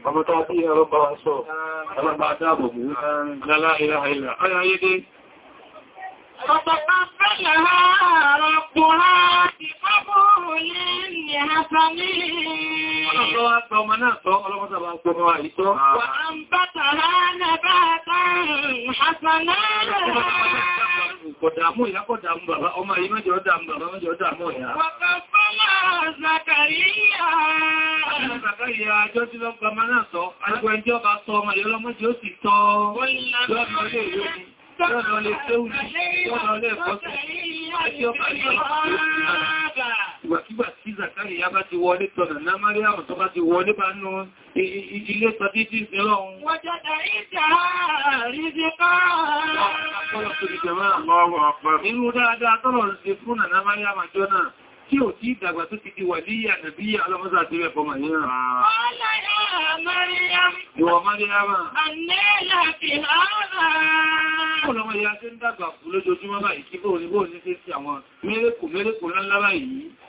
ọmọ tó tí ẹ̀rọ bá wá sọ, ọlọ́pàá dáàbò mú, lálá ìlà ìlà, ọ̀yá yé dé. Ọ̀pọ̀pọ̀ fẹ́lẹ̀ ààrọ̀ pọ̀lá ti fọ́bùrù lè ní àfàmí. Ọlọ́pàá tọ́ ọmọ náà tọ́, ọlọ́pàá tàbí ọmọ àìtọ́. Wà ń bátàrá náà bá Kọ̀dàmú ìyá kọ̀dàmú bàbá, ọmọ yìí mẹ́jọ dàmú bàbá mẹ́jọ dàmú ìyá. Wàkàfàlà Zakariya. Zakariya ajọ́ tí lọ́gbàmọ́ náà sọ, àjọ́ lọ́nà lè tẹ́hùn wọlé tọ́nà náà márí àwọn tó ti wọlé bá nú ilé tọ́dí tí ìsinlọ́run wọ́jọ́ tẹ̀rí ìtàrí sí káà tí ò tí ìdàgbà tó ti di wà ní àdàbíyà alamọ́sà tí rẹ̀ fọmà nínú. Ọlọ́yà Mariam. Ìwọ Mariam. Àníyà fi hàrà. Ọlọ́mọ ìyá tí ń dàgbà fún lójoojúmọ́ báyìí kí bóò ní bóò ní sí àwọn mẹ́rẹ́kù mẹ́rẹ́kù ńlá báyìí.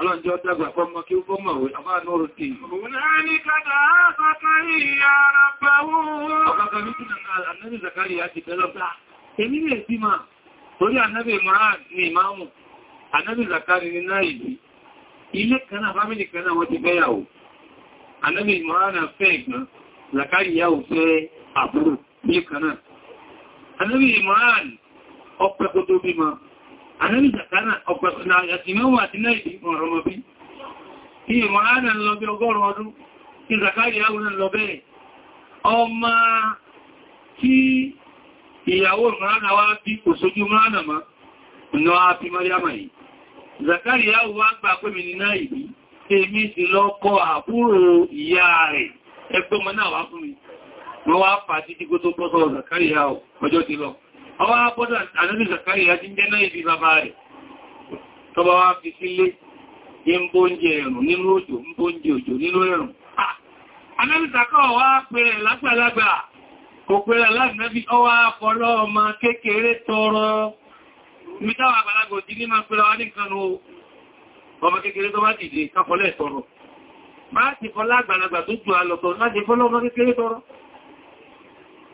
ọlọ́njọ́ dàgbà fọ́mọ kí ó fọ́mọ̀ wé ọmọ ànúrù tí òun náà ní kàdà àfàkàrí ara pẹ̀wọ́ ọ̀pàkà ní kìnnà ànábì Zakariya ti tẹ́lọ́gbà èmi lè sí máa torí ànábì Imran ní ìmáàmù ànábì Zakariya ní náà ìlú ilé kanáà fámílì kanáà wọ́n ti fẹ́yàwó ànábì Imran fẹ́ ìgbọ́n Zakariya ò fẹ́ àbúrò ilé kanáà ànábì Imran ọpẹ́ àrẹ́mì sàkánà ọ̀pẹ̀sọ̀nà àyàtìmẹ́wà àti náà ìdìmọ̀ ọ̀rọ̀mọ̀ bí i ìmọ̀ ádà ń lọ bí ọgọ́rùn ọdún tí zakari àwọn lọ bẹ́ẹ̀ ọmọ tí ìyàwó mọ́rànà wá bí kò sójú mọ́rànà ma ní wá fi mariama yìí zakari yàwó wá gbà pé mi nínà ìbí èmi sì lọ kọ àbúrò ìyá mọ́ ọwá bọ́dọ̀ àdúgbì zakari ya jíjẹ́ náà ibi bàbá rẹ̀ tó bá wá fi sílé ní mbóúnjẹ ẹ̀rùn nínú òjò mbóúnjẹ òjò nínú ẹ̀rùn anẹ́bìsàkọ́ wá pèrè lágbàlagbà kò pèrè láàrínẹ́bí ọwá fọ́lọ́ ọmọ kékeré tọrọ mítàwà àgbàlagbà òjì ní máa pèrè wá ní nǹkan ọmọ kékeré tó bá dìde káfọ́lẹ̀ tọrọ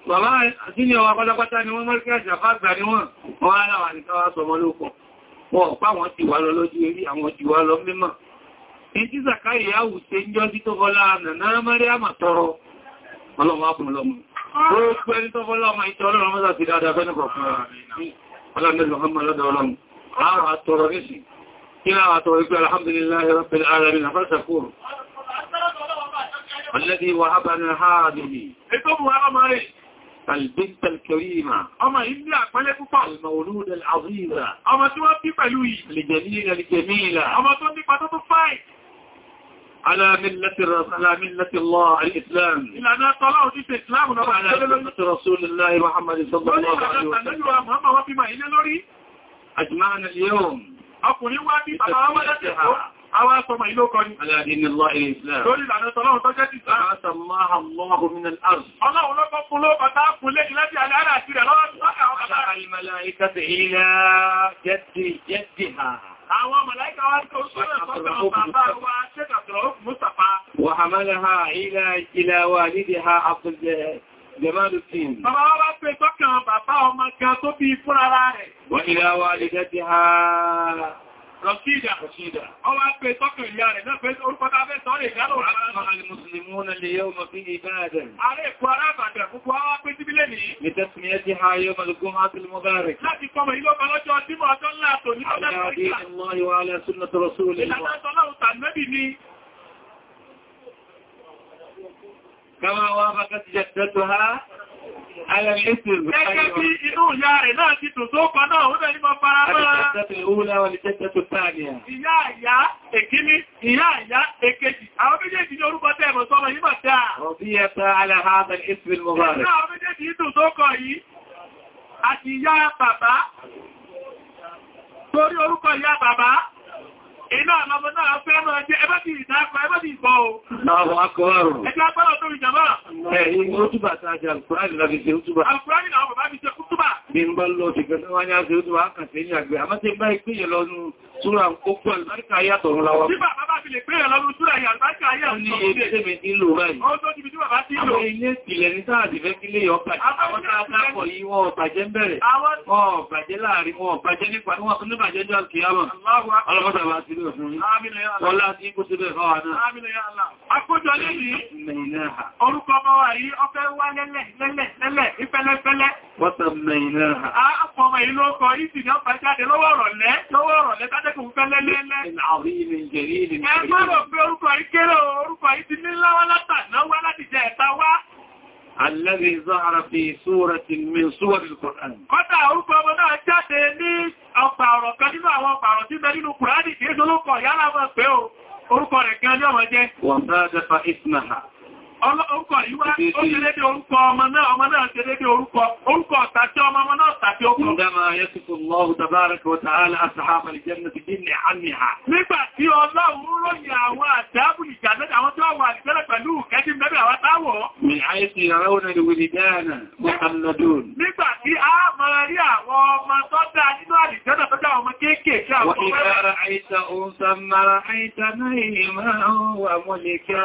bàbá àtílé ọwà pátápátá ni wọ́n mọ́rí àjàfà àgbà ni wọ́n wọ́n aláwà ní káwà sọmọ lóòpọ̀ wọ́n pa wọ́n ti wà lọ lójú eré àwọn ti wà lọ mímọ̀ in tí zakari yáwù ṣe ń jọ́ sí tó fọ́lá nàná mẹ́rí àmà tọrọ ọlọ́mọ ápùnlọ́mọ gbogbo ẹni tó fọ́lá ọmọ ìtọ́ ọlọ́run mọ́sà ti dáadáa fẹ́ nípa fún ọlọ́run àwọn àtọrọ nísìn kí láwà tọrọ ikú alhamdulillahi rabbil وهبنا هذه البنت الكريمة أما إلا أقبل كفا المولودة العظيمة أما توابي بلوي لجميلة لجميلة أما توابي بطفاي على ملة على ملة الله الإسلام إلا أنا طلعوا دي في إسلام على ملة رسول الله محمد صلى الله عليه وسلم أجمعنا اليوم أقول وابي أما أولا àwọn asọmọ ìlú kan ní aláàdínlọ́ ilẹ̀ islam lórí ìlànà tọ́lọ́run tó jẹ́ tìsá àtàmáhà lọ́wọ́ min al-arz ọlọ́run lọ́pọ̀ fún ló ọ̀tá fún lé ìlẹ́bí alára àti rẹ̀ lọ́wọ́ tó sọ́kà àwọn kàtàrà al-malaikati ila jaddi jaddiha àwọn màláíkà wá tó sọ́rọ̀ sọ́rọ̀ bàbá wa ṣẹ́kàtọ̀ Mustafa wa hamalaha ila ila walidiha Abdul Jamalu Tin. Bàbá wá bá pé tọ́kàn bàbá ọmọ kan tó bí fúnra rẹ̀. Wọ́n ìlà wa lè jẹ́ ti ha rọ̀kídà ọwá pé tọ́kùn ìyá rẹ̀ náà pé orúkọta fẹ́ sọ́rọ̀ ìgbàlò àwọn alìmùsùlùmí lè yẹ́ ọmọ fi ìbáadẹ̀. ààrẹ ìpò arábàdẹ̀ púpọ̀ wá pé síbílẹ̀ ní ìtẹ́sùn yẹ́ ti ha yẹ́ ọmọlùkún hátìlì mọ́bárẹ̀ láti kọmọ ilé ọmọ lọ́jọ́ ọdún ọdún ńlá tó ní ọdún Kama wa baka ti jẹ́ tẹ́tù Gẹ́gẹ́ bí inú ìyá rẹ̀ náà ti dùn tó pa náà, ó bẹ̀rí mọ fara mọ́ra. Ìyá ìyá èkíní, ìyá ìyá èkejì, àwọn méjèèjì ní orúkọ tẹ́ ẹ̀mọ̀ sọ́mọ̀ yí mọ̀ tẹ́ àti ìyá bàbá, torí orúkọ ìyá bàbá, Iná àlọ́bọ̀ náà fẹ́ mọ́ ẹjẹ́ ẹbá ti ìdápa ẹbá ti ìfọ́ o. Àwọn akọwàrùn. Ẹjẹ́ agbára tó rí jàmá. Ẹ̀yìn òtúbà tààjà alùkùránì láti ṣe òtúbà. Alùkùránì náà bàbá fi ṣe kútúbà. Bí n bá lọ ti gẹ̀ẹ́ wá ní àṣẹ òtúbà ákàṣẹ́ ní àgbẹ̀. Àmọ́ tí bá ìpínyẹ̀ lọ́nu Súra òkú àlùbáríkà ayàtọ̀ ń láwá. Bí bàbá bá fi lè pé ẹ̀lọ́run Súra àlùbáríkà ayàtọ̀ ní èdè tèmi ti ń lò báyìí. Ó tó ti bí tí bàbá ti lò. Àwọn ilé ìpìlẹ̀ ní sáàdì fẹ́ kí lè yọ bàjẹ́. Àwọn tààkọ̀ yìí wọ́n bàjẹ́ ń bẹ̀rẹ̀. Wọ́n bàjẹ́ láàrin, wọ́n bàjẹ́ nípa, wọ́n bàjẹ́ jọ́ sílẹ̀ fún yí. Ọlá tí kó sílẹ̀ fáwà náà. Akójọ lè ní orúkọ ọmọ wà yí ọfẹ́ wá lẹ́lẹ̀ lẹ́lẹ̀ ìfẹ́lẹ́fẹ́lẹ́. Wọ́ta mẹ́ìnà. Àpọ̀ ọmọ ìlú ọkọ̀ ìsì ni ọpa jáde lọ́wọ́ ọ̀rọ̀lẹ́ lọ́wọ́ ọ̀rọ̀lẹ́ tátẹ́kùn fẹ́lẹ́ lẹ́lẹ́. Ẹgbẹ́rọ̀ pé orúkọ ìkéré orúkọ ìsì ní láwá látà náà wá láti jẹ ẹ̀ta wá. Alladhi zahara fi suratin min suwaril Qur'an. Kọ́ta orúkọ ọmọ náà jáde ní ọpààrọ̀ kan nínú àwọn ọpààrọ̀ tí bẹ nínú Kùránì tí é Orúkọ ìwá ó ṣe lédé orúkọ ọmọ náà, ọmọ náà ṣe lédé orúkọ, orúkọ ọ̀tàkì ọmọ ọmọ náà ọ̀tàkì ọkọ̀. Ìgbàmà yẹ́sùkú Allahu tabaraka wa ta'ala asahaba aljanna ti gínlẹ̀ àmìhà. Nígbà tí Ọlọ́run ròyìn àwọn àdábùlì jàdẹ́ àwọn tó wà nìtẹ́lẹ̀ pẹ̀lú kẹ́kí mẹ́rin àwọn táwọ̀. Mi àìsí ìrànwọ́n ni wìlìdáàna, Mọ́kànlọ́dún. Nígbà tí a máa rí àwọn ọmọ tó dá nínú àdìjọ́nà tó dá ọmọ kéékèèké àwọn ọmọ rẹ̀. Wọ́n ìbára àìsà òun sàmàrà àìsà náà ìmọ̀ àwọn àmọ́lẹ̀kẹ́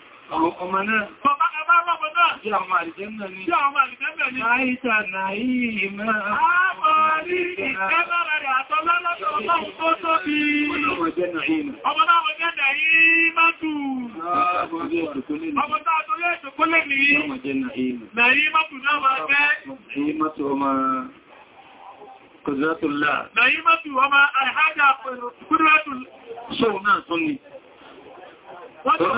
ọmọ náà bàbá bàbá ọmọ náà yà ọmọ àrìjẹ́mẹ̀ ni yà ọmọ àrìjẹ́mẹ̀ ni àìsà nàíyì máa àpọ̀ ní ẹgbẹ̀rẹ̀ rẹ̀ àtọ́lọ́lọ́tọ̀ ọlọ́run tó tóbi ọmọ jẹ́ nàíyì ọmọ náà wọ́n jẹ́ nàíyì máa dù ọmọ táà tó lé ìtòkólẹ̀ ní ọmọ jẹ́ nàíyì nàíyì máa dù náà máa jẹ́ nàíyì máa tó ọmọ Kòzúrátùlá. Nàíyí máa dù ọmọ àìhájà pẹ̀lú kúrúrátùlá. Ṣóò náà tún ni. Ọjọ́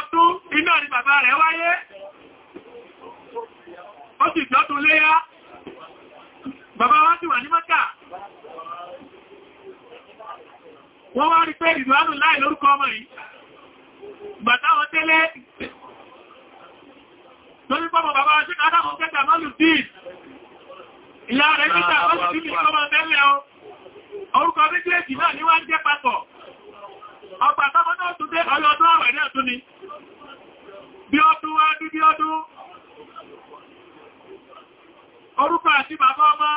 ọdún iná ni bàbá rẹ̀ wáyé, ó sì jọ́tún léyá, bàbá wá sì wà ní Mọ́kà. Wọ́n wá rí pé ìdùánù láì lórúkọ ọmọ yìí, bàtàwọn tẹ́lẹ̀ torí pọ́pọ̀ bàbá ṣíkádà ọ̀kẹ́ta mọ́lù dìí, ìyá rẹ̀ títà mọ́lù dìí orúkọ méjèèjì náà ní wá ń jẹ́ papọ̀ ọgbà tọ́mọ́ náà tún dé ọlọ́dún àwẹ̀ náà tún ni bí ọdún wá ní bí ọdún orúkọ àti bàbá ọmọ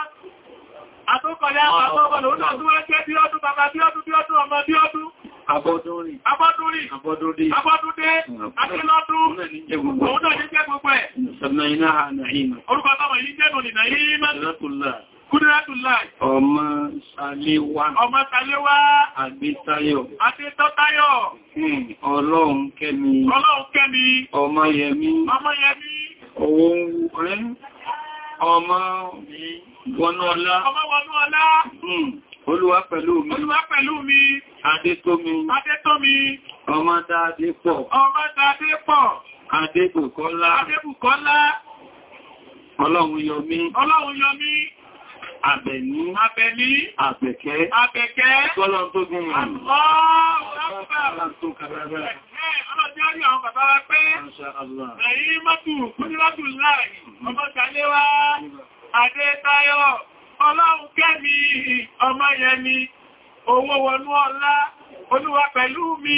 àtọ́kọ̀lẹ́ àpapọ̀ lòun náà tún wá jẹ́ bí ọdún bàbá bí ọdún bí ọdún ọmọ bí ọdún Abọ́dúnrí, abọ́dúnrí, abọ́dúndé, akílọ́dún, òun náà ní jẹ́ gbogbo ẹ̀. Sọ̀nà iná àmì ìmọ̀. Orúkọ tọ́mọ̀ yìí jẹ́ nù nì Kúdúrátùlá. Ọmọ Ṣàléwá. Ọmọ Ṣàléwá. Àgbétáyọ̀. Àgbétáyọ̀. Hmm, Ọlọ́run kẹ́mi. Ọlọ́run kẹ́mi. Ọmọ Yẹmí. Ọmọ Yẹmí. Owó ń wú ẹ́. Ọmọ Wọnúọlá. Ọmọ Wọnúọlá. Hmm, Olúwa pẹ̀lú mi. Olúwa pẹ̀lú mi. Adétómi. Adétómi. Ọmọ dáadé pọ̀. Ọmọ dáadé pọ̀. Adébùkọ́lá. Adébùkọ́lá. Ọlọ́run yọ mí. Ọlọ́run yọ mí. Àbẹ̀ní. Àbẹ̀ní. Àbẹ̀kẹ́. Àbẹ̀kẹ́. Gọ́lá tó gún wọn. Ọlọ́jọ́ rí àwọn bàbá wa pé, ẹ̀yí mọ́tù kúnlọ́tù láàrin, ọmọ ṣàléwá, àdé táyọ̀, ọlọ́run kẹ́mi, ọmọ yẹmi, owó wọnú ọlá, olúwa pẹ̀lú mi,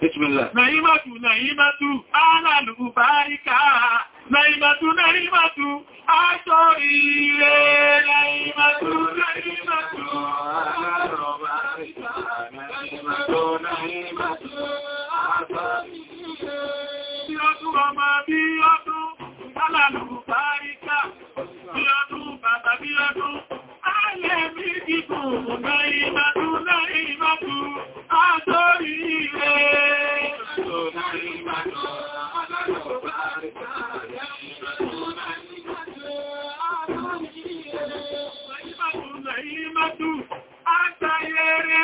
Bismillah. Nàímàtù, nàímàtù, ánàlù báríkà, nàímàtù, nàímàtù, aṣọ ire, nàímàtù, nàímàtù, ánàlù báríkà, nàímàtù, nàímàtù, aṣọ ire. Bí ọdún ọmọ bí ọdún, ánàlù báríkà, bí ọdún bàbá Adórí ilé ìṣòro ìgbàlọ́, adọ́rọ̀ bá rí káàrí ìgbàlọ́ náà nígbàlọ́, adórí ilé ìṣòro ìgbàlọ́, àtàyẹrẹ,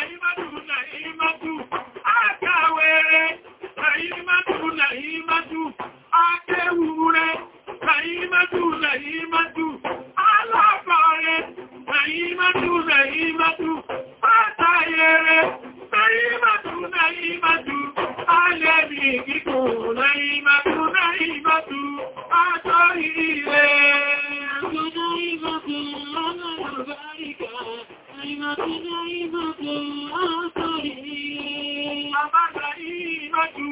àyímàdùn náà ìmàdùn, àkàwẹrẹ, àyímàdùn náà ìmàdùn, àkẹwùrẹ, àyímàdùn náà ìmàdùn, alábàárẹ, nàímàtù nàímàtù pátá yẹrẹ nàímàtù nàímàtù alẹ́bí kíkùn nàímàtù nàímàtù pátá ire nàímàtù lọ́nà ìbáríkà nàímàtù nàímàtù pátá ire bàbá nàímàtù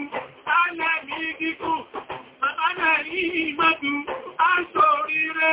alẹ́bí kíkùn bàbá nàímàtù aṣọ rire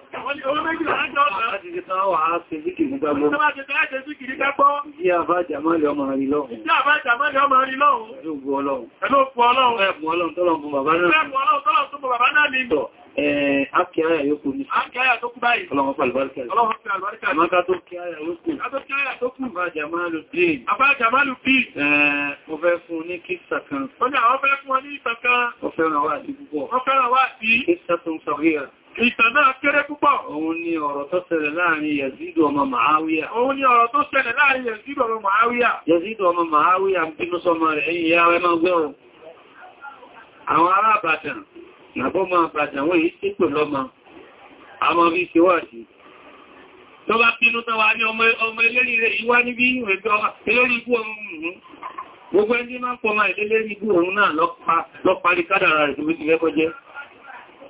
Akí ayà yóò kú ní ṣe. Akí ayà tó kú báyìí. Ọlọ́run fà àlùbáríkà. Ọlọ́run fà àlùbáríkà. Àmáká tó kí ayà yóò kú. Àtó kí ayà tó kú. Àbá Jàmálù Dín. Àbá Jàmálù Dín. Ẹ̀ẹ́ mo fẹ́ fún ní kíkà kan. Ó ní àwọn fẹ́ fún ọ ní ìtàkan. Ó fẹ́ràn wà sí púpọ̀. Ó fẹ́ràn wà sí. Kíkà tó ń sọ rí ẹ̀. Ìtàn náà kéré púpọ̀. Òun ni ọ̀rọ̀ tó ṣẹlẹ̀ láàrin Yazid ọmọ Màáwíyà. Òun ni ọ̀rọ̀ tó ṣẹlẹ̀ láàrin Yazid ọmọ Màáwíyà. Yazid ọmọ Màáwíyà ń bínú sọmọ rẹ̀ ẹ̀yìn ìyá ẹ máa gbẹ́ ohun. Àwọn ará Àbàdàn, nàbọ́ máa Àbàdàn wọ́n yìí sípò lọ́mọ. A máa fi ṣe wà sí. Tó bá bínú tán wá ní ọmọ eléri rẹ̀ ìwá níbi eléri ikú ọmọ Gbogbo ẹni máa ń pọ̀ máa ìdélé ikú òun náà lọ parí kádàrà rẹ̀ tó bí ti fẹ́ kọjẹ́.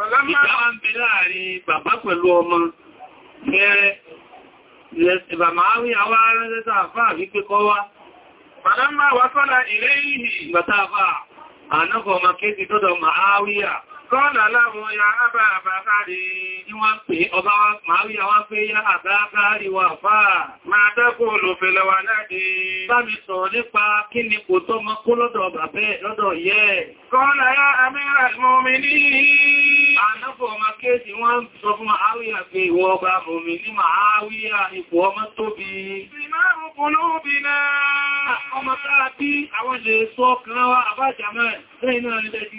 Ìgbàwà ń bẹ láàrin bàbá pẹ̀lú ọmọ fẹ́rẹ́. Ìbà máa rí àwọ́ arẹ́rẹ́ sáàfà wípé kọ́ wá. Bàdá máa wá sọ́lá ilé ìhì ìgbàtàfà, ànáfọ́ ọmọ kéèkì tó dọ̀ máa rí Kọ́lá láwọn ya ábá àbákárí ní pè ọba Màríà wọ́n pé ya àbákárí wà fáà máa dákò olùfẹ́lẹ́wà láti bá mi sọ nípa kí ni kò tó mọ́ kó lọ́dọ̀ bàbẹ́ lọ́dọ̀ Kọ́lá ya amẹ́rà mọ́mí ní ànábọ̀ ọmọ kéèsì wọ́n sọ fún pé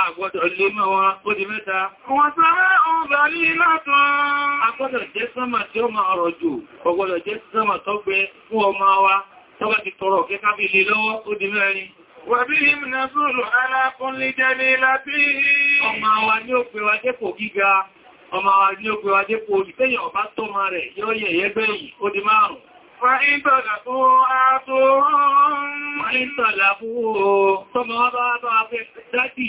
àgbọ́dọ̀ lè mọ́ wọn ó di mẹ́ta. Wọ́n sáré ọgbà ní látàn. Àgbọ́dọ̀ jẹ́ sánmà tí ó máa rọ̀ jù, ọgbọ́dọ̀ jẹ́ sánmà tó gbẹ fún ọmọ wa, tó bá ti tọrọ kẹ́kà bí lè lọ́wọ́ ó di mẹ́rin. Wàbíhìm na súrù alákúnlé jẹ́ ní lábíhì. Ọmọ wa ní ó pè wá dépò gíga, ọmọ wa ní ó pè wá dépò olùtẹ́yìn ọ̀bá tó máa rẹ̀ yóò yẹ̀ yẹ́gbẹ́ yìí, ó di márùn-ún. Fàíntọ̀lá fún àtòrún. Fàíntọ̀lá fún ó. Tọ́mọ wá bá bá fẹ́ dádì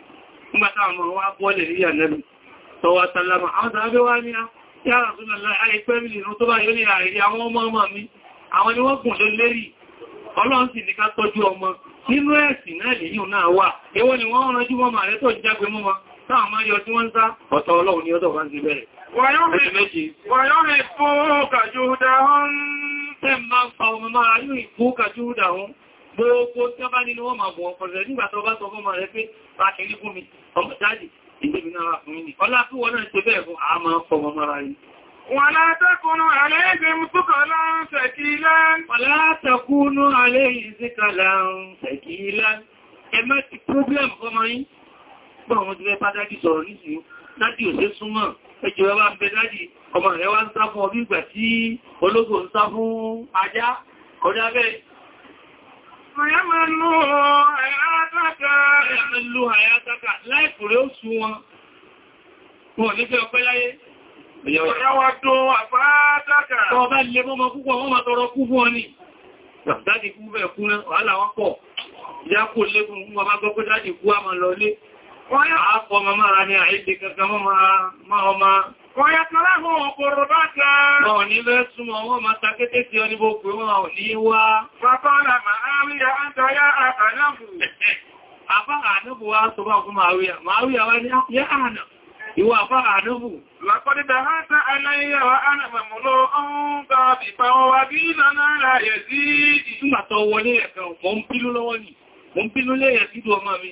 nígbàtà àmà wá bọ́ọ̀lẹ̀ rí ànẹ́bì tọwà sàlámà àwọn tàbí wá Rasulullah àìpẹ́ mi nínú tó bá yóò ní àìrí ni wọ́n gùn ló lérí Ọlọ́run sì ní ká tọ́jú ọmọ nínú ẹ̀sìn náà lèyí náà wà èwo ni wọ́n rọjú mọ́ màrẹ́ tó jágbe mọ́ wọn táwọn máa yọ tí wọ́n ń sá ọ̀tọ̀ Ọlọ́run ni ọdọ̀ wá ń bẹ̀rẹ̀ wàyọ́rẹ̀ fún gbogbo tí wọ́n bá nínú wọ́n máa bọ̀ ọ̀pọ̀lẹ̀ nígbà tó bá tọ́gbọ́n máa rẹ pé bá ṣe rí fún mi ọmọ jáde ìgbèmí náà fún mi ọlá tí wọ́n náà ṣe bẹ́ẹ̀ fún àmà ọmọ mara yìí ولا تكونوا عليهم ti problem fọ́mọ́ yí pọ̀ wọn ti rẹ pátákì sọ̀rọ̀ nísìnyí láti òṣè súnmọ́ ẹjọ́ ẹwà ń bẹ láti ọmọ rẹ̀ wá ń sá fún ọbí ìgbà tí Fàyámánú àyátàkà ẹ̀mẹ̀lú àyátàkà láìpù rẹ̀ ó sú wọn. Wọ́n ní fẹ́ ọpẹ́ láyé. Ìyàwó tó àfáátàkà. Tọ́ bá lè mọ́ púpọ̀ wọ́n máa tọrọ kú fún ọ ní. Dádì kú bẹ̀ kú náà, wàhálà wọ́n pọ̀. Ìyá kò lẹ́kùn fún bàbá gbọ́ pé dádì kú á Wọ́n yàtọ̀ láhùn òkòrò bá ta. Wọ́n ní lẹ́ súnmọ̀ wọ́n máa ta kété tí ọ níbo pé wọ́n ò ní wá. Bàbá là máa rí àájọ yá àbànáàbù. Àbá àánúbù wá sọ bá fún Màríà. Màríà wá ní yá àánà. Ìwọ àbá àánúbù. Làkọ́dídà á tá aláyẹ̀wà ánàmàmúlò ọ̀hún bá bìbá wọn wá bí lọ́nà ààrẹ̀ sí ìtúmàtọ̀ wọlé ẹ̀kan. Mo ń bínú lọ́wọ́ ni. Mo ń bínú lẹ́yẹ̀ sí ọmọ mi.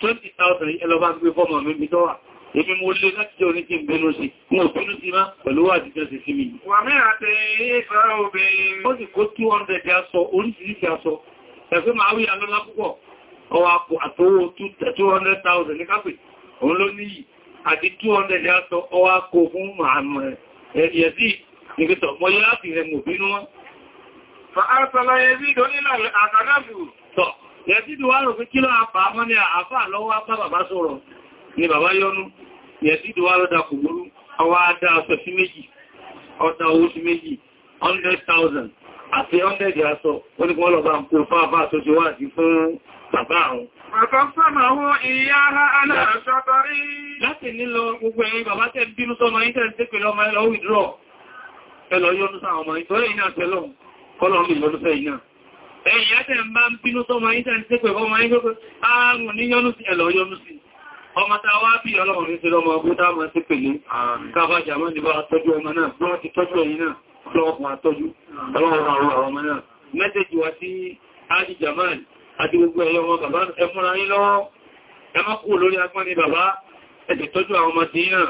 20,000 ẹlọ́bá gbé fọ́mọ̀ mi tọ́wà èmi mo lè láti jẹ́ oníkí ìbínú sí mú òbínú sí máa pẹ̀lú wà jíjẹ́ sí sí mi. wà mí àti ìfẹ́ obìnrin. ó sì kó 200 aṣọ oríṣìíríṣìí aṣọ ẹ̀fẹ́ máa wí alọ́lá púpọ̀ ọwọ́ àpò àtọwọ́ 200,000 ní kápẹ̀ òun ló níyì àti 200 aṣọ ọwọ́ àkó fún màánù ẹ̀yẹ̀dì ìgbẹ́tọ̀ mọ́ yá yẹ̀sídù wá rò pé kí ló àpá mọ́ ní àfà lọ́wọ́ bá bàbá sọ̀rọ̀ ni bàbá yọnú yẹ̀sídù wá lọ́dá kò burú ọwọ́ adá ọ̀sọ̀ sí méjì ọ̀dá owó sí méjì 100,000 àti 100 aṣọ oníkan lọ́gbà ń kó fáfá tó wá sí fún bàbá àwọn Láti ẹ̀yìn àtẹ́ ń bá ń bínú tó máa ń tẹ́ ń tẹ́ pẹ̀lú ọmọ ẹgbẹ́ ààrùn ní yọ́nú sí ẹ̀lọ̀ yọ́nú sí ọmọ ta wá bí ọlọ́run ní sílọ́mọ ọgbọ́n tá máa sí pẹ̀lú kábájá mọ́ nígbà tọ́jú ọmọ náà bí wọ́n ti tọ́jú ẹ̀yìn náà lọ́wọ́ àtọ́jú ọlọ́run àwọn ọmọ náà mẹ́sẹ̀jì wá sí ájì jamal àti gbogbo ẹ̀yọ wọn bàbá ẹfúnra yín lọ́wọ́ ẹ má kú lórí agbọ́n ni bàbá ẹ̀sẹ̀ tọ́jú àwọn ọmọ tí náà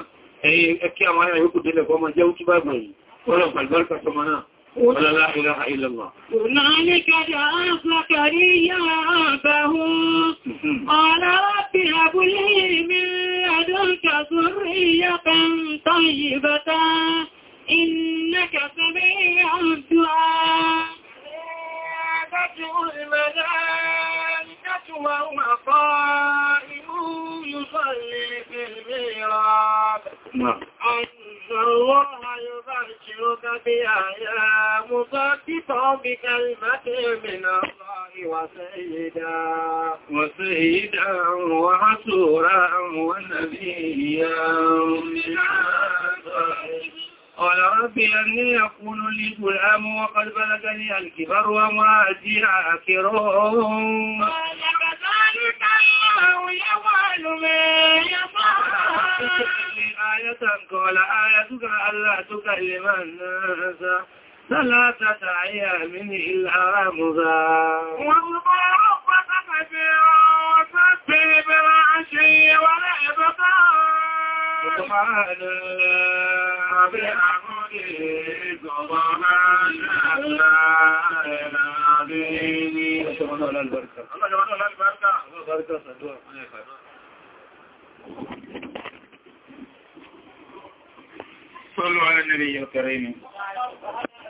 ẹ̀yìn ẹkẹ́ àwọn ayà yóò kù délẹ̀ fọ́mọ jẹ́ ó túbàgbọ̀n yìí ọlọ́pàá ìbárkà sọmọ náà ولا لا إله إلا الله هنالك جاء زكريا أباه قال رب هب لي من لدنك ذرية طيبة إنك سميع الدعاء يا يصلي في فالله يبشرك بآيام مصدقا بكلمة من الله وسيدا وسيدا وحسورا ونبيا من قال ربي أن يقول لي غلام وقد بلغني الكبر وما أجيع أكرهم قال كذلك الله يفعل ما يفعل آية قال آيتك ألا تكلم الناس ثلاثة أيام إلا رمضا والله ربك كبيرا بالعشي والإبطار سبحان الله بحمده سبحان الله العظيم الله جمال الله الله صلوا على النبي الكريم